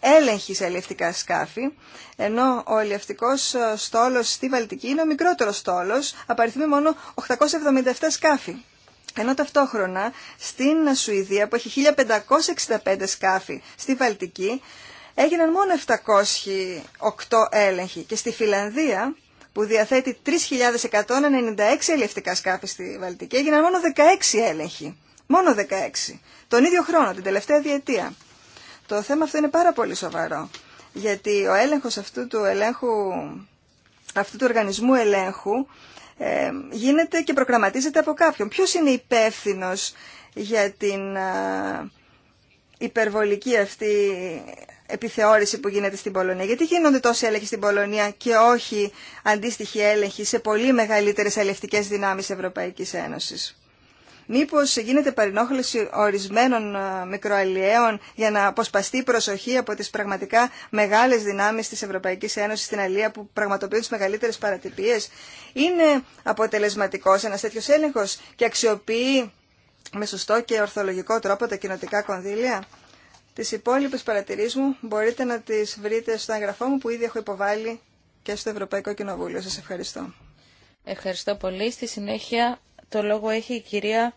έλεγχοι σε αλληλευτικά σκάφη, ενώ ο αλληλευτικός ε, στόλος στη Βαλτική είναι ο μικρότερος στόλος, απαριθμεί μόνο 877 σκάφη. Ενώ ταυτόχρονα στην Σουηδία που έχει 1565 σκάφη στη Βαλτική, έγιναν μόνο 708 έλεγχοι και στη Φιλανδία που διαθέτει 3.196 ελευτικά σκάφη στη Βαλτική έγιναν μόνο 16 έλεγχοι. Μόνο 16. Τον ίδιο χρόνο, την τελευταία διετία. Το θέμα αυτό είναι πάρα πολύ σοβαρό. Γιατί ο έλεγχος αυτού του, ελέγχου, αυτού του οργανισμού ελέγχου ε, γίνεται και προγραμματίζεται από κάποιον. Ποιος είναι υπεύθυνο για την ε, υπερβολική αυτή επιθεώρηση που γίνεται στην Πολωνία. Γιατί γίνονται τόσοι έλεγχοι στην Πολωνία και όχι αντίστοιχοι έλεγχοι σε πολύ μεγαλύτερες αλληλευτικές δυνάμεις Ευρωπαϊκής Ένωσης. Μήπως γίνεται παρενόχληση ορισμένων ε, μικροαλλιέων για να αποσπαστεί η προσοχή από τις πραγματικά μεγάλες δυνάμεις της Ευρωπαϊκής Ένωσης στην Αλία που πραγματοποιούν τις μεγαλύτερες παρατυπίες. Είναι αποτελεσματικός ένας τέτοιος έλεγχος και αξιοποιεί με σωστό και ορθολογικό τρόπο τα κοινοτικά κονδύλια. Τις υπόλοιπες παρατηρήσεις μου μπορείτε να τις βρείτε στο εγγραφό μου που ήδη έχω υποβάλει και στο Ευρωπαϊκό Κοινοβούλιο. Σας ευχαριστώ. Ευχαριστώ πολύ. Στη συνέχεια το λόγο έχει η κυρία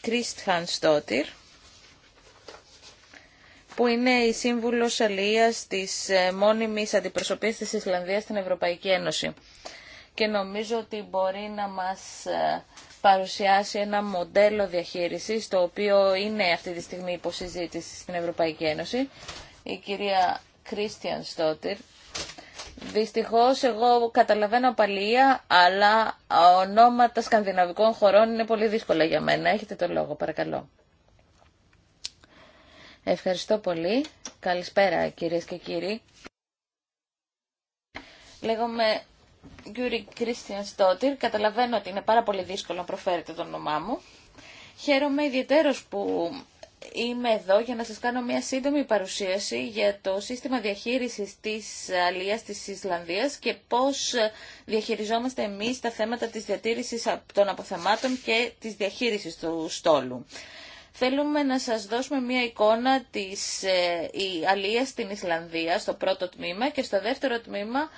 Κρίστχαν Στότυρ που είναι η σύμβουλος αλληλείας της ε, μόνιμης αντιπροσωπής της Ισλανδίας στην Ευρωπαϊκή Ένωση. Και νομίζω ότι μπορεί να μας ε, παρουσιάσει ένα μοντέλο διαχείρισης, το οποίο είναι αυτή τη στιγμή υποσυζήτηση στην Ευρωπαϊκή Ένωση, η κυρία Κρίστιαν Στότερ. Δυστυχώς εγώ καταλαβαίνω παλία, αλλά ονόματα σκανδιναβικών χωρών είναι πολύ δύσκολα για μένα. Έχετε το λόγο, παρακαλώ. Ευχαριστώ πολύ. Καλησπέρα κυρίες και κύριοι. Λέγομαι Γκούρι Κρίστιαν Στότυρ. Καταλαβαίνω ότι είναι πάρα πολύ δύσκολο να προφέρετε το όνομά μου. Χαίρομαι ιδιαίτερος που είμαι εδώ για να σας κάνω μια σύντομη παρουσίαση για το σύστημα διαχείρισης της αλίας της Ισλανδίας και πώς διαχειριζόμαστε εμείς τα θέματα της διατήρησης των αποθεμάτων και της διαχείρισης του στόλου. Θέλουμε να σας δώσουμε μια εικόνα της ε, αλίας στην Ισλανδία στο πρώτο τμήμα και στο δεύτερο τμήμα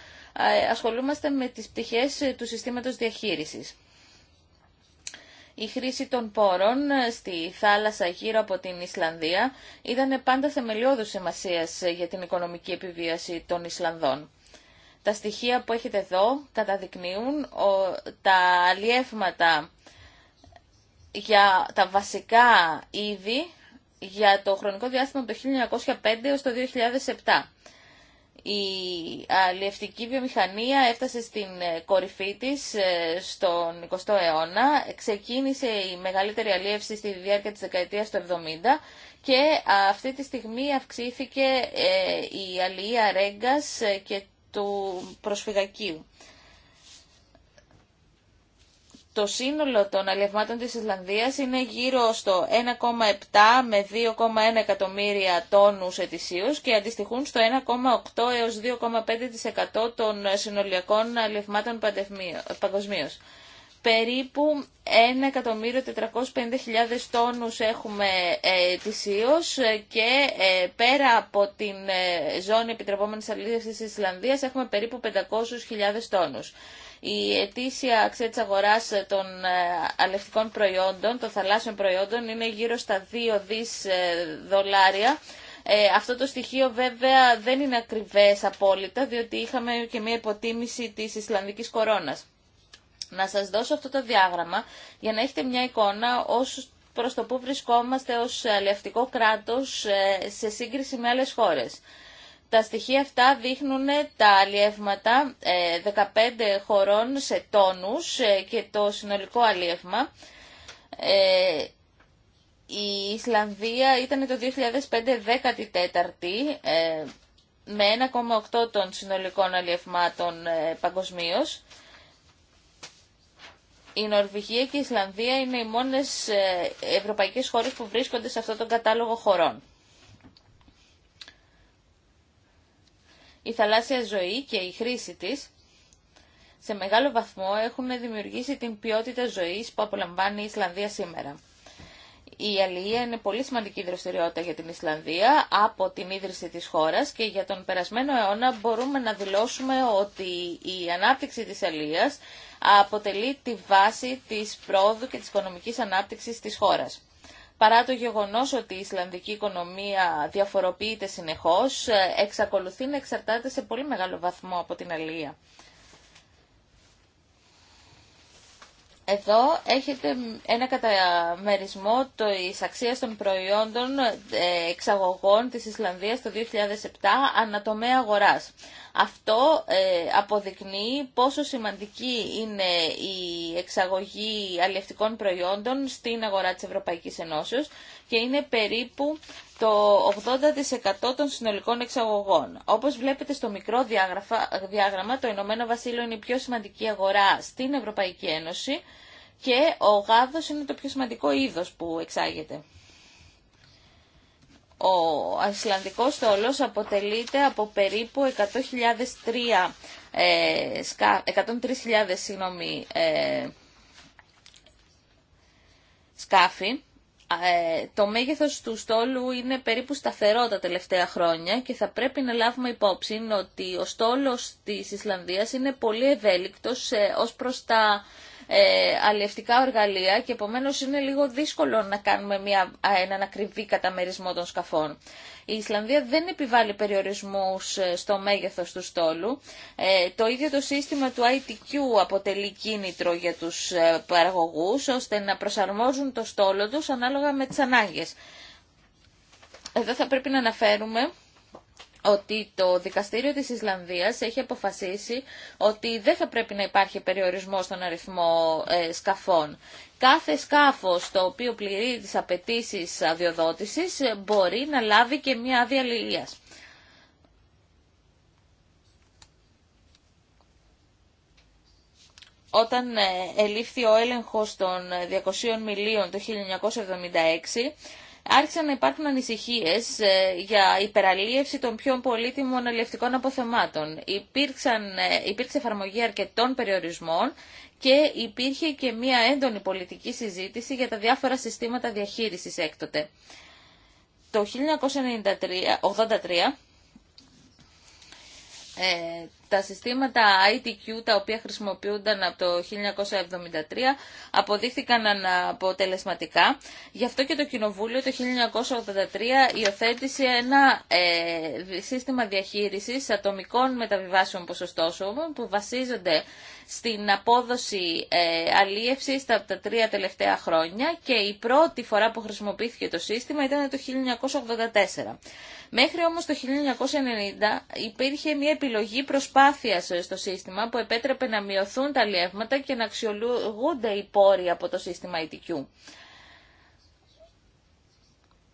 ασχολούμαστε με τις πτυχές ε, του συστήματος διαχείρισης. Η χρήση των πόρων ε, στη θάλασσα γύρω από την Ισλανδία ήταν πάντα θεμελιώδους σημασία ε, για την οικονομική επιβίαση των Ισλανδών. Τα στοιχεία που έχετε εδώ καταδεικνύουν τα αλλιεύματα για τα βασικά είδη για το χρονικό διάστημα από το 1905 έως το 2007 η αλλιευτική βιομηχανία έφτασε στην ε, κορυφή της ε, στον 20ο αιώνα. Ξεκίνησε η μεγαλύτερη αλλιεύση στη διάρκεια της δεκαετίας του 70 και αυτή τη στιγμή αυξήθηκε ε, η αλληλεία ρέγκας και του προσφυγακίου το σύνολο των αλευμάτων της Ισλανδίας είναι γύρω στο 1,7 με 2,1 εκατομμύρια τόνους ετησίως και αντιστοιχούν στο 1,8 έως 2,5% των συνολιακών αλευμάτων παγκοσμίω. Περίπου 1.450.000 τόνους έχουμε ε, ετησίως και ε, πέρα από την ε, ζώνη επιτρεπόμενης αλήθειας της Ισλανδίας έχουμε περίπου 500.000 τόνους. Η ετήσια αξία της αγοράς των ε, αλευτικών προϊόντων, των θαλάσσιων προϊόντων, είναι γύρω στα 2 δις ε, δολάρια. Ε, αυτό το στοιχείο βέβαια δεν είναι ακριβές απόλυτα, διότι είχαμε και μια υποτίμηση της Ισλανδικής κορώνας. Να σας δώσω αυτό το διάγραμμα για να έχετε μια εικόνα ως προς το που βρισκόμαστε ως αλευτικό κράτος σε σύγκριση με άλλες χώρες. Τα στοιχεία αυτά δείχνουν τα αλλιεύματα 15 ε, χωρών σε τόνους ε, και το συνολικό αλλιεύμα. Ε, η Ισλανδία ήταν το 2005 14η με 1,8 των συνολικών αλλιευμάτων παγκοσμίω. Η Νορβηγία και η Ισλανδία είναι οι μόνες ευρωπαϊκές χώρες που βρίσκονται σε αυτόν τον κατάλογο χωρών. η θαλάσσια ζωή και η χρήση της σε μεγάλο βαθμό έχουν δημιουργήσει την ποιότητα ζωής που απολαμβάνει η Ισλανδία σήμερα. Η αλληλεία είναι πολύ σημαντική δραστηριότητα για την Ισλανδία από την ίδρυση της χώρας και για τον περασμένο αιώνα μπορούμε να δηλώσουμε ότι η ανάπτυξη της αλληλείας αποτελεί τη βάση της πρόοδου και της οικονομικής ανάπτυξης της χώρας παρά το γεγονός ότι η Ισλανδική οικονομία διαφοροποιείται συνεχώς, ε, εξακολουθεί να εξαρτάται σε πολύ μεγάλο βαθμό από την αλία. Εδώ έχετε ένα καταμερισμό της αξίας των προϊόντων ε, εξαγωγών της Ισλανδίας το 2007 ανατομέα αγοράς. Αυτό ε, αποδεικνύει πόσο σημαντική είναι η εξαγωγή αλλιευτικών προϊόντων στην αγορά της Ευρωπαϊκής Ενώσεως και είναι περίπου το 80% των συνολικών εξαγωγών. Όπως βλέπετε στο μικρό διάγραμμα, το Ηνωμένο Βασίλειο είναι η πιο σημαντική αγορά στην Ευρωπαϊκή Ένωση και ο γάδος είναι το πιο σημαντικό είδος που εξάγεται. Ο Ασλανδικός στόλος αποτελείται από περίπου 103.000 ε, 103.000 ε, σκάφη ε, το μέγεθος του στόλου είναι περίπου σταθερό τα τελευταία χρόνια και θα πρέπει να λάβουμε υπόψη ότι ο στόλος της Ισλανδίας είναι πολύ ευέλικτος ε, ως προς τα ε, αλλιευτικά οργαλεία και επομένως είναι λίγο δύσκολο να κάνουμε μια, έναν ακριβή καταμερισμό των σκαφών. Η Ισλανδία δεν επιβάλλει περιορισμούς ε, στο μέγεθος του στόλου. Ε, το ίδιο το σύστημα του ITQ αποτελεί κίνητρο για τους ε, παραγωγούς ώστε να προσαρμόζουν το στόλο τους ανάλογα με τις ανάγκες. Εδώ θα πρέπει να αναφέρουμε ότι το Δικαστήριο της Ισλανδίας έχει αποφασίσει ότι δεν θα πρέπει να υπάρχει περιορισμό στον αριθμό ε, σκαφών. Κάθε σκάφος το οποίο πληρεί τις απαιτήσει αδειοδότησης ε, μπορεί να λάβει και μια άδεια λιλίας. Όταν ε, ελήφθη ο έλεγχος των 200 μιλίων το 1976, άρχισαν να υπάρχουν ανησυχίες ε, για υπεραλίευση των πιο πολύτιμων αλληλευτικών αποθεμάτων. Υπήρξαν, ε, υπήρξε εφαρμογή αρκετών περιορισμών και υπήρχε και μία έντονη πολιτική συζήτηση για τα διάφορα συστήματα διαχείρισης έκτοτε. Το 1983 τα συστήματα ITQ τα οποία χρησιμοποιούνταν από το 1973 αποδείχθηκαν αποτελεσματικά. Γι' αυτό και το Κοινοβούλιο το 1983 υιοθέτησε ένα ε, σύστημα διαχείρισης ατομικών μεταβιβάσεων ποσοστώσεων που βασίζονται στην απόδοση ε, αλίευσης τα, τα τρία τελευταία χρόνια και η πρώτη φορά που χρησιμοποιήθηκε το σύστημα ήταν το 1984. Μέχρι όμως το 1990 υπήρχε μια επιλογή προσπάθειας ε, στο σύστημα που επέτρεπε να μειωθούν τα αλίευματα και να αξιολογούνται οι πόροι από το σύστημα ITQ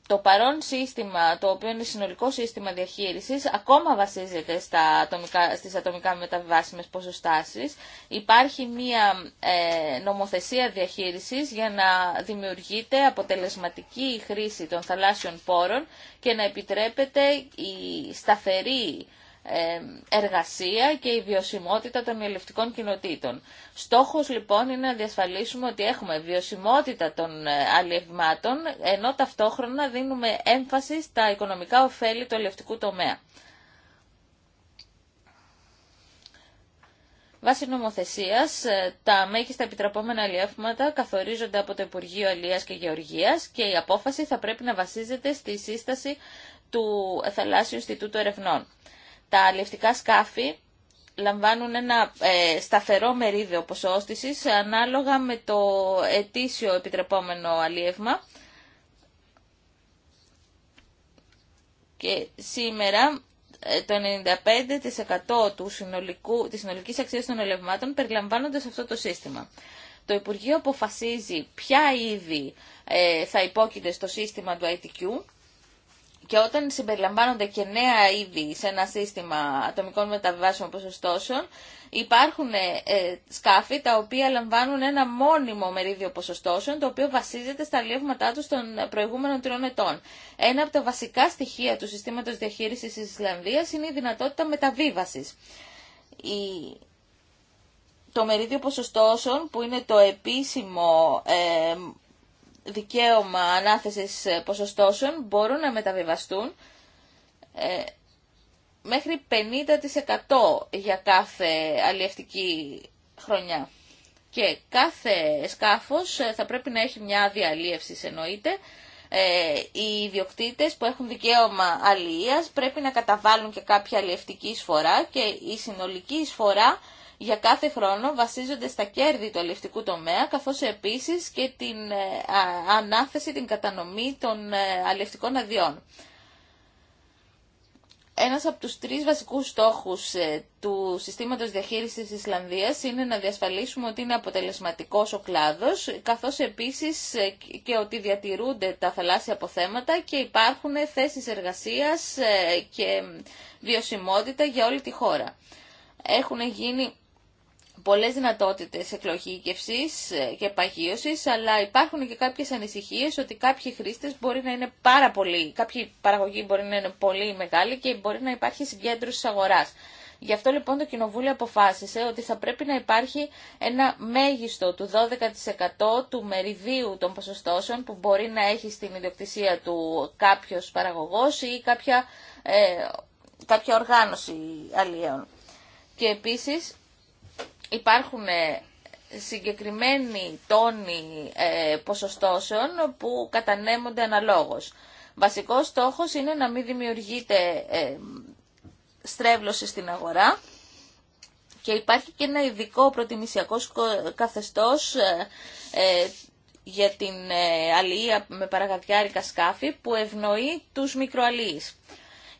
το παρόν σύστημα, το οποίο είναι συνολικό σύστημα διαχείρισης, ακόμα βασίζεται στα ατομικά, στις ατομικά μεταβιβάσιμες ποσοστάσεις. Υπάρχει μία ε, νομοθεσία διαχείρισης για να δημιουργείται αποτελεσματική χρήση των θαλάσσιων πόρων και να επιτρέπεται η σταθερή εργασία και η βιωσιμότητα των ελευτικών κοινοτήτων. Στόχος λοιπόν είναι να διασφαλίσουμε ότι έχουμε βιωσιμότητα των ε, αλλιευμάτων ενώ ταυτόχρονα δίνουμε έμφαση στα οικονομικά ωφέλη του ελευτικού τομέα. Βάσει νομοθεσία, ε, τα μέγιστα επιτραπόμενα αλλιεύματα καθορίζονται από το Υπουργείο Αλλία και Γεωργία και η απόφαση θα πρέπει να βασίζεται στη σύσταση του Θαλάσσιου Ινστιτούτου Ερευνών τα αλλιευτικά σκάφη λαμβάνουν ένα ε, σταθερό μερίδιο ποσόστησης ανάλογα με το ετήσιο επιτρεπόμενο αλίευμα. Και σήμερα ε, το 95% του συνολικού, της συνολικής αξίας των αλλιευμάτων περιλαμβάνονται σε αυτό το σύστημα. Το Υπουργείο αποφασίζει ποια είδη ε, θα υπόκειται στο σύστημα του ITQ και όταν συμπεριλαμβάνονται και νέα είδη σε ένα σύστημα ατομικών μεταβιβάσεων ποσοστώσεων, υπάρχουν ε, ε, σκάφη τα οποία λαμβάνουν ένα μόνιμο μερίδιο ποσοστώσεων, το οποίο βασίζεται στα αλλιεύματά του των προηγούμενων τριών ετών. Ένα από τα βασικά στοιχεία του συστήματος διαχείρισης της Ισλανδίας είναι η δυνατότητα μεταβίβασης. Η... Το μερίδιο ποσοστώσεων, που είναι το επίσημο ε, δικαίωμα ανάθεσης ποσοστώσεων μπορούν να μεταβιβαστούν ε, μέχρι 50% για κάθε αλλιευτική χρονιά. Και κάθε σκάφος ε, θα πρέπει να έχει μια άδεια αλλιεύσης εννοείται. Ε, οι ιδιοκτήτες που έχουν δικαίωμα αλληλείας πρέπει να καταβάλουν και κάποια αλλιευτική εισφορά και η συνολική εισφορά για κάθε χρόνο βασίζονται στα κέρδη του αλληλευτικού τομέα, καθώς επίσης και την ε, ανάθεση, την κατανομή των ε, αλληλευτικών αδειών. Ένας από τους τρεις βασικούς στόχους ε, του συστήματος διαχείρισης της Ισλανδίας είναι να διασφαλίσουμε ότι είναι αποτελεσματικός ο κλάδος, καθώς επίσης και ότι διατηρούνται τα θαλάσσια αποθέματα και υπάρχουν θέσεις εργασίας και βιωσιμότητα για όλη τη χώρα. Έχουν γίνει πολλές δυνατότητες εκλογήκευσης ε, και παγίωσης, αλλά υπάρχουν και κάποιες ανησυχίες ότι κάποιοι χρήστες μπορεί να είναι πάρα πολύ, κάποιοι παραγωγοί μπορεί να είναι πολύ μεγάλοι και μπορεί να υπάρχει συγκέντρωση της αγοράς. Γι' αυτό λοιπόν το Κοινοβούλιο αποφάσισε ότι θα πρέπει να υπάρχει ένα μέγιστο του 12% του μεριδίου των ποσοστώσεων που μπορεί να έχει στην ιδιοκτησία του κάποιος παραγωγός ή κάποια, ε, κάποια οργάνωση αλλιέων. Και επίσης υπάρχουν ε, συγκεκριμένοι τόνοι ε, ποσοστώσεων που κατανέμονται αναλόγως. Βασικός στόχος είναι να μην δημιουργείται ε, στρέβλωση στην αγορά και υπάρχει και ένα ειδικό προτιμησιακό καθεστώς ε, ε, για την αλληλεία με παραγαδιάρικα σκάφη που ευνοεί τους μικροαλίες.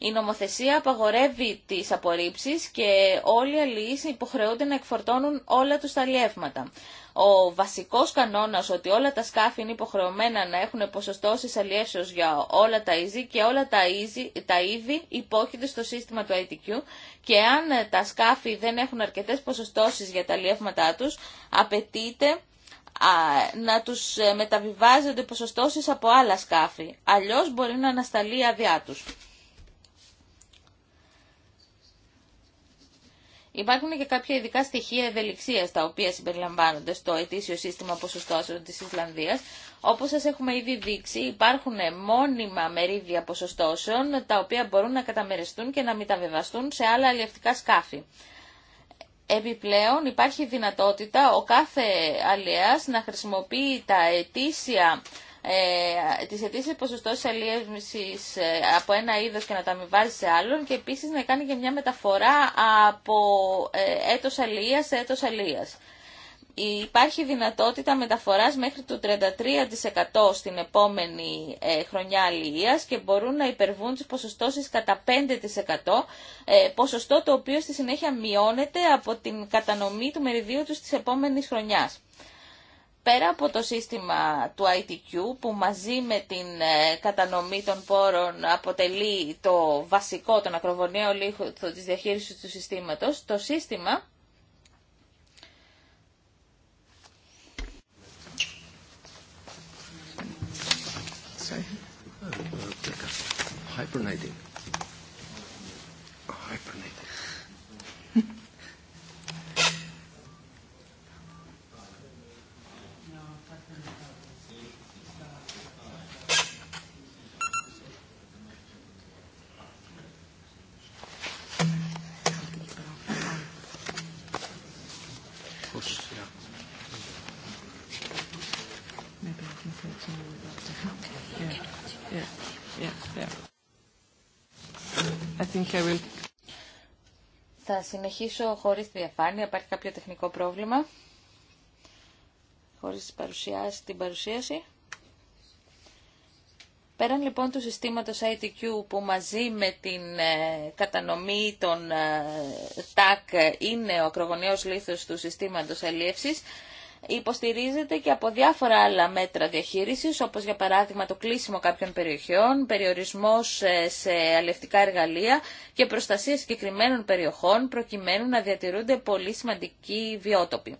Η νομοθεσία απαγορεύει τις απορρίψεις και όλοι οι αλληλείς υποχρεούνται να εκφορτώνουν όλα τους τα αλλιεύματα. Ο βασικός κανόνας ότι όλα τα σκάφη είναι υποχρεωμένα να έχουν ποσοστώσεις αλλιεύσεως για όλα τα είδη και όλα τα, είδη, τα είδη υπόκειται στο σύστημα του ITQ και αν τα σκάφη δεν έχουν αρκετές ποσοστώσεις για τα αλλιεύματά τους, απαιτείται να τους ε, μεταβιβάζονται ποσοστώσεις από άλλα σκάφη. Αλλιώς μπορεί να ανασταλεί η άδειά τους. Υπάρχουν και κάποια ειδικά στοιχεία ευελιξία τα οποία συμπεριλαμβάνονται στο ετήσιο σύστημα ποσοστώσεων τη Ισλανδία. Όπω σα έχουμε ήδη δείξει, υπάρχουν μόνιμα μερίδια ποσοστώσεων τα οποία μπορούν να καταμεριστούν και να μεταβεβαστούν σε άλλα αλλιευτικά σκάφη. Επιπλέον υπάρχει δυνατότητα ο κάθε αλλιέας να χρησιμοποιεί τα ετήσια ε, αιτήσει ποσοστό ποσοστώσεις ε, από ένα είδος και να τα αμοιβάζει σε άλλον και επίσης να κάνει και μια μεταφορά από ε, έτος αλληλείας σε έτος αλληλείας. Υπάρχει δυνατότητα μεταφοράς μέχρι το 33% στην επόμενη ε, χρονιά αλληλείας και μπορούν να υπερβούν τις ποσοστώσεις κατά 5%, ε, ποσοστό το οποίο στη συνέχεια μειώνεται από την κατανομή του μεριδίου τους της επόμενη χρονιάς πέρα από το σύστημα του ITQ που μαζί με την ε, κατανομή των πόρων αποτελεί το βασικό, τον ακροβωνιαίο λίθο της διαχείρισης του συστήματος, το σύστημα Θα συνεχίσω χωρίς διαφάνεια. Υπάρχει κάποιο τεχνικό πρόβλημα. Χωρίς παρουσιάση, την παρουσίαση. Πέραν λοιπόν του συστήματος ITQ που μαζί με την ε, κατανομή των TAC ε, είναι ο ακρογωνιαίος λήθος του συστήματος αλλιεύσης, υποστηρίζεται και από διάφορα άλλα μέτρα διαχείρισης, όπως για παράδειγμα το κλείσιμο κάποιων περιοχών, περιορισμός ε, σε αλευτικά εργαλεία και προστασία συγκεκριμένων περιοχών, προκειμένου να διατηρούνται πολύ σημαντικοί βιότοποι.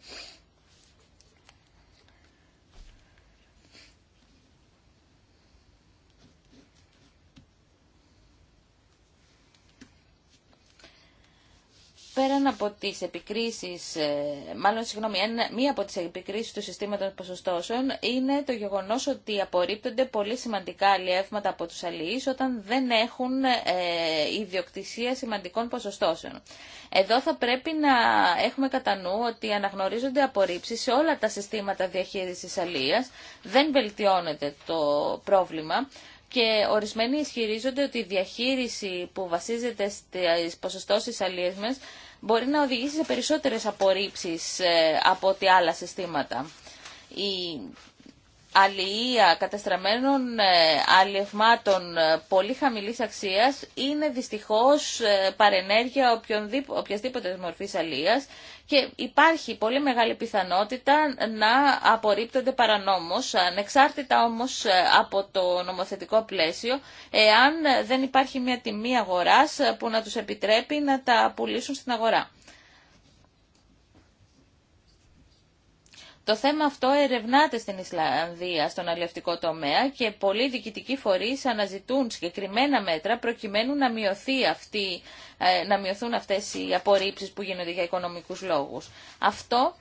πέραν από τις επικρίσεις, ε, μάλλον συγγνώμη, μία από τις επικρίσεις του συστήματος ποσοστώσεων είναι το γεγονός ότι απορρίπτονται πολύ σημαντικά αλλιεύματα από τους αλληλείς όταν δεν έχουν ε, ιδιοκτησία σημαντικών ποσοστώσεων. Εδώ θα πρέπει να έχουμε κατά νου ότι αναγνωρίζονται απορρίψεις σε όλα τα συστήματα διαχείρισης αλίας. Δεν βελτιώνεται το πρόβλημα και ορισμένοι ισχυρίζονται ότι η διαχείριση που βασίζεται στις ποσοστώσεις αλίες μας μπορεί να οδηγήσει σε περισσότερες απορρίψεις ε, από ότι άλλα συστήματα. Η αλληλεία κατεστραμμένων ε, αλευμάτων ε, πολύ χαμηλής αξίας είναι δυστυχώς ε, παρενέργεια οποιασδήποτε μορφής αλίας και υπάρχει πολύ μεγάλη πιθανότητα να απορρίπτονται παρανόμως, ανεξάρτητα όμως από το νομοθετικό πλαίσιο, εάν δεν υπάρχει μια τιμή αγοράς που να τους επιτρέπει να τα πουλήσουν στην αγορά. Το θέμα αυτό ερευνάται στην Ισλανδία στον αλληλευτικό τομέα και πολλοί διοικητικοί φορείς αναζητούν συγκεκριμένα μέτρα προκειμένου να, μειωθεί αυτή, ε, να μειωθούν αυτές οι απορρίψεις που γίνονται για οικονομικούς λόγους. Αυτό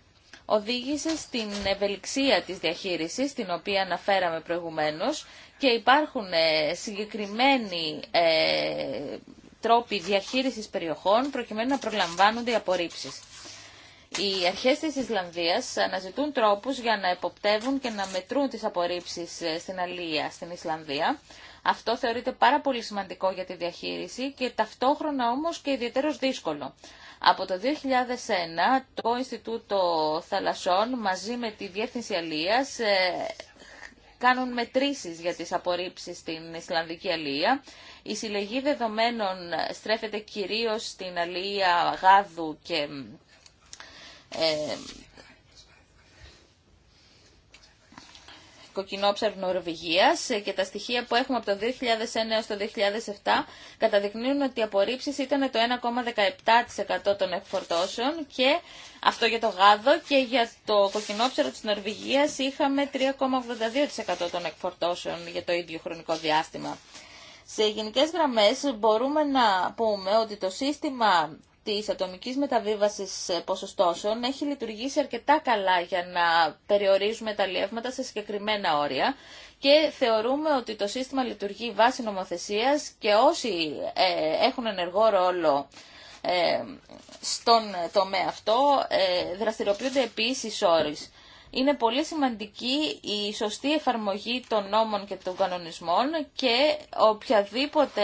οδήγησε στην ευελιξία της διαχείρισης, την οποία αναφέραμε προηγουμένως, και υπάρχουν ε, συγκεκριμένοι ε, τρόποι διαχείρισης περιοχών προκειμένου να προλαμβάνονται οι απορρίψεις. Οι αρχές της Ισλανδίας αναζητούν τρόπους για να εποπτεύουν και να μετρούν τις απορρίψεις ε, στην Αλία στην Ισλανδία. Αυτό θεωρείται πάρα πολύ σημαντικό για τη διαχείριση και ταυτόχρονα όμως και ιδιαίτερος δύσκολο. Από το 2001 το Ινστιτούτο Θαλασσών μαζί με τη Διεύθυνση Αλίας ε, κάνουν μετρήσεις για τις απορρίψεις στην Ισλανδική Αλία. Η συλλεγή δεδομένων στρέφεται κυρίως στην Αλία Γάδου και ε, κοκκινόψερ Νορβηγίας ε, και τα στοιχεία που έχουμε από το 2009 έως το 2007 καταδεικνύουν ότι οι απορρίψεις ήταν το 1,17% των εκφορτώσεων και αυτό για το γάδο και για το κοκκινόψαρο της Νορβηγίας είχαμε 3,82% των εκφορτώσεων για το ίδιο χρονικό διάστημα. Σε γενικές γραμμές μπορούμε να πούμε ότι το σύστημα της ατομικής μεταβίβασης ε, ποσοστώσεων έχει λειτουργήσει αρκετά καλά για να περιορίζουμε τα λιεύματα σε συγκεκριμένα όρια και θεωρούμε ότι το σύστημα λειτουργεί βάσει νομοθεσίας και όσοι ε, έχουν ενεργό ρόλο ε, στον τομέα αυτό δραστηριοποιούνται επίσης όρις είναι πολύ σημαντική η σωστή εφαρμογή των νόμων και των κανονισμών και οποιαδήποτε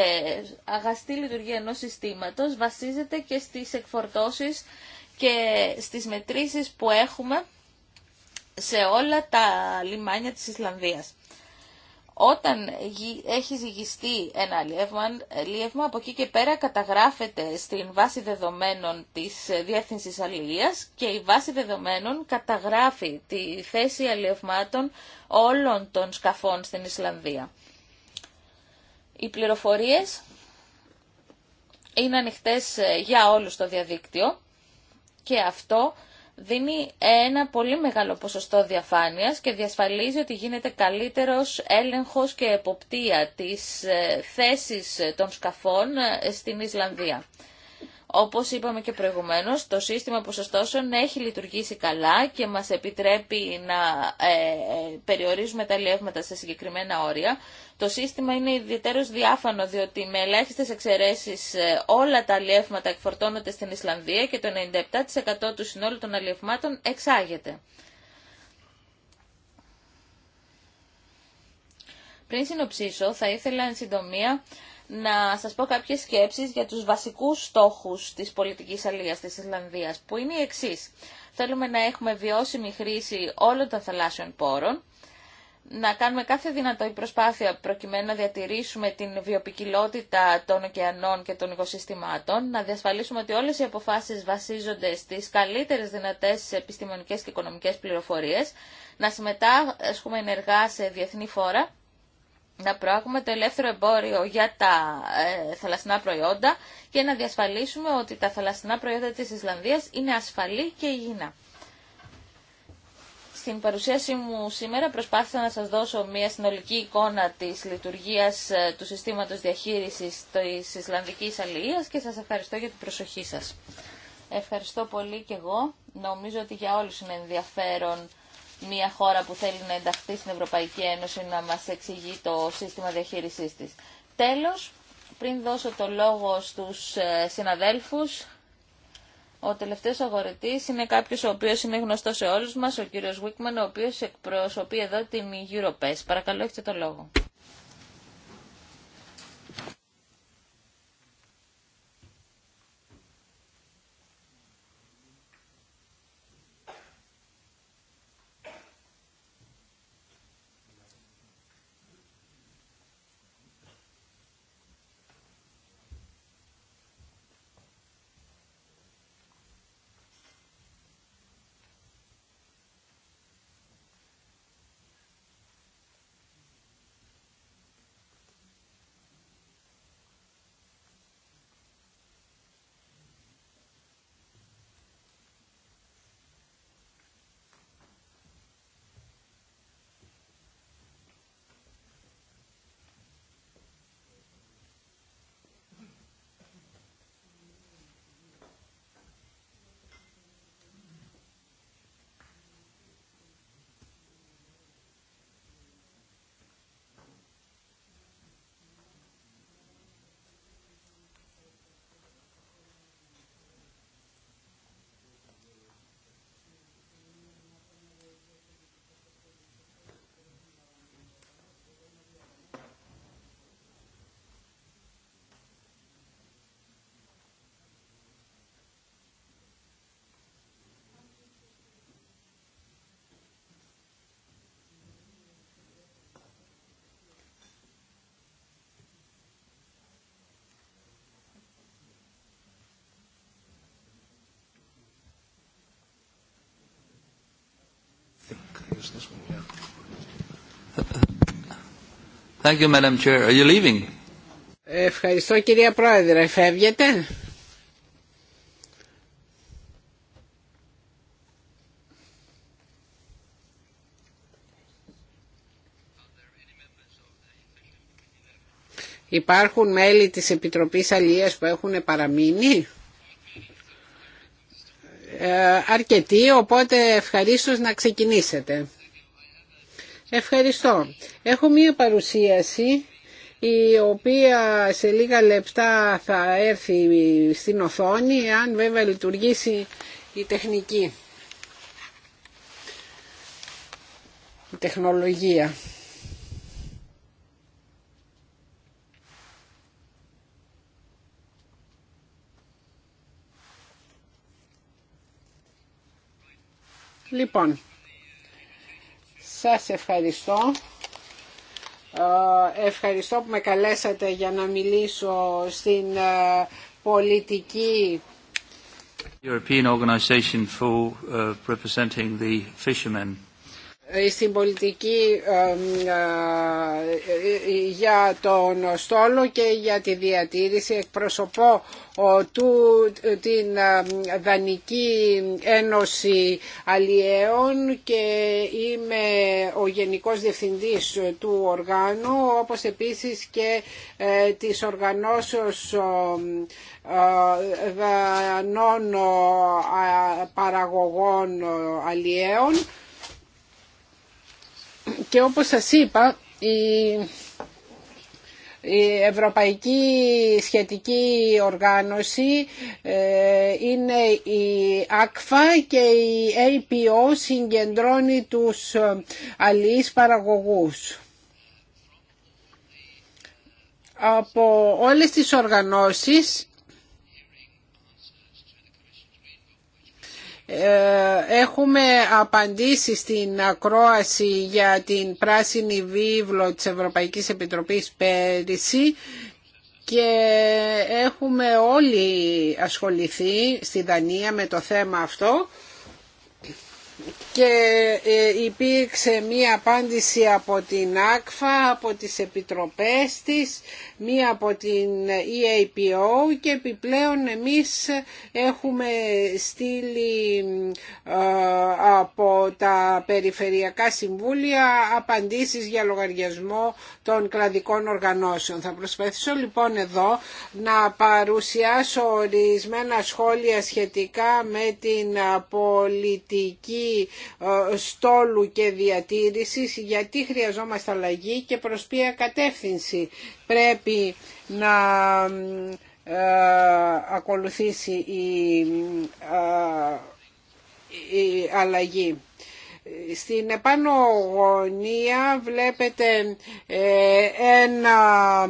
αγαστή λειτουργία ενός συστήματος βασίζεται και στις εκφορτώσεις και στις μετρήσεις που έχουμε σε όλα τα λιμάνια της Ισλανδίας. Όταν έχει ζυγιστεί ένα λίευμα, από εκεί και πέρα καταγράφεται στην βάση δεδομένων της Διεύθυνσης Αλληλείας και η βάση δεδομένων καταγράφει τη θέση αλλιευμάτων όλων των σκαφών στην Ισλανδία. Οι πληροφορίες είναι ανοιχτές ε, για όλους στο διαδίκτυο και αυτό δίνει ένα πολύ μεγάλο ποσοστό διαφάνειας και διασφαλίζει ότι γίνεται καλύτερος έλεγχος και εποπτεία της ε, θέσης των σκαφών ε, στην Ισλανδία. Όπως είπαμε και προηγουμένως, το σύστημα ποσοστώσεων έχει λειτουργήσει καλά και μας επιτρέπει να ε, περιορίζουμε τα λιεύματα σε συγκεκριμένα όρια. Το σύστημα είναι ιδιαίτερο διάφανο, διότι με ελάχιστε εξαιρέσει ε, όλα τα αλλιεύματα εκφορτώνονται στην Ισλανδία και το 97% του συνόλου των αλλιευμάτων εξάγεται. Πριν συνοψίσω, θα ήθελα εν συντομία να σας πω κάποιες σκέψεις για τους βασικούς στόχους της πολιτικής αλλίας της Ισλανδίας, που είναι οι εξής. Θέλουμε να έχουμε βιώσιμη χρήση όλων των θαλάσσιων πόρων, να κάνουμε κάθε δυνατό προσπάθεια προκειμένου να διατηρήσουμε την βιοπικιλότητα των ωκεανών και των οικοσυστημάτων, να διασφαλίσουμε ότι όλες οι αποφάσεις βασίζονται στις καλύτερες δυνατές επιστημονικές και οικονομικές πληροφορίες, να συμμετάσχουμε ενεργά σε διεθνή φόρα, να προάγουμε το ελεύθερο εμπόριο για τα ε, θαλασσινά προϊόντα και να διασφαλίσουμε ότι τα θαλασσινά προϊόντα της Ισλανδίας είναι ασφαλή και υγιεινά. Στην παρουσίασή μου σήμερα προσπάθησα να σας δώσω μια συνολική εικόνα της λειτουργίας ε, του συστήματος διαχείρισης της Ισλανδικής Αλληλείας και σας ευχαριστώ για την προσοχή σας. Ευχαριστώ πολύ και εγώ. Νομίζω ότι για όλους είναι ενδιαφέρον μια χώρα που θέλει να ενταχθεί στην Ευρωπαϊκή Ένωση να μας εξηγεί το σύστημα διαχείρισής της. Τέλος, πριν δώσω το λόγο στους ε, συναδέλφους, ο τελευταίος αγορετής είναι κάποιος ο οποίος είναι γνωστός σε όλους μας, ο κύριος Βίκμαν, ο οποίος εκπροσωπεί εδώ την Europass. Παρακαλώ, έχετε το λόγο. Ευχαριστώ κυρία Πρόεδρε. Φεύγετε. Υπάρχουν μέλη της Επιτροπής Αλίας που έχουν παραμείνει. Ε, αρκετοί, οπότε ευχαρίστως να ξεκινήσετε. Ευχαριστώ. Έχω μία παρουσίαση η οποία σε λίγα λεπτά θα έρθει στην οθόνη, αν βέβαια λειτουργήσει η τεχνική, η τεχνολογία. Λοιπόν, σας ευχαριστώ. Ε, ευχαριστώ που με καλέσατε για να μιλήσω στην ε, πολιτική European Organization for ε, representing the fishermen. Ε, στην πολιτική ε, ε, για τον στόλο και για τη διατήρηση εκπροσωπώ του, την Δανική Ένωση Αλλιέων και είμαι ο Γενικός Διευθυντής του οργάνου όπως επίσης και της οργανώσεως δανών παραγωγών αλλιέων και όπως σας είπα, η Ευρωπαϊκή Σχετική Οργάνωση ε, είναι η ΑΚΦΑ και η APO συγκεντρώνει τους ε, αλληλείς παραγωγούς. Από όλες τις οργανώσεις Ε, έχουμε απαντήσει στην ακρόαση για την πράσινη βίβλο της Ευρωπαϊκής Επιτροπής πέρυσι και έχουμε όλοι ασχοληθεί στη Δανία με το θέμα αυτό και ε, υπήρξε μία απάντηση από την ΑΚΦΑ, από τις επιτροπές της, μία από την EAPO και επιπλέον εμείς έχουμε στείλει ε, από τα περιφερειακά συμβούλια απαντήσεις για λογαριασμό των κλαδικών οργανώσεων. Θα προσπαθήσω λοιπόν εδώ να παρουσιάσω ορισμένα σχόλια σχετικά με την πολιτική ε, στόλου και διατήρησης γιατί χρειαζόμαστε αλλαγή και προς ποια κατεύθυνση πρέπει να ε, ακολουθήσει η ε, αλλαγή. Στην επάνω βλέπετε ε, ένα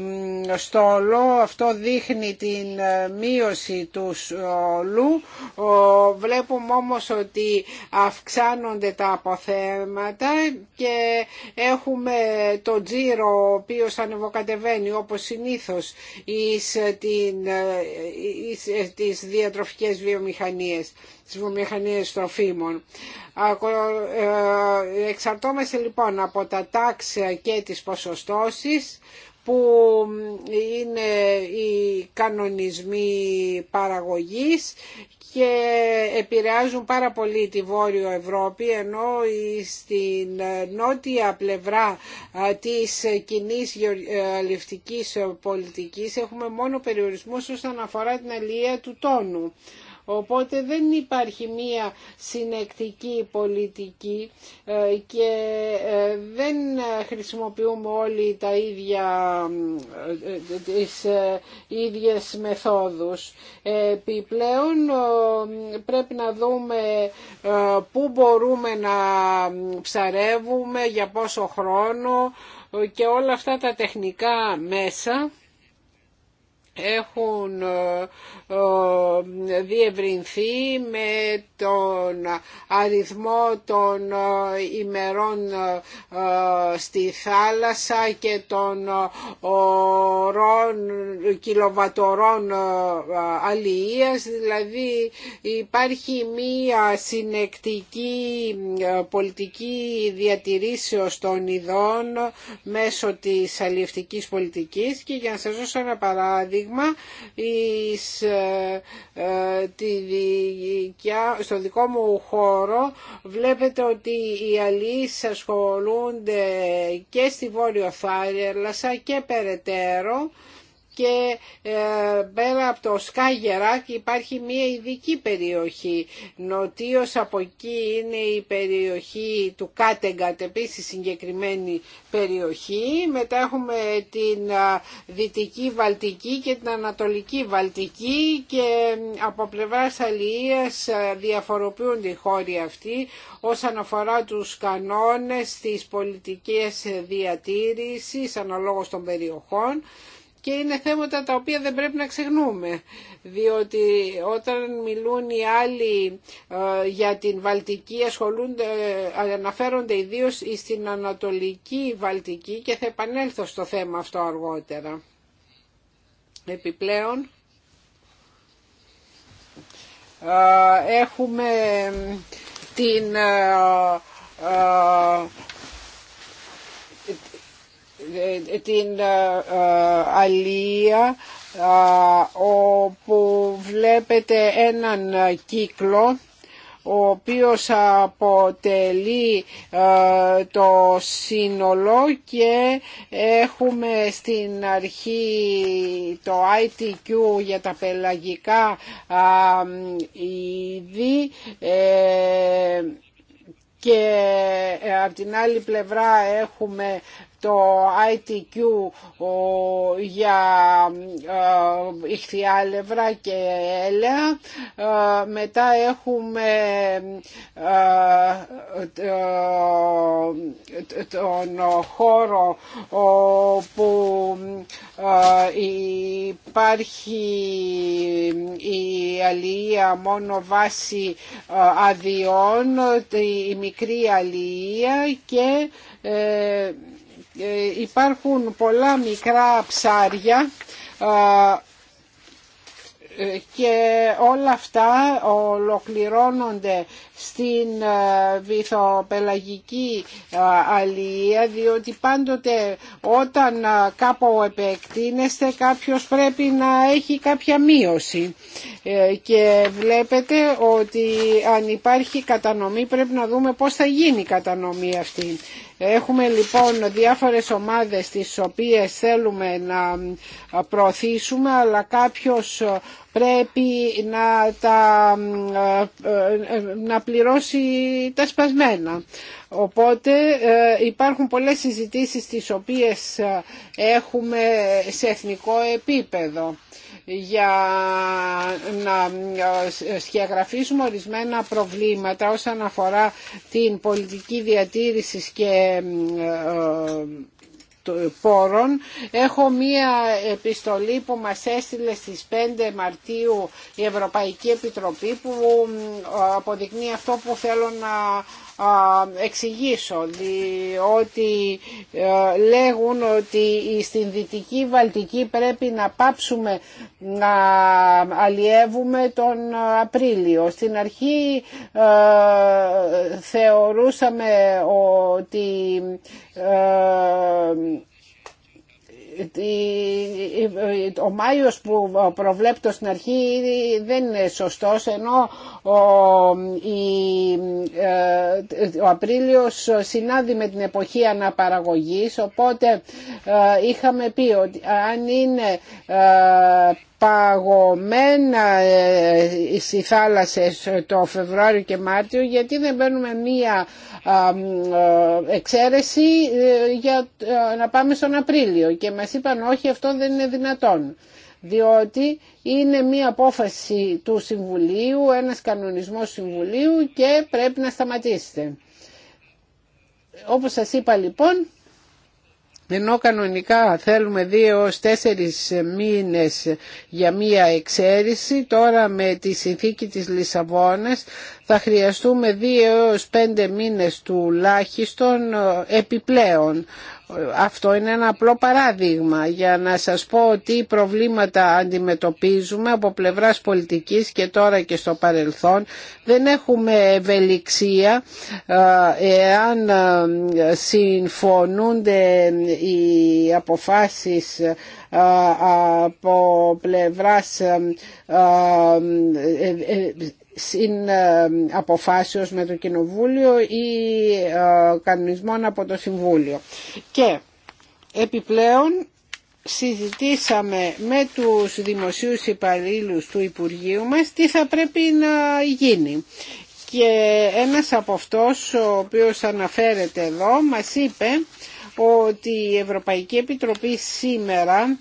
στόλο, αυτό δείχνει την ε, μείωση του στόλου. Βλέπουμε όμως ότι αυξάνονται τα αποθέματα και έχουμε το τζίρο ο οποίος ανεβοκατεβαίνει όπως συνήθως εις, ε, την, εις, εις βιομηχανίες τις βιομηχανίες τροφίμων. Ε, εξαρτώμαστε λοιπόν από τα τάξια και τις ποσοστώσεις που είναι οι κανονισμοί παραγωγής και επηρεάζουν πάρα πολύ τη Βόρειο Ευρώπη ενώ στην νότια πλευρά ε, της κοινή γεωληφτικής πολιτικής έχουμε μόνο περιορισμούς όσον αφορά την αλληλεία του τόνου. Οπότε δεν υπάρχει μία συνεκτική πολιτική ε, και ε, δεν χρησιμοποιούμε όλοι τα ίδια, ε, τις ίδιες μεθόδους. Επιπλέον πρέπει να δούμε πού μπορούμε να ψαρεύουμε, για πόσο χρόνο και όλα αυτά τα τεχνικά μέσα έχουν ε, ε, διευρυνθεί με τον αριθμό των ε, ημερών στη θάλασσα και των ορών, κιλοβατορών αλληλείας δηλαδή υπάρχει μία συνεκτική πολιτική διατηρήσεως των ειδών μέσω της αλληλευτικής πολιτικής και για να σας δώσω ένα παράδειγμα ε, ε, τη στο δικό μου χώρο βλέπετε ότι οι αλλοίς ασχολούνται και στη Βόρειο Θάλασσα και περαιτέρω και ε, πέρα από το Σκάγερακ υπάρχει μια ειδική περιοχή. Νοτίως από εκεί είναι η περιοχή του Κάτεγκατ, επίσης συγκεκριμένη περιοχή. Μετά έχουμε την Δυτική Βαλτική και την Ανατολική Βαλτική και από πλευράς αλληλείας διαφοροποιούνται οι χώροι αυτοί όσον αφορά τους κανόνες, της πολιτικές διατήρησης αναλόγως των περιοχών και είναι θέματα τα οποία δεν πρέπει να ξεχνούμε διότι όταν μιλούν οι άλλοι ε, για την Βαλτική ασχολούνται, ε, αναφέρονται ιδίως στην Ανατολική Βαλτική και θα επανέλθω στο θέμα αυτό αργότερα. Επιπλέον ε, έχουμε την την ε, ε, αλία ε, όπου βλέπετε έναν κύκλο ο οποίος αποτελεί το σύνολο και έχουμε στην αρχή το ITQ για τα πελαγικά είδη και από την άλλη πλευρά έχουμε το ITQ για ε, ηχθιάλευρα και έλαια. Ε, μετά έχουμε ε, τον χώρο που υπάρχει η αλληλεία μόνο βάση αδειών, η μικρή αλληλεία και ε, υπάρχουν πολλά μικρά ψάρια ε, και όλα αυτά ολοκληρώνονται στην ε, βυθοπελαγική αλληλεία διότι πάντοτε όταν κάπου επεκτείνεστε κάποιος πρέπει να έχει κάποια μείωση και βλέπετε ότι αν υπάρχει κατανομή πρέπει να δούμε πώς θα γίνει η κατανομή αυτή. Έχουμε λοιπόν διάφορες ομάδες τις οποίες θέλουμε να προωθήσουμε αλλά κάποιος πρέπει να, τα, ε, ε, να πληρώσει τα σπασμένα. Οπότε ε, υπάρχουν πολλές συζητήσεις τις οποίες έχουμε σε εθνικό επίπεδο για να ε, σχεδιαγραφήσουμε ορισμένα προβλήματα όσον αφορά την πολιτική διατήρηση και ε, πόρων. Έχω μία επιστολή που μας έστειλε στις 5 Μαρτίου η Ευρωπαϊκή Επιτροπή που ε, αποδεικνύει αυτό που θέλω να εξηγήσω ότι ε, λέγουν ότι στην Δυτική Βαλτική πρέπει να πάψουμε να αλλιεύουμε τον Απρίλιο. Στην αρχή ε, θεωρούσαμε ότι ε, ο Μάιος που προβλέπτω στην αρχή δεν είναι σωστός ενώ ο, ε, ο Απρίλιος συνάδει με την εποχή αναπαραγωγής οπότε ε, είχαμε πει ότι αν είναι ε, παγωμένα ε, ε, στις θάλασσες το Φεβρουάριο και Μάρτιο γιατί δεν παίρνουμε μία ε, εξαίρεση για να πάμε στον Απρίλιο και μας είπαν όχι αυτό δεν είναι δυνατόν διότι είναι μία απόφαση του Συμβουλίου, ένας κανονισμός Συμβουλίου και πρέπει να σταματήσετε. Όπως σας είπα λοιπόν, ενώ κανονικά θέλουμε δύο ως τέσσερις μήνες για μία εξαίρεση, τώρα με τη συνθήκη της Λισαβόνας θα χρειαστούμε δύο έως πέντε μήνες τουλάχιστον ε, επιπλέον αυτό είναι ένα απλό παράδειγμα για να σας πω τι προβλήματα αντιμετωπίζουμε από πλευράς πολιτικής και τώρα και στο παρελθόν. Δεν έχουμε ευελιξία ε, εάν ε, συμφωνούνται οι αποφάσεις ε, από πλευράς συν ε, αποφάσεως με το Κοινοβούλιο ή ε, κανονισμών από το Συμβούλιο. Και επιπλέον συζητήσαμε με τους δημοσίους υπαλλήλους του Υπουργείου μας τι θα πρέπει να γίνει. Και ένας από αυτός ο οποίος αναφέρεται εδώ μας είπε ότι η Ευρωπαϊκή Επιτροπή σήμερα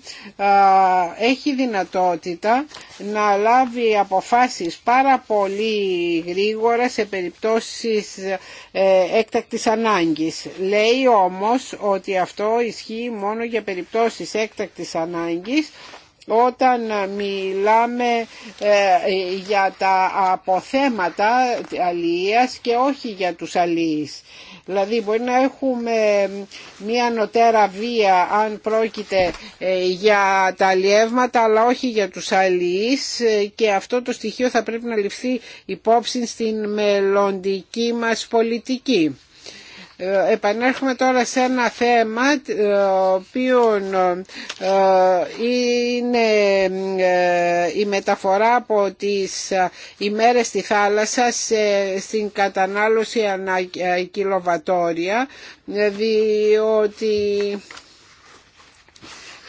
έχει δυνατότητα να λάβει αποφάσεις πάρα πολύ γρήγορα σε περιπτώσεις ε, έκτακτης ανάγκης. Λέει όμως ότι αυτό ισχύει μόνο για περιπτώσεις έκτακτης ανάγκης όταν μιλάμε ε, για τα αποθέματα αλληλείας και όχι για τους αλληλείς. Δηλαδή μπορεί να έχουμε μία νοτέρα βία αν πρόκειται ε, για τα αλλιεύματα αλλά όχι για τους αλληλείς ε, και αυτό το στοιχείο θα πρέπει να ληφθεί υπόψη στην μελλοντική μας πολιτική. Ε, επανέρχομαι τώρα σε ένα θέμα το ε, οποίο ε, είναι η μεταφορά από τις ημέρες στη θάλασσα στην κατανάλωση ανά κιλοβατόρια διότι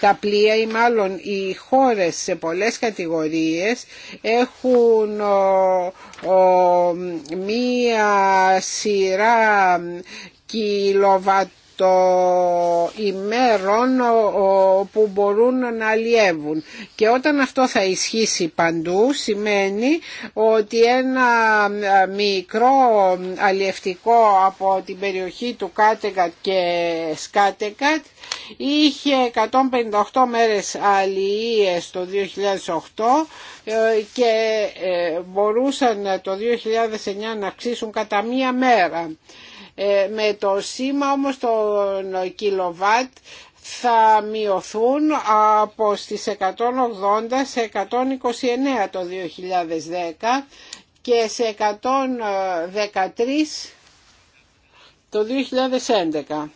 τα πλοία ή μάλλον οι χώρες σε πολλές κατηγορίες έχουν μία σειρά κιλοβατό ημέρων που μπορούν να αλλιεύουν και όταν αυτό θα ισχύσει παντού σημαίνει ότι ένα ε, μικρό αλλιευτικό από την περιοχή του Κάτεγκατ και Σκάτεγκατ είχε 158 μέρες αλλιείες το 2008 ε, και ε, μπορούσαν το 2009 να αυξήσουν κατά μία μέρα. Ε, με το σήμα όμως των κιλοβάτ θα μειωθούν από στις 180 σε 129 το 2010 και σε 113 το 2011.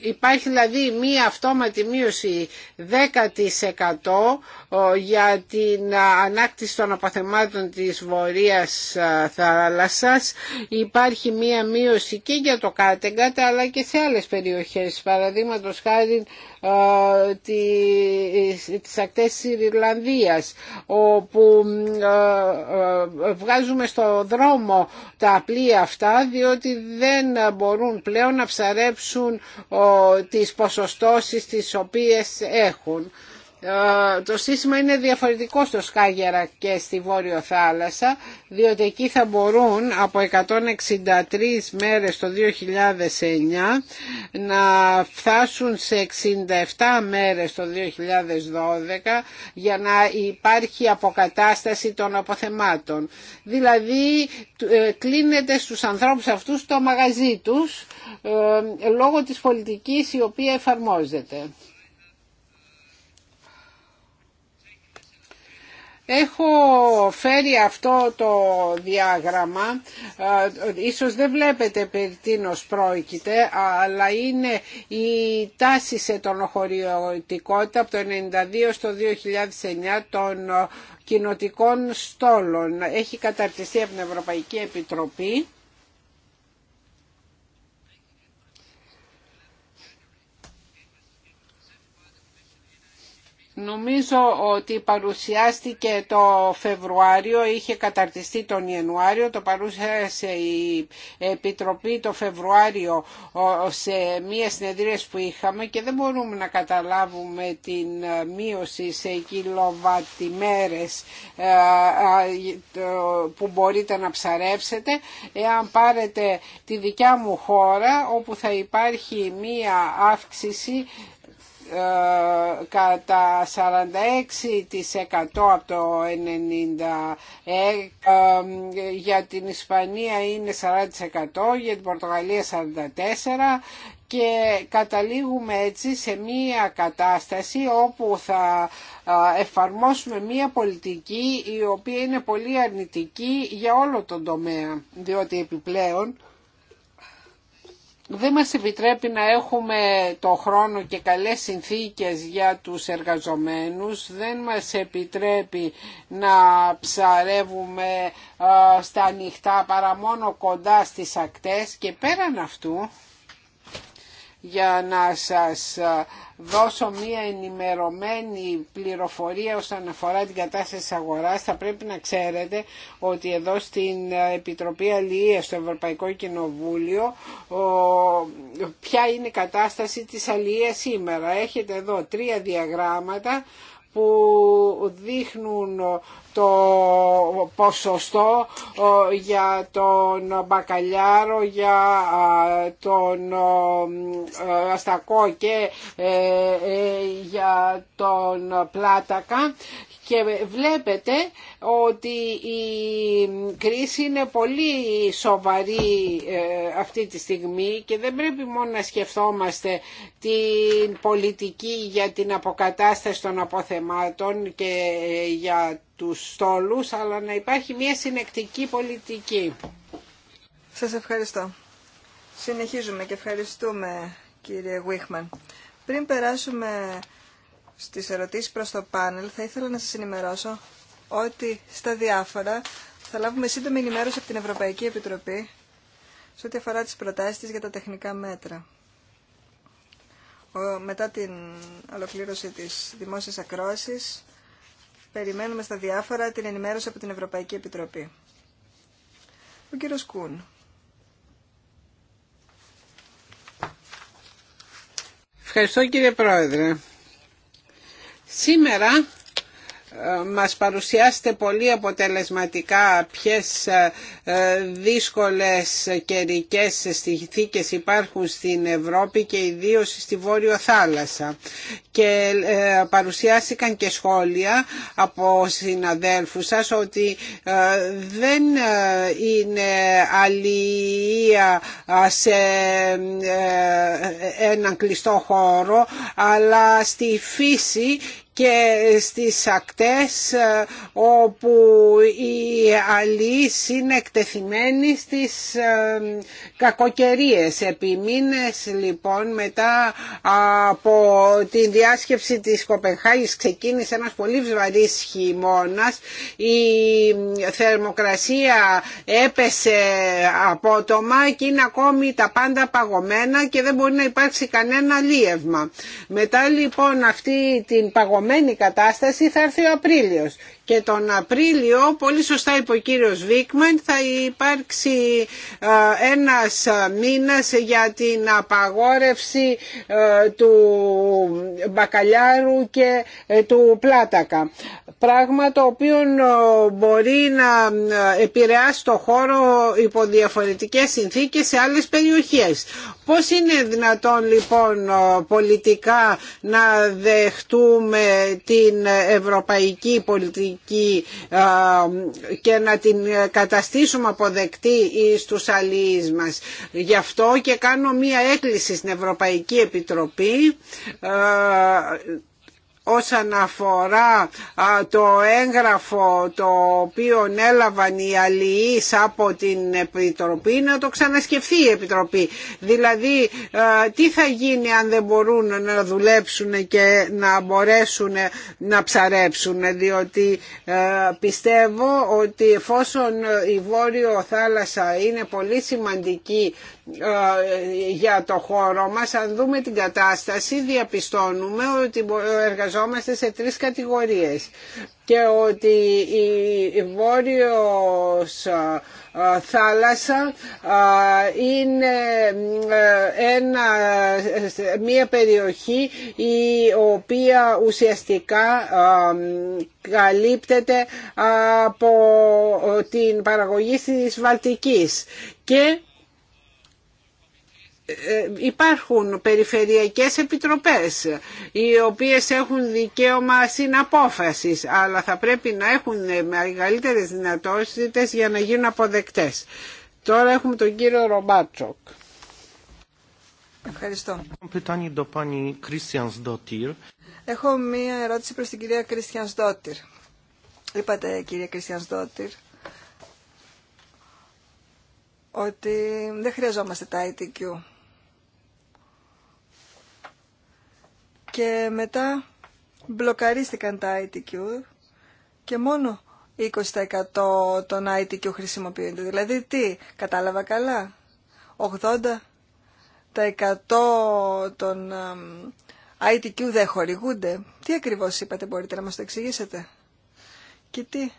Υπάρχει δηλαδή μία αυτόματη μείωση 10% για την ανάκτηση των αποθεμάτων της Βορείας Θάλασσας. Υπάρχει μία μείωση και για το Κάτεγκατα αλλά και σε άλλες περιοχές. Παραδείγματος χάρη τις ακτές της Ιρλανδίας όπου βγάζουμε στο δρόμο τα πλοία αυτά διότι δεν μπορούν πλέον να ψαρέψουν τις ποσοστώσεις τις οποίες έχουν. Ε, το σύστημα είναι διαφορετικό στο Σκάγερα και στη Βόρειο Θάλασσα διότι εκεί θα μπορούν από 163 μέρες το 2009 να φτάσουν σε 67 μέρες το 2012 για να υπάρχει αποκατάσταση των αποθεμάτων. Δηλαδή ε, κλείνεται στους ανθρώπους αυτούς το μαγαζί τους ε, λόγω της πολιτικής η οποία εφαρμόζεται. Έχω φέρει αυτό το διάγραμμα, ίσως δεν βλέπετε περί τίνος πρόκειται, αλλά είναι η τάση σε τον χωριοτικότητα από το 1992 στο 2009 των ε, κοινοτικών στόλων. Έχει καταρτιστεί από την Ευρωπαϊκή Επιτροπή Νομίζω ότι παρουσιάστηκε το Φεβρουάριο, είχε καταρτιστεί τον Ιανουάριο, το παρουσιάσε η Επιτροπή το Φεβρουάριο σε μία συνεδρία που είχαμε και δεν μπορούμε να καταλάβουμε την ε, μείωση σε κιλοβατιμέρες ε, ε, που μπορείτε να ψαρέψετε εάν πάρετε τη δικιά μου χώρα όπου θα υπάρχει μία αύξηση ε, κατά 46% από το 90 ε, ε, για την Ισπανία είναι 40% για την Πορτογαλία 44% και καταλήγουμε έτσι σε μία κατάσταση όπου θα εφαρμόσουμε μία πολιτική η οποία είναι πολύ αρνητική για όλο τον τομέα διότι επιπλέον δεν μας επιτρέπει να έχουμε το χρόνο και καλές συνθήκες για τους εργαζομένους, δεν μας επιτρέπει να ψαρεύουμε ε, στα ανοιχτά παρά μόνο κοντά στις ακτές και πέραν αυτού για να σας ε, δώσω μία ενημερωμένη πληροφορία όσον αφορά την κατάσταση της αγοράς θα πρέπει να ξέρετε ότι εδώ στην ε, Επιτροπή Αλληλείας στο Ευρωπαϊκό Κοινοβούλιο ποια είναι η κατάσταση της αλληλείας σήμερα. Έχετε εδώ τρία διαγράμματα που δείχνουν το ποσοστό ε, για τον μπακαλιάρο, για ε, τον ε, αστακό και για τον πλάτακα και βλέπετε ότι η κρίση είναι πολύ σοβαρή ε, αυτή τη στιγμή και δεν πρέπει μόνο να σκεφτόμαστε την πολιτική για την αποκατάσταση των αποθεμάτων και ε, για τους στόλους, αλλά να υπάρχει μια συνεκτική πολιτική. Σας ευχαριστώ. Συνεχίζουμε και ευχαριστούμε κύριε Βίχμαν. Πριν περάσουμε στις ερωτήσεις προς το πάνελ θα ήθελα να σας ενημερώσω ότι στα διάφορα θα λάβουμε σύντομη ενημέρωση από την Ευρωπαϊκή Επιτροπή σε ό,τι αφορά τις προτάσεις της για τα τεχνικά μέτρα. μετά την ολοκλήρωση της δημόσιας ακρόασης περιμένουμε στα διάφορα την ενημέρωση από την Ευρωπαϊκή Επιτροπή. Ο κύριος Κούν. Ευχαριστώ κύριε Πρόεδρε. Σήμερα μας παρουσιάσετε πολύ αποτελεσματικά ποιες ε, ε, δύσκολες καιρικέ συνθήκες υπάρχουν στην Ευρώπη και ιδίως στη Βόρειο Θάλασσα. Και ε, παρουσιάστηκαν και σχόλια από συναδέλφους σας ότι δεν είναι αλληλεία σε έναν κλειστό χώρο αλλά στη φύση και στις ακτές ε, όπου οι αλείς είναι εκτεθειμένοι στις ε, κακοκαιρίες. Επί μήνες λοιπόν μετά από τη διάσκεψη της Κοπεχάγης ξεκίνησε ένας πολύ βαρύς χειμώνας. Η θερμοκρασία έπεσε απότομα και είναι ακόμη τα πάντα παγωμένα και δεν μπορεί να υπάρξει κανένα λίευμα. Μετά λοιπόν αυτή την παγωμένη βελτιωμένη κατάσταση θα έρθει ο Απρίλιος και τον Απρίλιο, πολύ σωστά είπε ο κύριος Βίκμαν, θα υπάρξει ένας μήνας για την απαγόρευση του μπακαλιάρου και ε, του πλάτακα. Πράγμα το οποίο ε, μπορεί να ε, επηρεάσει το χώρο υπό διαφορετικές συνθήκες σε άλλες περιοχές. Πώς είναι δυνατόν λοιπόν πολιτικά να δεχτούμε την ευρωπαϊκή πολιτική α, και να την ε, καταστήσουμε αποδεκτή στους αλληλείς μας. Γι' αυτό και κάνω μία έκκληση στην Ευρωπαϊκή Επιτροπή όσον αφορά το έγγραφο το οποίο έλαβαν οι αλληλείς από την Επιτροπή να το ξανασκεφτεί η Επιτροπή. Δηλαδή τι θα γίνει αν δεν μπορούν να δουλέψουν και να μπορέσουν να ψαρέψουν διότι πιστεύω ότι εφόσον η Βόρειο Θάλασσα είναι πολύ σημαντική για το χώρο μας αν δούμε την κατάσταση διαπιστώνουμε ότι εργαζόμενος χωριζόμαστε σε τρεις κατηγορίες και ότι η βόρειος θάλασσα είναι ε, ένα, μια περιοχή η οποία ουσιαστικά καλύπτεται από την παραγωγή της Βαλτικής και ε, υπάρχουν περιφερειακές επιτροπές οι οποίες έχουν δικαίωμα συναπόφασης αλλά θα πρέπει να έχουν μεγαλύτερες δυνατότητες για να γίνουν αποδεκτές. Τώρα έχουμε τον κύριο Ρομπάτσοκ. Ευχαριστώ. Έχω μία ερώτηση προς την κυρία Κρίστιαν Σδότηρ. Είπατε κυρία Κρίστιαν Σδότηρ ότι δεν χρειαζόμαστε τα ITQ και μετά μπλοκαρίστηκαν τα ITQ και μόνο 20% των ITQ χρησιμοποιούνται. Δηλαδή τι, κατάλαβα καλά, 80% των ITQ δεν χορηγούνται. Τι ακριβώς είπατε, μπορείτε να μας το εξηγήσετε. Και τι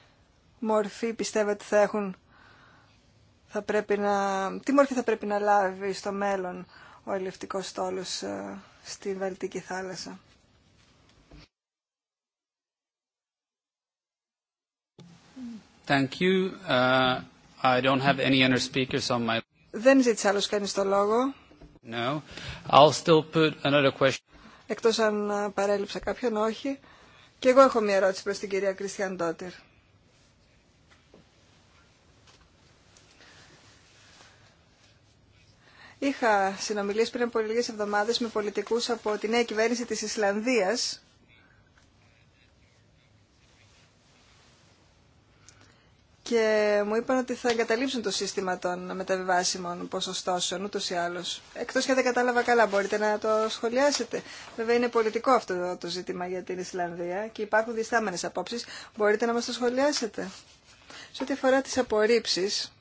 μορφή πιστεύετε θα έχουν, θα πρέπει να, τι μορφή θα πρέπει να λάβει στο μέλλον ο ελευτικός στόλος ε, στη Βαλτική θάλασσα. Thank you. Uh, I don't have any other speakers on my... Δεν ζήτησε άλλος κανείς το λόγο. No. I'll still put another question. Εκτός αν παρέλειψα κάποιον, όχι. Και εγώ έχω μια ερώτηση προς την κυρία Κριστιαν Ντότερ. Είχα συνομιλίε πριν από λίγες εβδομάδες με πολιτικούς από τη νέα κυβέρνηση της Ισλανδίας και μου είπαν ότι θα εγκαταλείψουν το σύστημα των μεταβιβάσιμων ποσοστώσεων ούτως ή άλλως. Εκτός και δεν κατάλαβα καλά, μπορείτε να το σχολιάσετε. Βέβαια είναι πολιτικό αυτό το ζήτημα για την Ισλανδία και υπάρχουν διστάμενες απόψεις. Μπορείτε να μας το σχολιάσετε. Σε ό,τι αφορά τις απορρίψεις,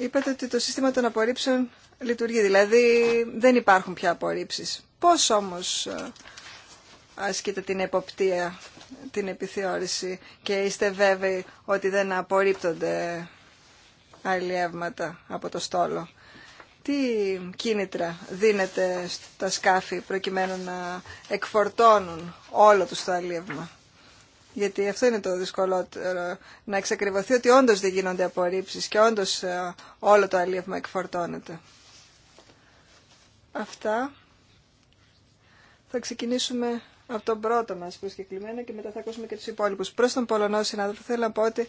Είπατε ότι το σύστημα των απορρίψεων λειτουργεί, δηλαδή δεν υπάρχουν πια απορρίψεις. Πώς όμως ε, ασκείτε την εποπτεία, την επιθεώρηση και είστε βέβαιοι ότι δεν απορρίπτονται αλλιεύματα από το στόλο. Τι κίνητρα δίνετε στα σκάφη προκειμένου να εκφορτώνουν όλο τους το αλλιεύμα γιατί αυτό είναι το δυσκολότερο, να εξακριβωθεί ότι όντως δεν γίνονται απορρίψεις και όντως ε, όλο το αλίευμα εκφορτώνεται. Αυτά. Θα ξεκινήσουμε από τον πρώτο μας προσκεκλημένο και μετά θα ακούσουμε και τους υπόλοιπους. Προς τον Πολωνό συνάδελφο θέλω να πω ότι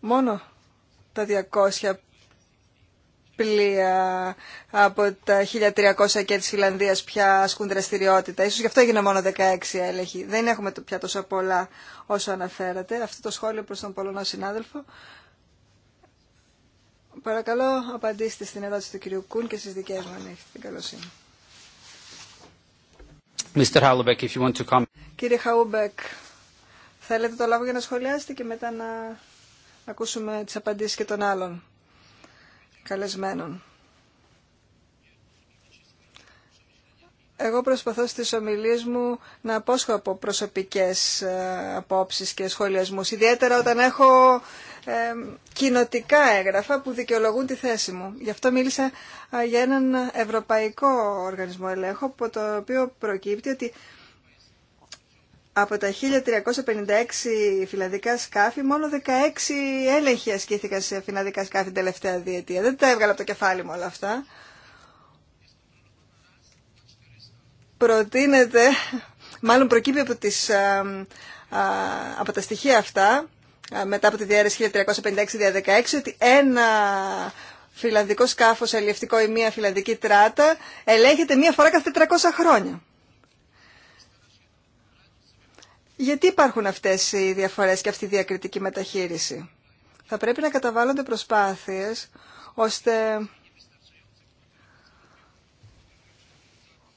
μόνο τα 200 πλοία από τα 1300 και της Φιλανδίας πια ασκούν δραστηριότητα. Ίσως γι' αυτό έγινε μόνο 16 έλεγχοι. Δεν έχουμε πια τόσο πολλά όσο αναφέρατε. Αυτό το σχόλιο προς τον Πολωνό συνάδελφο. Παρακαλώ απαντήστε στην ερώτηση του κυρίου Κούν και στις δικές μου αν έχετε την καλοσύνη. Mr. if you want to come. Κύριε Χαούμπεκ, θέλετε το λόγο για να σχολιάσετε και μετά να ακούσουμε τις απαντήσεις και των άλλων καλεσμένων. Εγώ προσπαθώ στις ομιλίες μου να απόσχω από προσωπικές ε, απόψεις και σχολιασμούς, ιδιαίτερα όταν έχω ε, κοινοτικά έγγραφα που δικαιολογούν τη θέση μου. Γι' αυτό μίλησα ε, για έναν ευρωπαϊκό οργανισμό ελέγχου, από το οποίο προκύπτει ότι από τα 1.356 φιλανδικά σκάφη, μόνο 16 έλεγχοι ασκήθηκαν σε φιλανδικά σκάφη την τελευταία διετία. Δεν τα έβγαλα από το κεφάλι μου όλα αυτά. Προτείνεται, μάλλον προκύπτει από, τις, από τα στοιχεία αυτά, μετά από τη διαίρεση 1356-16, ότι ένα φιλανδικό σκάφος ελιευτικό ή μία φυλαδική τράτα ελέγχεται μία φορά κάθε 400 χρόνια. Γιατί υπάρχουν αυτές οι διαφορές και αυτή η διακριτική μεταχείριση. Θα πρέπει να καταβάλλονται προσπάθειες ώστε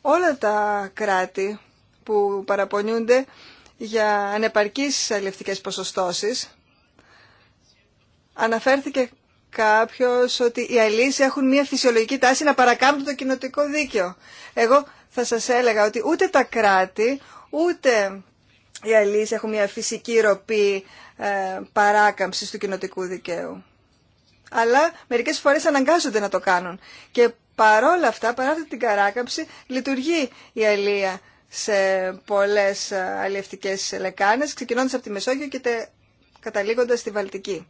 όλα τα κράτη που παραπονιούνται για ανεπαρκείς αλληλευτικές ποσοστώσεις. Αναφέρθηκε κάποιος ότι οι αλήσει έχουν μια φυσιολογική τάση να παρακάμπτουν το κοινοτικό δίκαιο. Εγώ θα σας έλεγα ότι ούτε τα κράτη, ούτε οι αλληλείς έχουν μια φυσική ροπή ε, παράκαμψης του κοινοτικού δικαίου. Αλλά μερικές φορές αναγκάζονται να το κάνουν. Και παρόλα αυτά, παρά την καράκαμψη, λειτουργεί η αλληλεία σε πολλές ε, αλληλευτικές λεκάνες, ξεκινώντας από τη Μεσόγειο και τε, καταλήγοντας στη Βαλτική.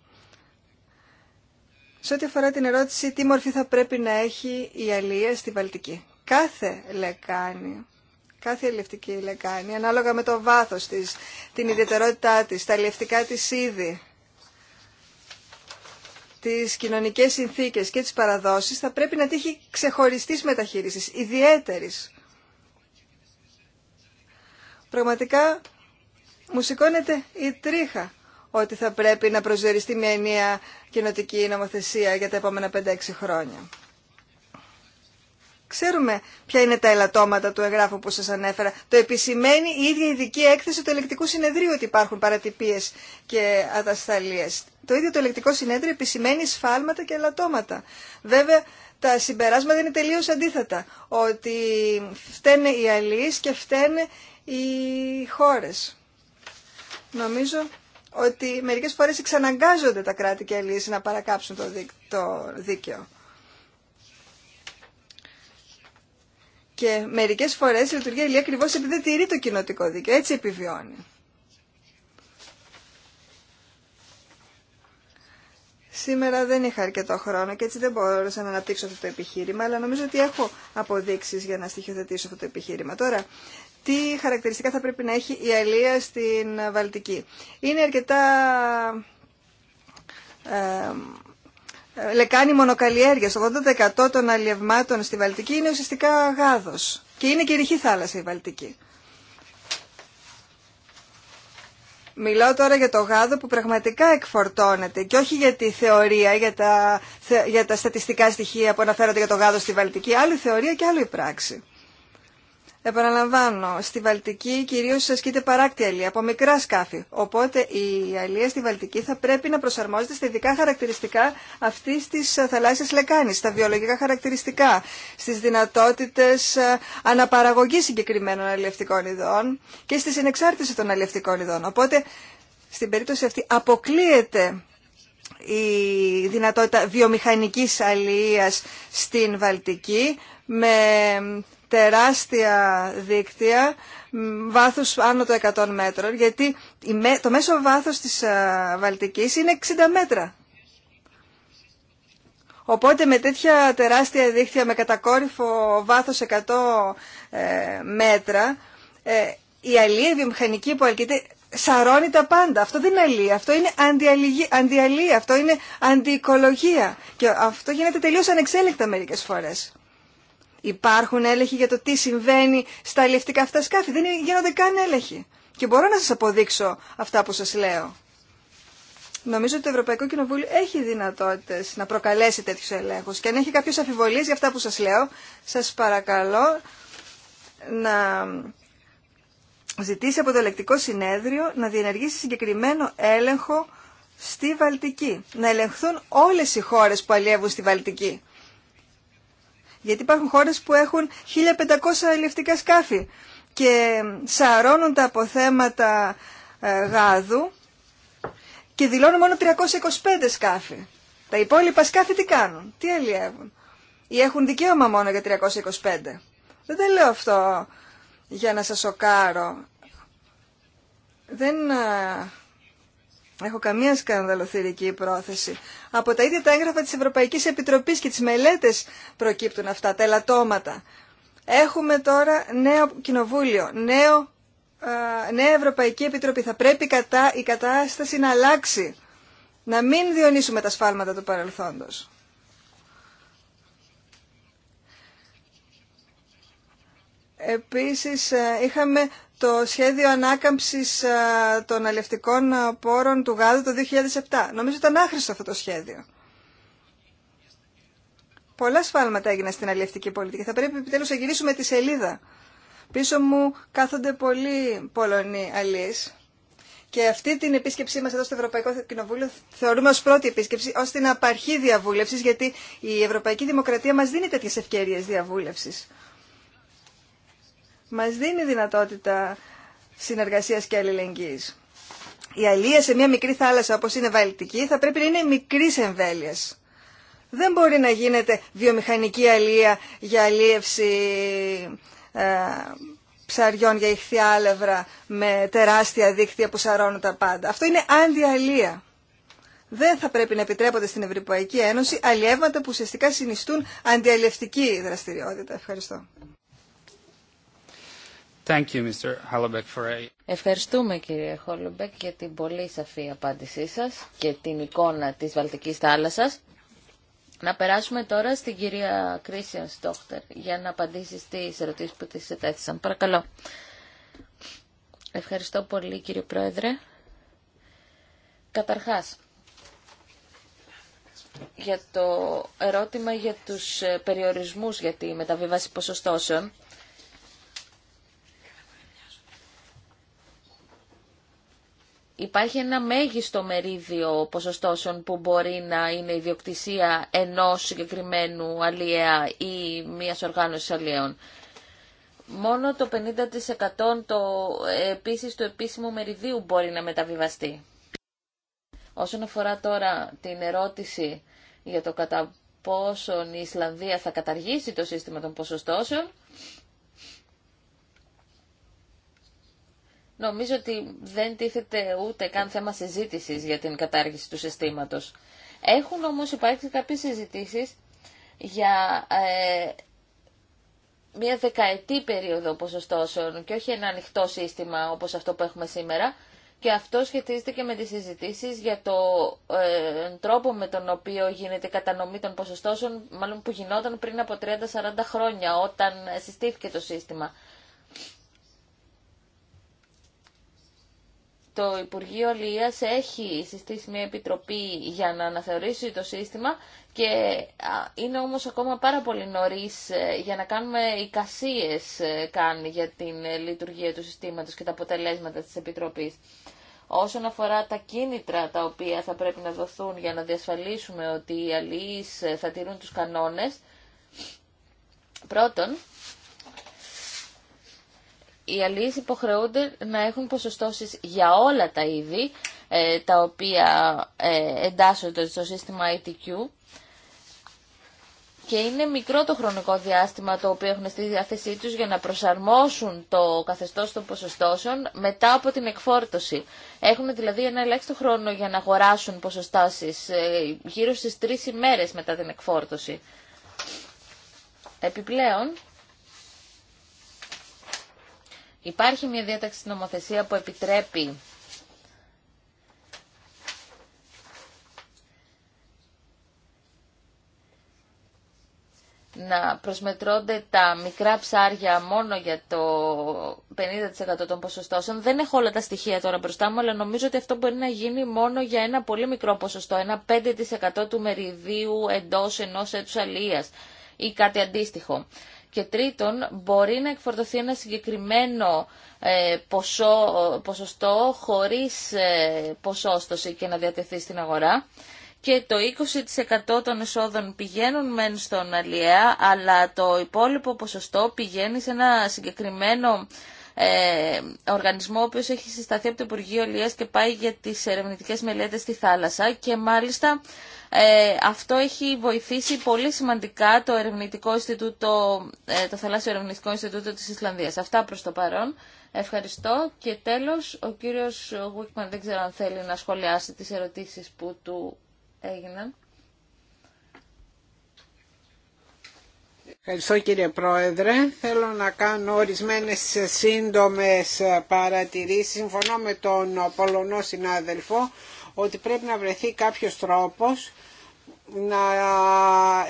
Σε ό,τι αφορά την ερώτηση τι μορφή θα πρέπει να έχει η αλληλεία στη Βαλτική. Κάθε λεκάνη κάθε ελευτική λεκάνη, ανάλογα με το βάθος της, την ιδιαιτερότητά της, τα ελευτικά της είδη, τις κοινωνικές συνθήκες και τις παραδόσεις, θα πρέπει να τύχει ξεχωριστής μεταχείρισης, ιδιαίτερης. Πραγματικά μου σηκώνεται η τρίχα ότι θα πρέπει να προσδιοριστεί μια ενιαία κοινοτική νομοθεσία για τα επόμενα 5-6 χρόνια. Ξέρουμε ποια είναι τα ελαττώματα του εγγράφου που σας ανέφερα. Το επισημαίνει η ίδια ειδική έκθεση του ελεκτικού συνεδρίου ότι υπάρχουν παρατυπίες και ατασταλίε. Το ίδιο το ελεκτικό συνέδριο επισημαίνει σφάλματα και ελαττώματα. Βέβαια, τα συμπεράσματα είναι τελείως αντίθετα. Ότι φταίνε οι αλληλείς και φταίνε οι χώρε. Νομίζω ότι μερικές φορές εξαναγκάζονται τα κράτη και αλληλείς να παρακάψουν το δίκαιο. Και μερικές φορές λειτουργεί ηλία ακριβώ επειδή δεν τηρεί το κοινοτικό δίκαιο. Έτσι επιβιώνει. Σήμερα δεν είχα αρκετό χρόνο και έτσι δεν μπορούσα να αναπτύξω αυτό το επιχείρημα, αλλά νομίζω ότι έχω αποδείξεις για να στοιχειοθετήσω αυτό το επιχείρημα. Τώρα, τι χαρακτηριστικά θα πρέπει να έχει η αλία στην Βαλτική. Είναι αρκετά ε, λεκάνη Στο 80% των αλλιευμάτων στη Βαλτική είναι ουσιαστικά γάδος. Και είναι και η ρηχή θάλασσα η Βαλτική. Μιλάω τώρα για το γάδο που πραγματικά εκφορτώνεται και όχι για τη θεωρία, για τα, για τα στατιστικά στοιχεία που αναφέρονται για το γάδο στη Βαλτική. Άλλη θεωρία και άλλη πράξη. Επαναλαμβάνω, στη Βαλτική κυρίω ασκείται παράκτη αλία από μικρά σκάφη. Οπότε η αλία στη Βαλτική θα πρέπει να προσαρμόζεται στα ειδικά χαρακτηριστικά αυτή τη ε, θαλάσσια λεκάνη, στα βιολογικά χαρακτηριστικά, στι δυνατότητε αναπαραγωγή συγκεκριμένων αλληλευτικών ειδών και στη συνεξάρτηση των αλληλευτικών ειδών. Οπότε στην περίπτωση αυτή αποκλείεται η δυνατότητα βιομηχανικής αλληλείας στην Βαλτική με τεράστια δίκτυα βάθους άνω των 100 μέτρων, γιατί το μέσο βάθος της Βαλτικής είναι 60 μέτρα. Οπότε με τέτοια τεράστια δίκτυα, με κατακόρυφο βάθος 100 ε, μέτρα, ε, η αλία, η βιομηχανική που αλκείται σαρώνει τα πάντα. Αυτό δεν είναι αλία, αυτό είναι αντιαλία, αυτό είναι αντιοικολογία. Και αυτό γίνεται τελείως ανεξέλεκτα μερικές φορές. Υπάρχουν έλεγχοι για το τι συμβαίνει στα ελευτικά αυτά σκάφη. Δεν γίνονται καν έλεγχοι. Και μπορώ να σας αποδείξω αυτά που σας λέω. Νομίζω ότι το Ευρωπαϊκό Κοινοβούλιο έχει δυνατότητε να προκαλέσει τέτοιου ελέγχου. Και αν έχει κάποιε αφιβολίε για αυτά που σα λέω, σα παρακαλώ να ζητήσει από το ελεκτικό συνέδριο να διενεργήσει συγκεκριμένο έλεγχο στη Βαλτική. Να ελεγχθούν όλε οι χώρε που αλλιεύουν στη Βαλτική. Γιατί υπάρχουν χώρες που έχουν 1500 ελευτικά σκάφη και σαρώνουν τα αποθέματα ε, γάδου και δηλώνουν μόνο 325 σκάφη. Τα υπόλοιπα σκάφη τι κάνουν, τι αλλιεύουν. Ή έχουν δικαίωμα μόνο για 325. Δεν τα λέω αυτό για να σας σοκάρω. Δεν ε, έχω καμία σκανδαλοθυρική πρόθεση. Από τα ίδια τα έγγραφα της Ευρωπαϊκής Επιτροπής και τις μελέτες προκύπτουν αυτά, τα ελαττώματα. Έχουμε τώρα νέο κοινοβούλιο, νέο, νέα Ευρωπαϊκή Επιτροπή. Θα πρέπει κατά, η κατάσταση να αλλάξει, να μην διονύσουμε τα σφάλματα του παρελθόντος. Επίσης ε, είχαμε το σχέδιο ανάκαμψης των αλευτικών πόρων του Γάδου το 2007. Νομίζω ήταν άχρηστο αυτό το σχέδιο. Πολλά σφάλματα έγιναν στην αλληλευτική πολιτική. Θα πρέπει επιτέλους να γυρίσουμε τη σελίδα. Πίσω μου κάθονται πολλοί Πολωνοί αλληλείς. Και αυτή την επίσκεψή μας εδώ στο Ευρωπαϊκό Κοινοβούλιο θεωρούμε ως πρώτη επίσκεψη, ως την απαρχή διαβούλευσης, γιατί η Ευρωπαϊκή Δημοκρατία μας δίνει τέτοιες ευκαιρίες διαβούλευσης μας δίνει δυνατότητα συνεργασίας και αλληλεγγύης. Η αλία σε μια μικρή θάλασσα όπως είναι βαλτική θα πρέπει να είναι μικρή εμβέλειας. Δεν μπορεί να γίνεται βιομηχανική αλία για αλίευση ε, ψαριών για ηχθιάλευρα με τεράστια δίκτυα που σαρώνουν τα πάντα. Αυτό είναι αντιαλία. Δεν θα πρέπει να επιτρέπονται στην Ευρωπαϊκή Ένωση αλλιεύματα που ουσιαστικά συνιστούν αντιαλλευτική δραστηριότητα. Ευχαριστώ. Ευχαριστούμε κύριε Χόλουμπεκ για την πολύ σαφή απάντησή σας και την εικόνα της Βαλτικής θάλασσας. Να περάσουμε τώρα στην κυρία Κρίσιαν Στόχτερ για να απαντήσει στις ερωτήσεις που της ετέθησαν. Παρακαλώ. Ευχαριστώ πολύ κύριε Πρόεδρε. Καταρχάς, για το ερώτημα για τους περιορισμούς για τη μεταβίβαση ποσοστώσεων. υπάρχει ένα μέγιστο μερίδιο ποσοστώσεων που μπορεί να είναι ιδιοκτησία ενός συγκεκριμένου αλιέα ή μιας οργάνωσης αλιέων. Μόνο το 50% το, ε, επίσης του επίσημου μεριδίου μπορεί να μεταβιβαστεί. Όσον αφορά τώρα την ερώτηση για το κατά πόσον η Ισλανδία θα καταργήσει το σύστημα των ποσοστώσεων, Νομίζω ότι δεν τίθεται ούτε καν θέμα συζήτηση για την κατάργηση του συστήματο. Έχουν όμω υπάρξει κάποιε συζητήσει για ε, μια δεκαετή περίοδο ποσοστώσεων και όχι ένα ανοιχτό σύστημα όπω αυτό που έχουμε σήμερα. Και αυτό σχετίζεται και με τις συζητήσεις για το ε, τρόπο με τον οποίο γίνεται η κατανομή των ποσοστώσεων, μάλλον που γινόταν πριν από 30-40 χρόνια όταν συστήθηκε το σύστημα. το Υπουργείο Λίας έχει συστήσει μια επιτροπή για να αναθεωρήσει το σύστημα και είναι όμως ακόμα πάρα πολύ νωρίς ε, για να κάνουμε εικασίες ε, κάνει για την ε, λειτουργία του συστήματος και τα αποτελέσματα της Επιτροπής. Όσον αφορά τα κίνητρα τα οποία θα πρέπει να δοθούν για να διασφαλίσουμε ότι οι αλληλείς θα τηρούν τους κανόνες, πρώτον, οι αλληλείς υποχρεούνται να έχουν ποσοστώσεις για όλα τα είδη ε, τα οποία ε, εντάσσονται στο σύστημα ITQ και είναι μικρό το χρονικό διάστημα το οποίο έχουν στη διάθεσή τους για να προσαρμόσουν το καθεστώς των ποσοστώσεων μετά από την εκφόρτωση. Έχουν δηλαδή ένα ελάχιστο χρόνο για να αγοράσουν ποσοστάσεις ε, γύρω στις τρεις ημέρες μετά την εκφόρτωση. Επιπλέον, Υπάρχει μια διάταξη στην νομοθεσία που επιτρέπει να προσμετρώνται τα μικρά ψάρια μόνο για το 50% των ποσοστώσεων. Δεν έχω όλα τα στοιχεία τώρα μπροστά μου, αλλά νομίζω ότι αυτό μπορεί να γίνει μόνο για ένα πολύ μικρό ποσοστό, ένα 5% του μεριδίου εντός ενός έτους αλίας ή κάτι αντίστοιχο. Και τρίτον, μπορεί να εκφορτωθεί ένα συγκεκριμένο ε, ποσό, ποσοστό χωρίς ε, ποσόστοση και να διατεθεί στην αγορά και το 20% των εσόδων πηγαίνουν μεν στον Αλιέα, αλλά το υπόλοιπο ποσοστό πηγαίνει σε ένα συγκεκριμένο ε, οργανισμό ο οποίος έχει συσταθεί από το Υπουργείο και πάει για τις ερευνητικές μελέτες στη θάλασσα και μάλιστα ε, αυτό έχει βοηθήσει πολύ σημαντικά το, ερευνητικό ε, το Θαλάσσιο Ερευνητικό Ινστιτούτο της Ισλανδίας. Αυτά προς το παρόν. Ευχαριστώ. Και τέλος, ο κύριος Γουίκμαν δεν ξέρω αν θέλει να σχολιάσει τις ερωτήσεις που του έγιναν. Ευχαριστώ κύριε Πρόεδρε. Θέλω να κάνω ορισμένες σύντομες παρατηρήσεις. Συμφωνώ με τον Πολωνό συνάδελφο ότι πρέπει να βρεθεί κάποιος τρόπος να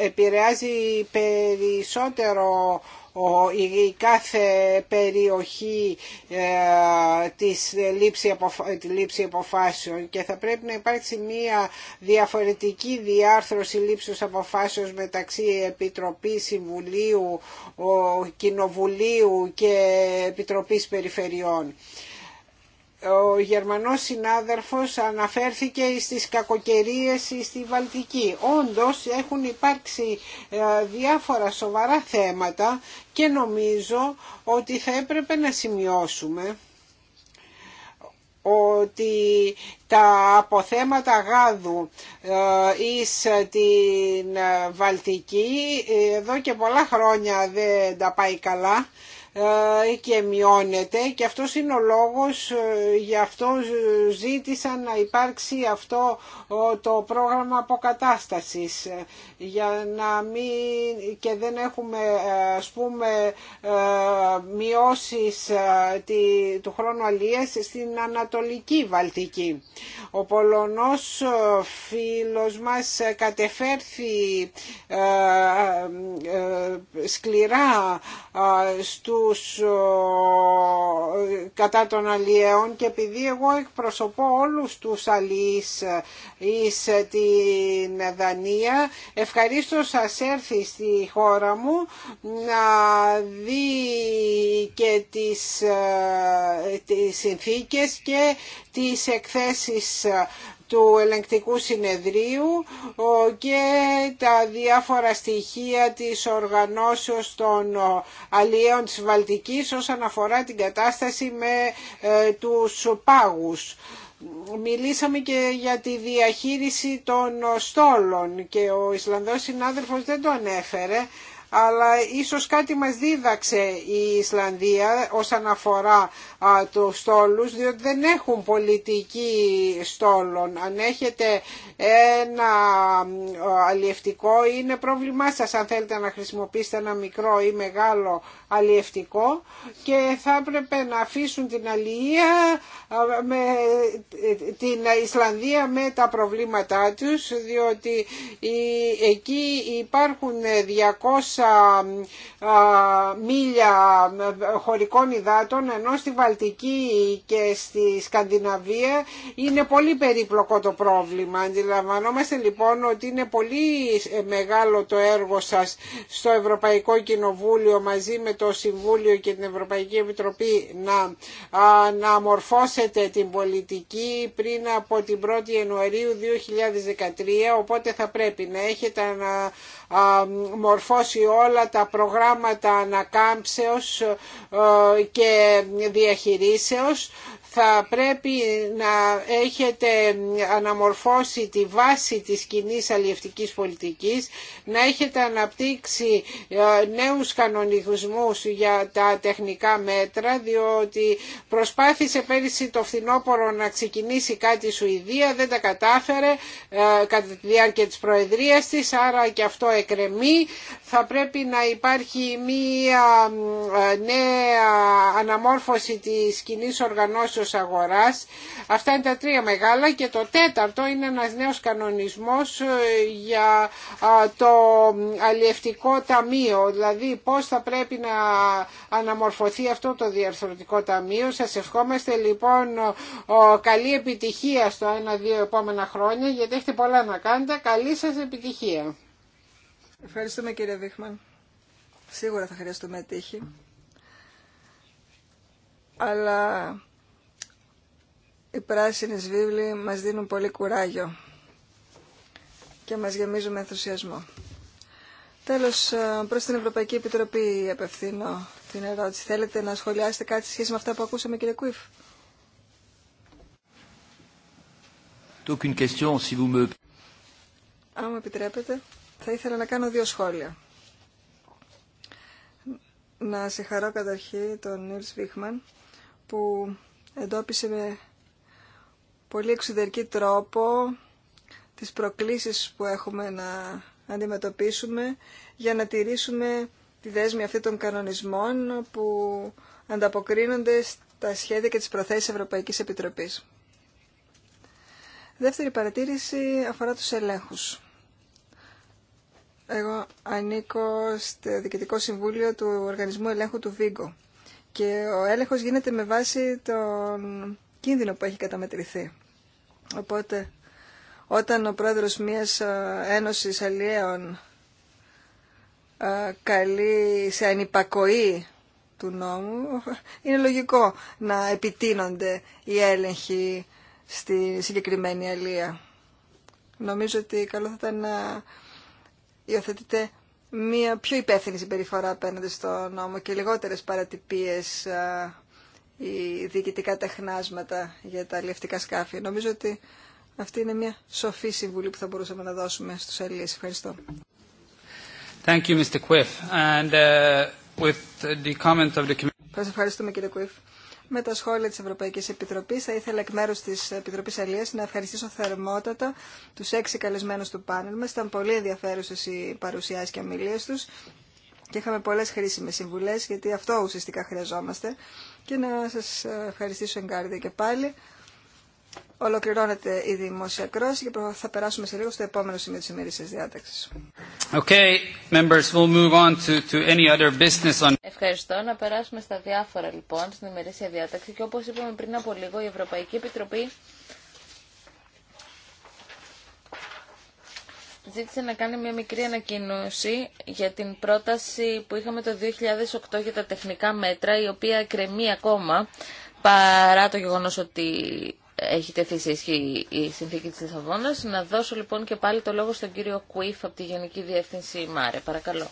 επηρεάζει περισσότερο η κάθε περιοχή ε, της λήψη, τη λήψη αποφάσεων και θα πρέπει να υπάρξει μία διαφορετική διάρθρωση λήψης αποφάσεων μεταξύ Επιτροπής Συμβουλίου, Κοινοβουλίου και Επιτροπής Περιφερειών ο Γερμανός συνάδελφος αναφέρθηκε στις κακοκαιρίες στη Βαλτική. Όντως έχουν υπάρξει ε, διάφορα σοβαρά θέματα και νομίζω ότι θα έπρεπε να σημειώσουμε ότι τα αποθέματα γάδου ε, εις την Βαλτική ε, εδώ και πολλά χρόνια δεν τα πάει καλά ε, και μειώνεται και αυτός είναι ο λόγος ε, γι' αυτό ζήτησαν να υπάρξει αυτό το πρόγραμμα αποκατάστασης για να μην και δεν έχουμε ε, ας πούμε μειώσεις του χρόνου αλίες στην Ανατολική Βαλτική. Ο Πολωνός φίλος μας κατεφέρθη σκληρά στου τους κατά των αλλιέων και επειδή εγώ εκπροσωπώ όλους τους αλλιείς ε, εις ε, την Δανία ευχαρίστως σας έρθει στη χώρα μου να δει και τις, ε, τις συνθήκες και τις εκθέσεις του ελεγκτικού συνεδρίου και τα διάφορα στοιχεία της οργανώσεως των αλλιέων της Βαλτικής όσον αφορά την κατάσταση με ε, τους πάγους. Μιλήσαμε και για τη διαχείριση των στόλων και ο Ισλανδός συνάδελφος δεν το ανέφερε, αλλά ίσως κάτι μας δίδαξε η Ισλανδία όσον αφορά α, τους στόλους, διότι δεν έχουν πολιτική στόλων. Αν έχετε ένα αλλιευτικό είναι πρόβλημά σας αν θέλετε να χρησιμοποιήσετε ένα μικρό ή μεγάλο αλλιευτικό και θα έπρεπε να αφήσουν την αλληλεία την Ισλανδία με τα προβλήματά τους διότι εκεί υπάρχουν 200 μίλια χωρικών υδάτων ενώ στη Βαλτική και στη Σκανδιναβία είναι πολύ περίπλοκο το πρόβλημα. Αντιλαμβανόμαστε λοιπόν ότι είναι πολύ ε, μεγάλο το έργο σας στο Ευρωπαϊκό Κοινοβούλιο μαζί με το Συμβούλιο και την Ευρωπαϊκή Επιτροπή να, να την πολιτική πριν από την 1η Ιανουαρίου 2013 οπότε θα πρέπει να έχετε να μορφώσει όλα τα προγράμματα ανακάμψεως ε, και διαχειρίσεως θα πρέπει να έχετε αναμορφώσει τη βάση της κοινή αλλιευτικής πολιτικής, να έχετε αναπτύξει ε, νέους κανονισμούς για τα τεχνικά μέτρα, διότι προσπάθησε πέρυσι το φθινόπωρο να ξεκινήσει κάτι η Σουηδία, δεν τα κατάφερε ε, κατά τη διάρκεια της προεδρίας της, άρα και αυτό εκρεμεί θα πρέπει να υπάρχει μία ε, νέα αναμόρφωση της κοινή οργανώσεως αγοράς. Αυτά είναι τα τρία μεγάλα και το τέταρτο είναι ένας νέος κανονισμός ε, για το αλλιευτικό ταμείο, δηλαδή πώς θα πρέπει να αναμορφωθεί αυτό το διαρθρωτικό ταμείο. Σας ευχόμαστε λοιπόν καλή επιτυχία στο ένα-δύο επόμενα χρόνια, γιατί έχετε πολλά να κάνετε. Καλή σας επιτυχία. Ευχαριστούμε κύριε Βίχμαν. Σίγουρα θα χρειαστούμε τύχη. Αλλά οι πράσινες βίβλοι μας δίνουν πολύ κουράγιο και μας γεμίζουν με ενθουσιασμό. Τέλος, ε, προς την Ευρωπαϊκή Επιτροπή απευθύνω την ερώτηση. Θέλετε να σχολιάσετε κάτι σχέση με αυτά που ακούσαμε κύριε Κουίφ. Αν μου επιτρέπετε, θα ήθελα να κάνω δύο σχόλια. Να συγχαρώ καταρχήν τον Νίλ Βίχμαν που εντόπισε με πολύ εξωτερική τρόπο τις προκλήσεις που έχουμε να αντιμετωπίσουμε για να τηρήσουμε τη δέσμη αυτή των κανονισμών που ανταποκρίνονται στα σχέδια και τις προθέσεις Ευρωπαϊκής Επιτροπής. Δεύτερη παρατήρηση αφορά τους ελέγχους. Εγώ ανήκω στο Διοικητικό Συμβούλιο του Οργανισμού Ελέγχου του Βίγκο και ο έλεγχος γίνεται με βάση τον κίνδυνο που έχει καταμετρηθεί. Οπότε, όταν ο πρόεδρος μιας ε, ένωσης αλλιέων ε, καλεί σε ανυπακοή του νόμου, είναι λογικό να επιτείνονται οι έλεγχοι στη συγκεκριμένη αλία. Νομίζω ότι καλό θα ήταν να Υιοθετείται μια πιο υπεύθυνη συμπεριφορά απέναντι στο νόμο και λιγότερες παρατυπίες ή διοικητικά τεχνάσματα για τα αλληλευτικά σκάφη. Νομίζω ότι αυτή είναι μια σοφή συμβουλή που θα μπορούσαμε να δώσουμε στους Έλληνες. Ευχαριστώ. Thank you, Mr. Quiff. And, uh, with the comment of the... ευχαριστούμε κύριε Κουίφ με τα σχόλια τη Ευρωπαϊκή Επιτροπής. Θα ήθελα εκ μέρου τη Επιτροπή Αλίας να ευχαριστήσω θερμότατα τους έξι καλεσμένους του πάνελ μας. Ήταν πολύ ενδιαφέρουσε οι παρουσιάσει και ομιλίε τους και είχαμε πολλές χρήσιμε συμβουλές γιατί αυτό ουσιαστικά χρειαζόμαστε. Και να σας ευχαριστήσω εγκάρδια και πάλι. Ολοκληρώνεται η δημόσια κρόση και θα περάσουμε σε λίγο στο επόμενο σημείο της ημερήσιας διάταξης. Okay, members, we'll move on to, to any other business on... Ευχαριστώ. Να περάσουμε στα διάφορα λοιπόν στην ημερήσια διάταξη και όπως είπαμε πριν από λίγο η Ευρωπαϊκή Επιτροπή ζήτησε να κάνει μια μικρή ανακοίνωση για την πρόταση που είχαμε το 2008 για τα τεχνικά μέτρα, η οποία κρεμεί ακόμα, παρά το γεγονός ότι έχει τεθεί σε ισχύ η συνθήκη της Λισαβόνας. Να δώσω λοιπόν και πάλι το λόγο στον κύριο Κουίφ από τη Γενική Διεύθυνση ΜΑΡΕ. Παρακαλώ.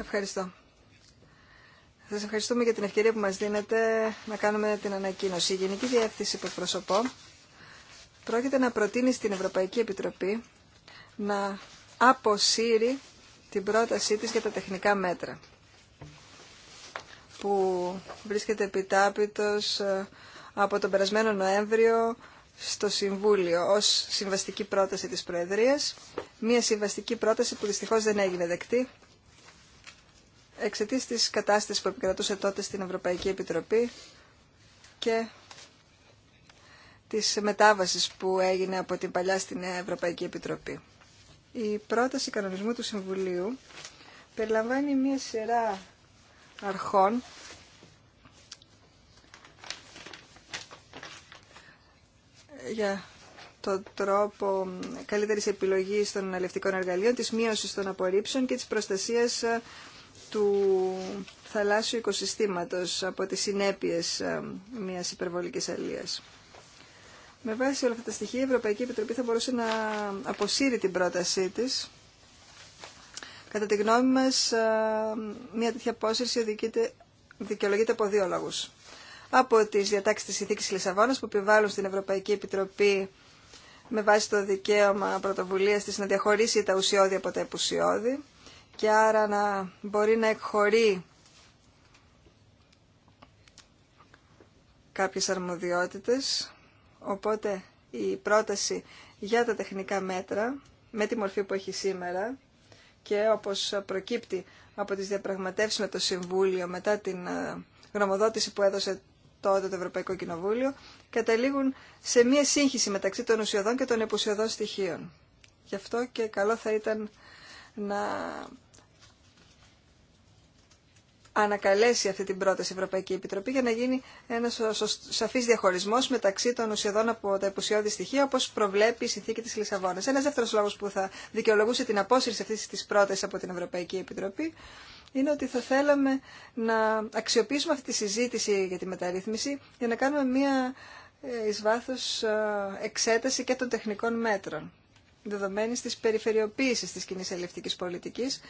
Ευχαριστώ. Σας ευχαριστούμε για την ευκαιρία που μας δίνετε να κάνουμε την ανακοίνωση. Η Γενική Διεύθυνση που εκπροσωπώ πρόκειται να προτείνει στην Ευρωπαϊκή Επιτροπή να αποσύρει την πρότασή της για τα τεχνικά μέτρα που βρίσκεται επιτάπητος ε, από τον περασμένο Νοέμβριο στο Συμβούλιο ως συμβαστική πρόταση της Προεδρίας. Μία συμβαστική πρόταση που δυστυχώς δεν έγινε δεκτή εξαιτίας της κατάστασης που επικρατούσε τότε στην Ευρωπαϊκή Επιτροπή και της μετάβασης που έγινε από την παλιά στην Ευρωπαϊκή Επιτροπή. Η πρόταση κανονισμού του Συμβουλίου περιλαμβάνει μία σειρά αρχών για τον τρόπο καλύτερης επιλογής των αλευτικών εργαλείων, της μείωσης των απορρίψεων και της προστασίας ε, του θαλάσσιου οικοσυστήματος από τις συνέπειες ε, μιας υπερβολικής αλίας. Με βάση όλα αυτά τα στοιχεία η Ευρωπαϊκή Επιτροπή θα μπορούσε να αποσύρει την πρότασή της Κατά τη γνώμη μας, ε, μια τέτοια απόσυρση δικαιολογείται από δύο λόγους. Από τις διατάξεις της ηθίκη Λισαβόνας που επιβάλλουν στην Ευρωπαϊκή Επιτροπή με βάση το δικαίωμα πρωτοβουλία της να διαχωρίσει τα ουσιώδη από τα επουσιώδη και άρα να μπορεί να εκχωρεί κάποιες αρμοδιότητες. Οπότε η πρόταση για τα τεχνικά μέτρα με τη μορφή που έχει σήμερα και όπως προκύπτει από τις διαπραγματεύσεις με το Συμβούλιο μετά την ε, γνωμοδότηση που έδωσε τότε το Ευρωπαϊκό Κοινοβούλιο, καταλήγουν σε μία σύγχυση μεταξύ των ουσιοδών και των επουσιοδών στοιχείων. Γι' αυτό και καλό θα ήταν να ανακαλέσει αυτή την πρόταση η Ευρωπαϊκή Επιτροπή για να γίνει ένα σαφή διαχωρισμό μεταξύ των ουσιαδών από τα επουσιώδη στοιχεία όπω προβλέπει η συνθήκη τη Λισαβόνα. Ένα δεύτερο λόγο που θα δικαιολογούσε την απόσυρση αυτή τη πρότασης από την Ευρωπαϊκή Επιτροπή είναι ότι θα θέλαμε να αξιοποιήσουμε αυτή τη συζήτηση για τη μεταρρύθμιση για να κάνουμε μία ε, εις βάθος ε, εξέταση και των τεχνικών μέτρων δεδομένης της περιφερειοποίησης της κοινή ελευτικής πολιτικής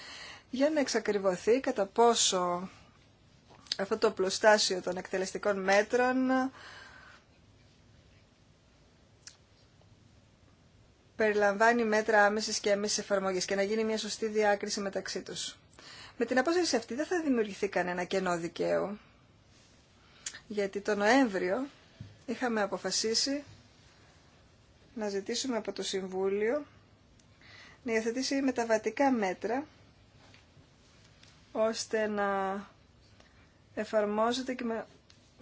για να εξακριβωθεί κατά πόσο αυτό το πλουστάσιο των εκτελεστικών μέτρων περιλαμβάνει μέτρα άμεση και αμεσης εφαρμογή και να γίνει μια σωστή διάκριση μεταξύ τους. Με την απόσταση αυτή δεν θα δημιουργηθεί κανένα κενό δικαίου. Γιατί το Νοέμβριο είχαμε αποφασίσει να ζητήσουμε από το Συμβούλιο να υιοθετήσει μεταβατικά μέτρα ώστε να εφαρμόζεται και με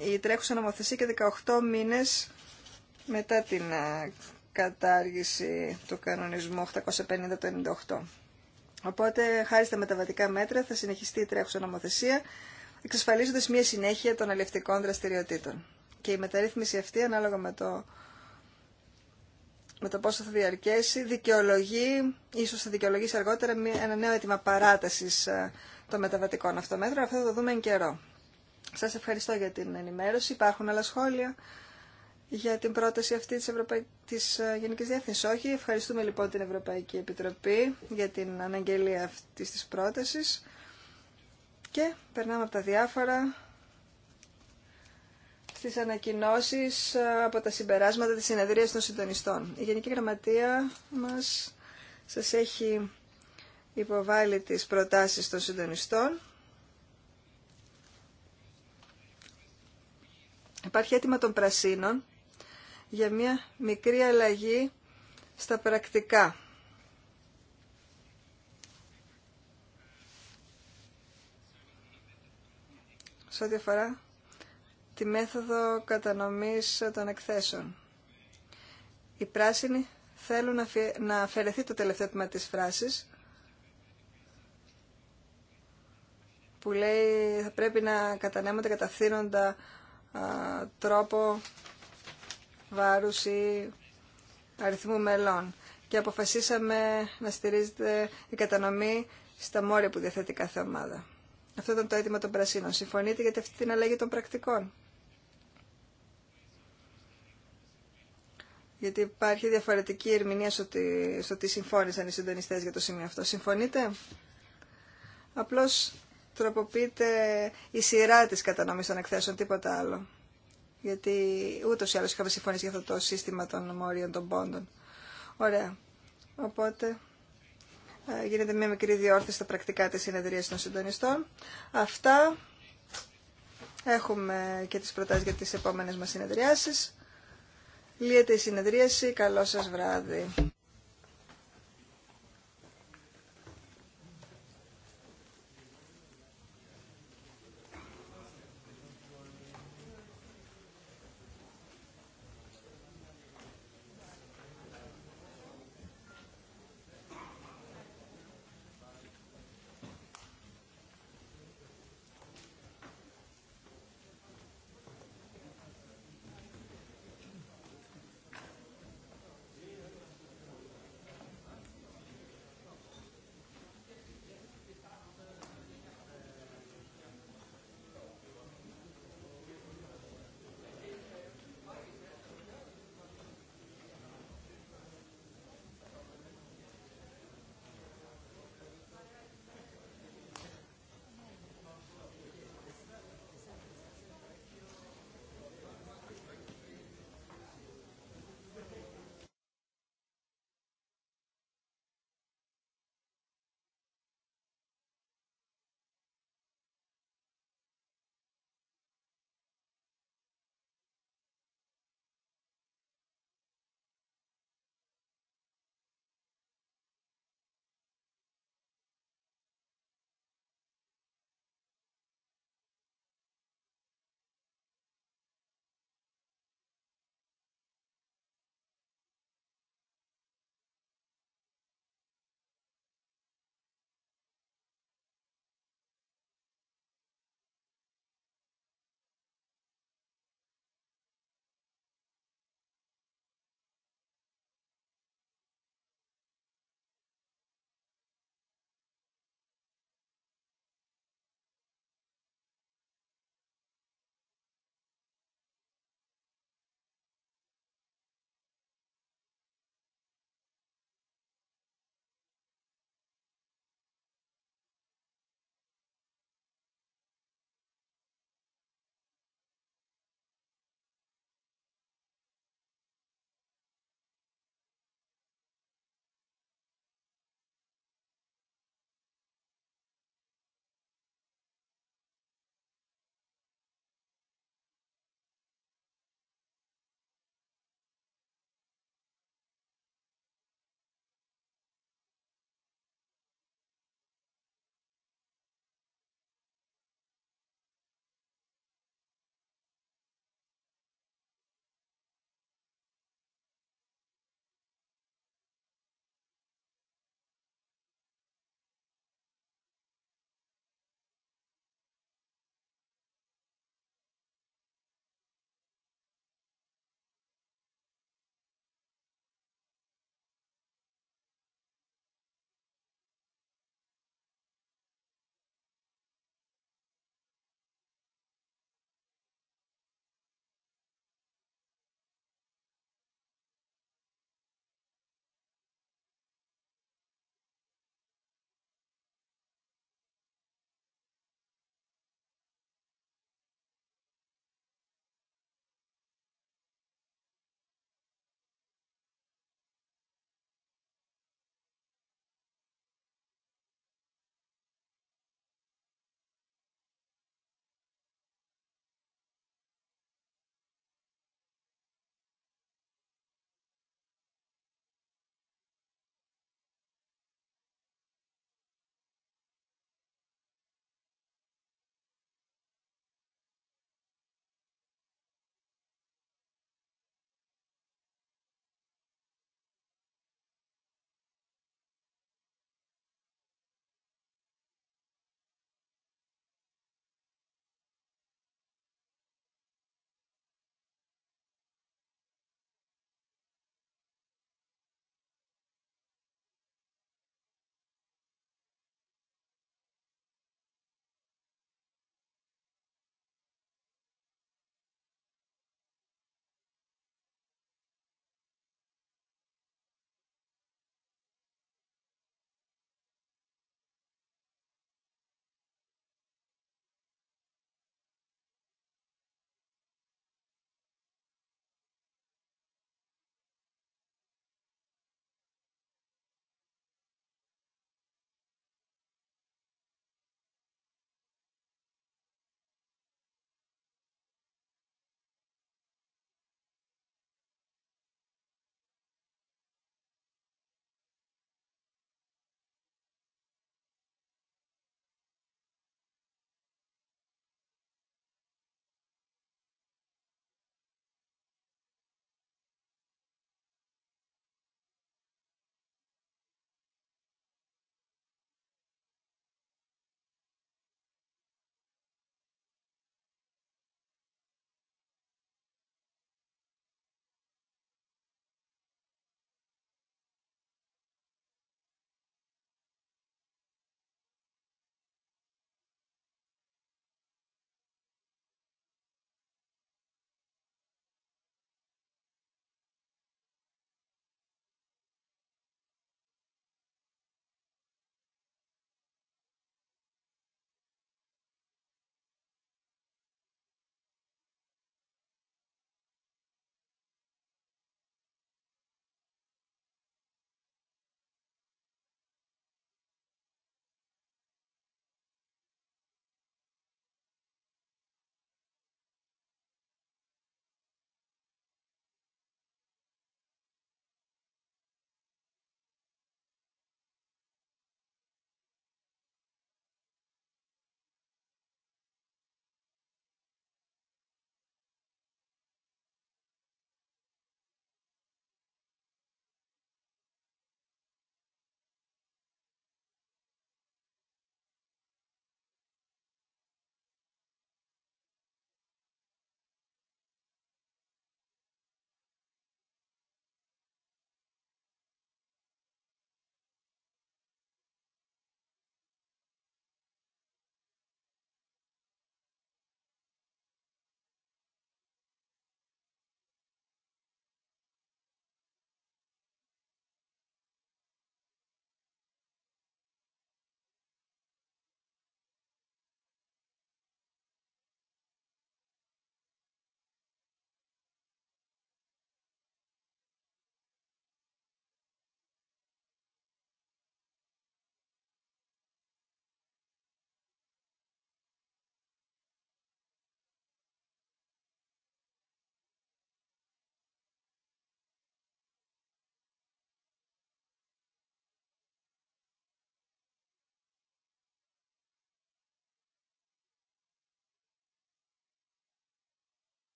η τρέχουσα νομοθεσία και 18 μήνες μετά την ε, κατάργηση του κανονισμού 850 98. Οπότε, χάρη στα μεταβατικά μέτρα, θα συνεχιστεί η τρέχουσα νομοθεσία, εξασφαλίζοντας μια συνέχεια των αλληλευτικών δραστηριοτήτων. Και η μεταρρύθμιση αυτή, ανάλογα με το, με το πόσο θα διαρκέσει, δικαιολογεί, ίσως θα δικαιολογήσει αργότερα, ένα νέο αίτημα παράτασης ε, των μεταβατικών αυτομέτρων. Αυτό θα το δούμε εν καιρό. Σας ευχαριστώ για την ενημέρωση. Υπάρχουν άλλα σχόλια για την πρόταση αυτή της, Ευρωπαϊ... της ε, Γενικής Διεύθυνσης. Όχι, ευχαριστούμε λοιπόν την Ευρωπαϊκή Επιτροπή για την αναγγελία αυτής της πρότασης. Και περνάμε από τα διάφορα στις ανακοινώσεις ε, από τα συμπεράσματα της συνεδρίας των συντονιστών. Η Γενική Γραμματεία μας σας έχει υποβάλει τις προτάσεις των συντονιστών. Υπάρχει αίτημα των πρασίνων για μια μικρή αλλαγή στα πρακτικά. Σε ό,τι αφορά τη μέθοδο κατανομής των εκθέσεων. Οι πράσινοι θέλουν να αφαιρεθεί το τελευταίο τμήμα της φράσης που λέει θα πρέπει να κατανέμονται καταφθύνοντα τρόπο βάρους ή αριθμού μελών. Και αποφασίσαμε να στηρίζεται η κατανομή στα μόρια που διαθέτει κάθε ομάδα. Αυτό ήταν το αίτημα των Πρασίνων. Συμφωνείτε γιατί αυτή την αλλαγή των πρακτικών. Γιατί υπάρχει διαφορετική ερμηνεία στο ότι, στο συμφώνησαν οι συντονιστέ για το σημείο αυτό. Συμφωνείτε? Απλώς τροποποιείται η σειρά της κατανομή των εκθέσεων, τίποτα άλλο. Γιατί ούτως ή άλλως είχαμε συμφωνήσει για αυτό το σύστημα των μόριων των πόντων. Ωραία. Οπότε ε, γίνεται μια μικρή διόρθωση στα πρακτικά της συνεδρία των συντονιστών. Αυτά. Έχουμε και τις προτάσεις για τις επόμενες μα συνεδριάσεις. Λύεται η συνεδρίαση. Καλό σας βράδυ.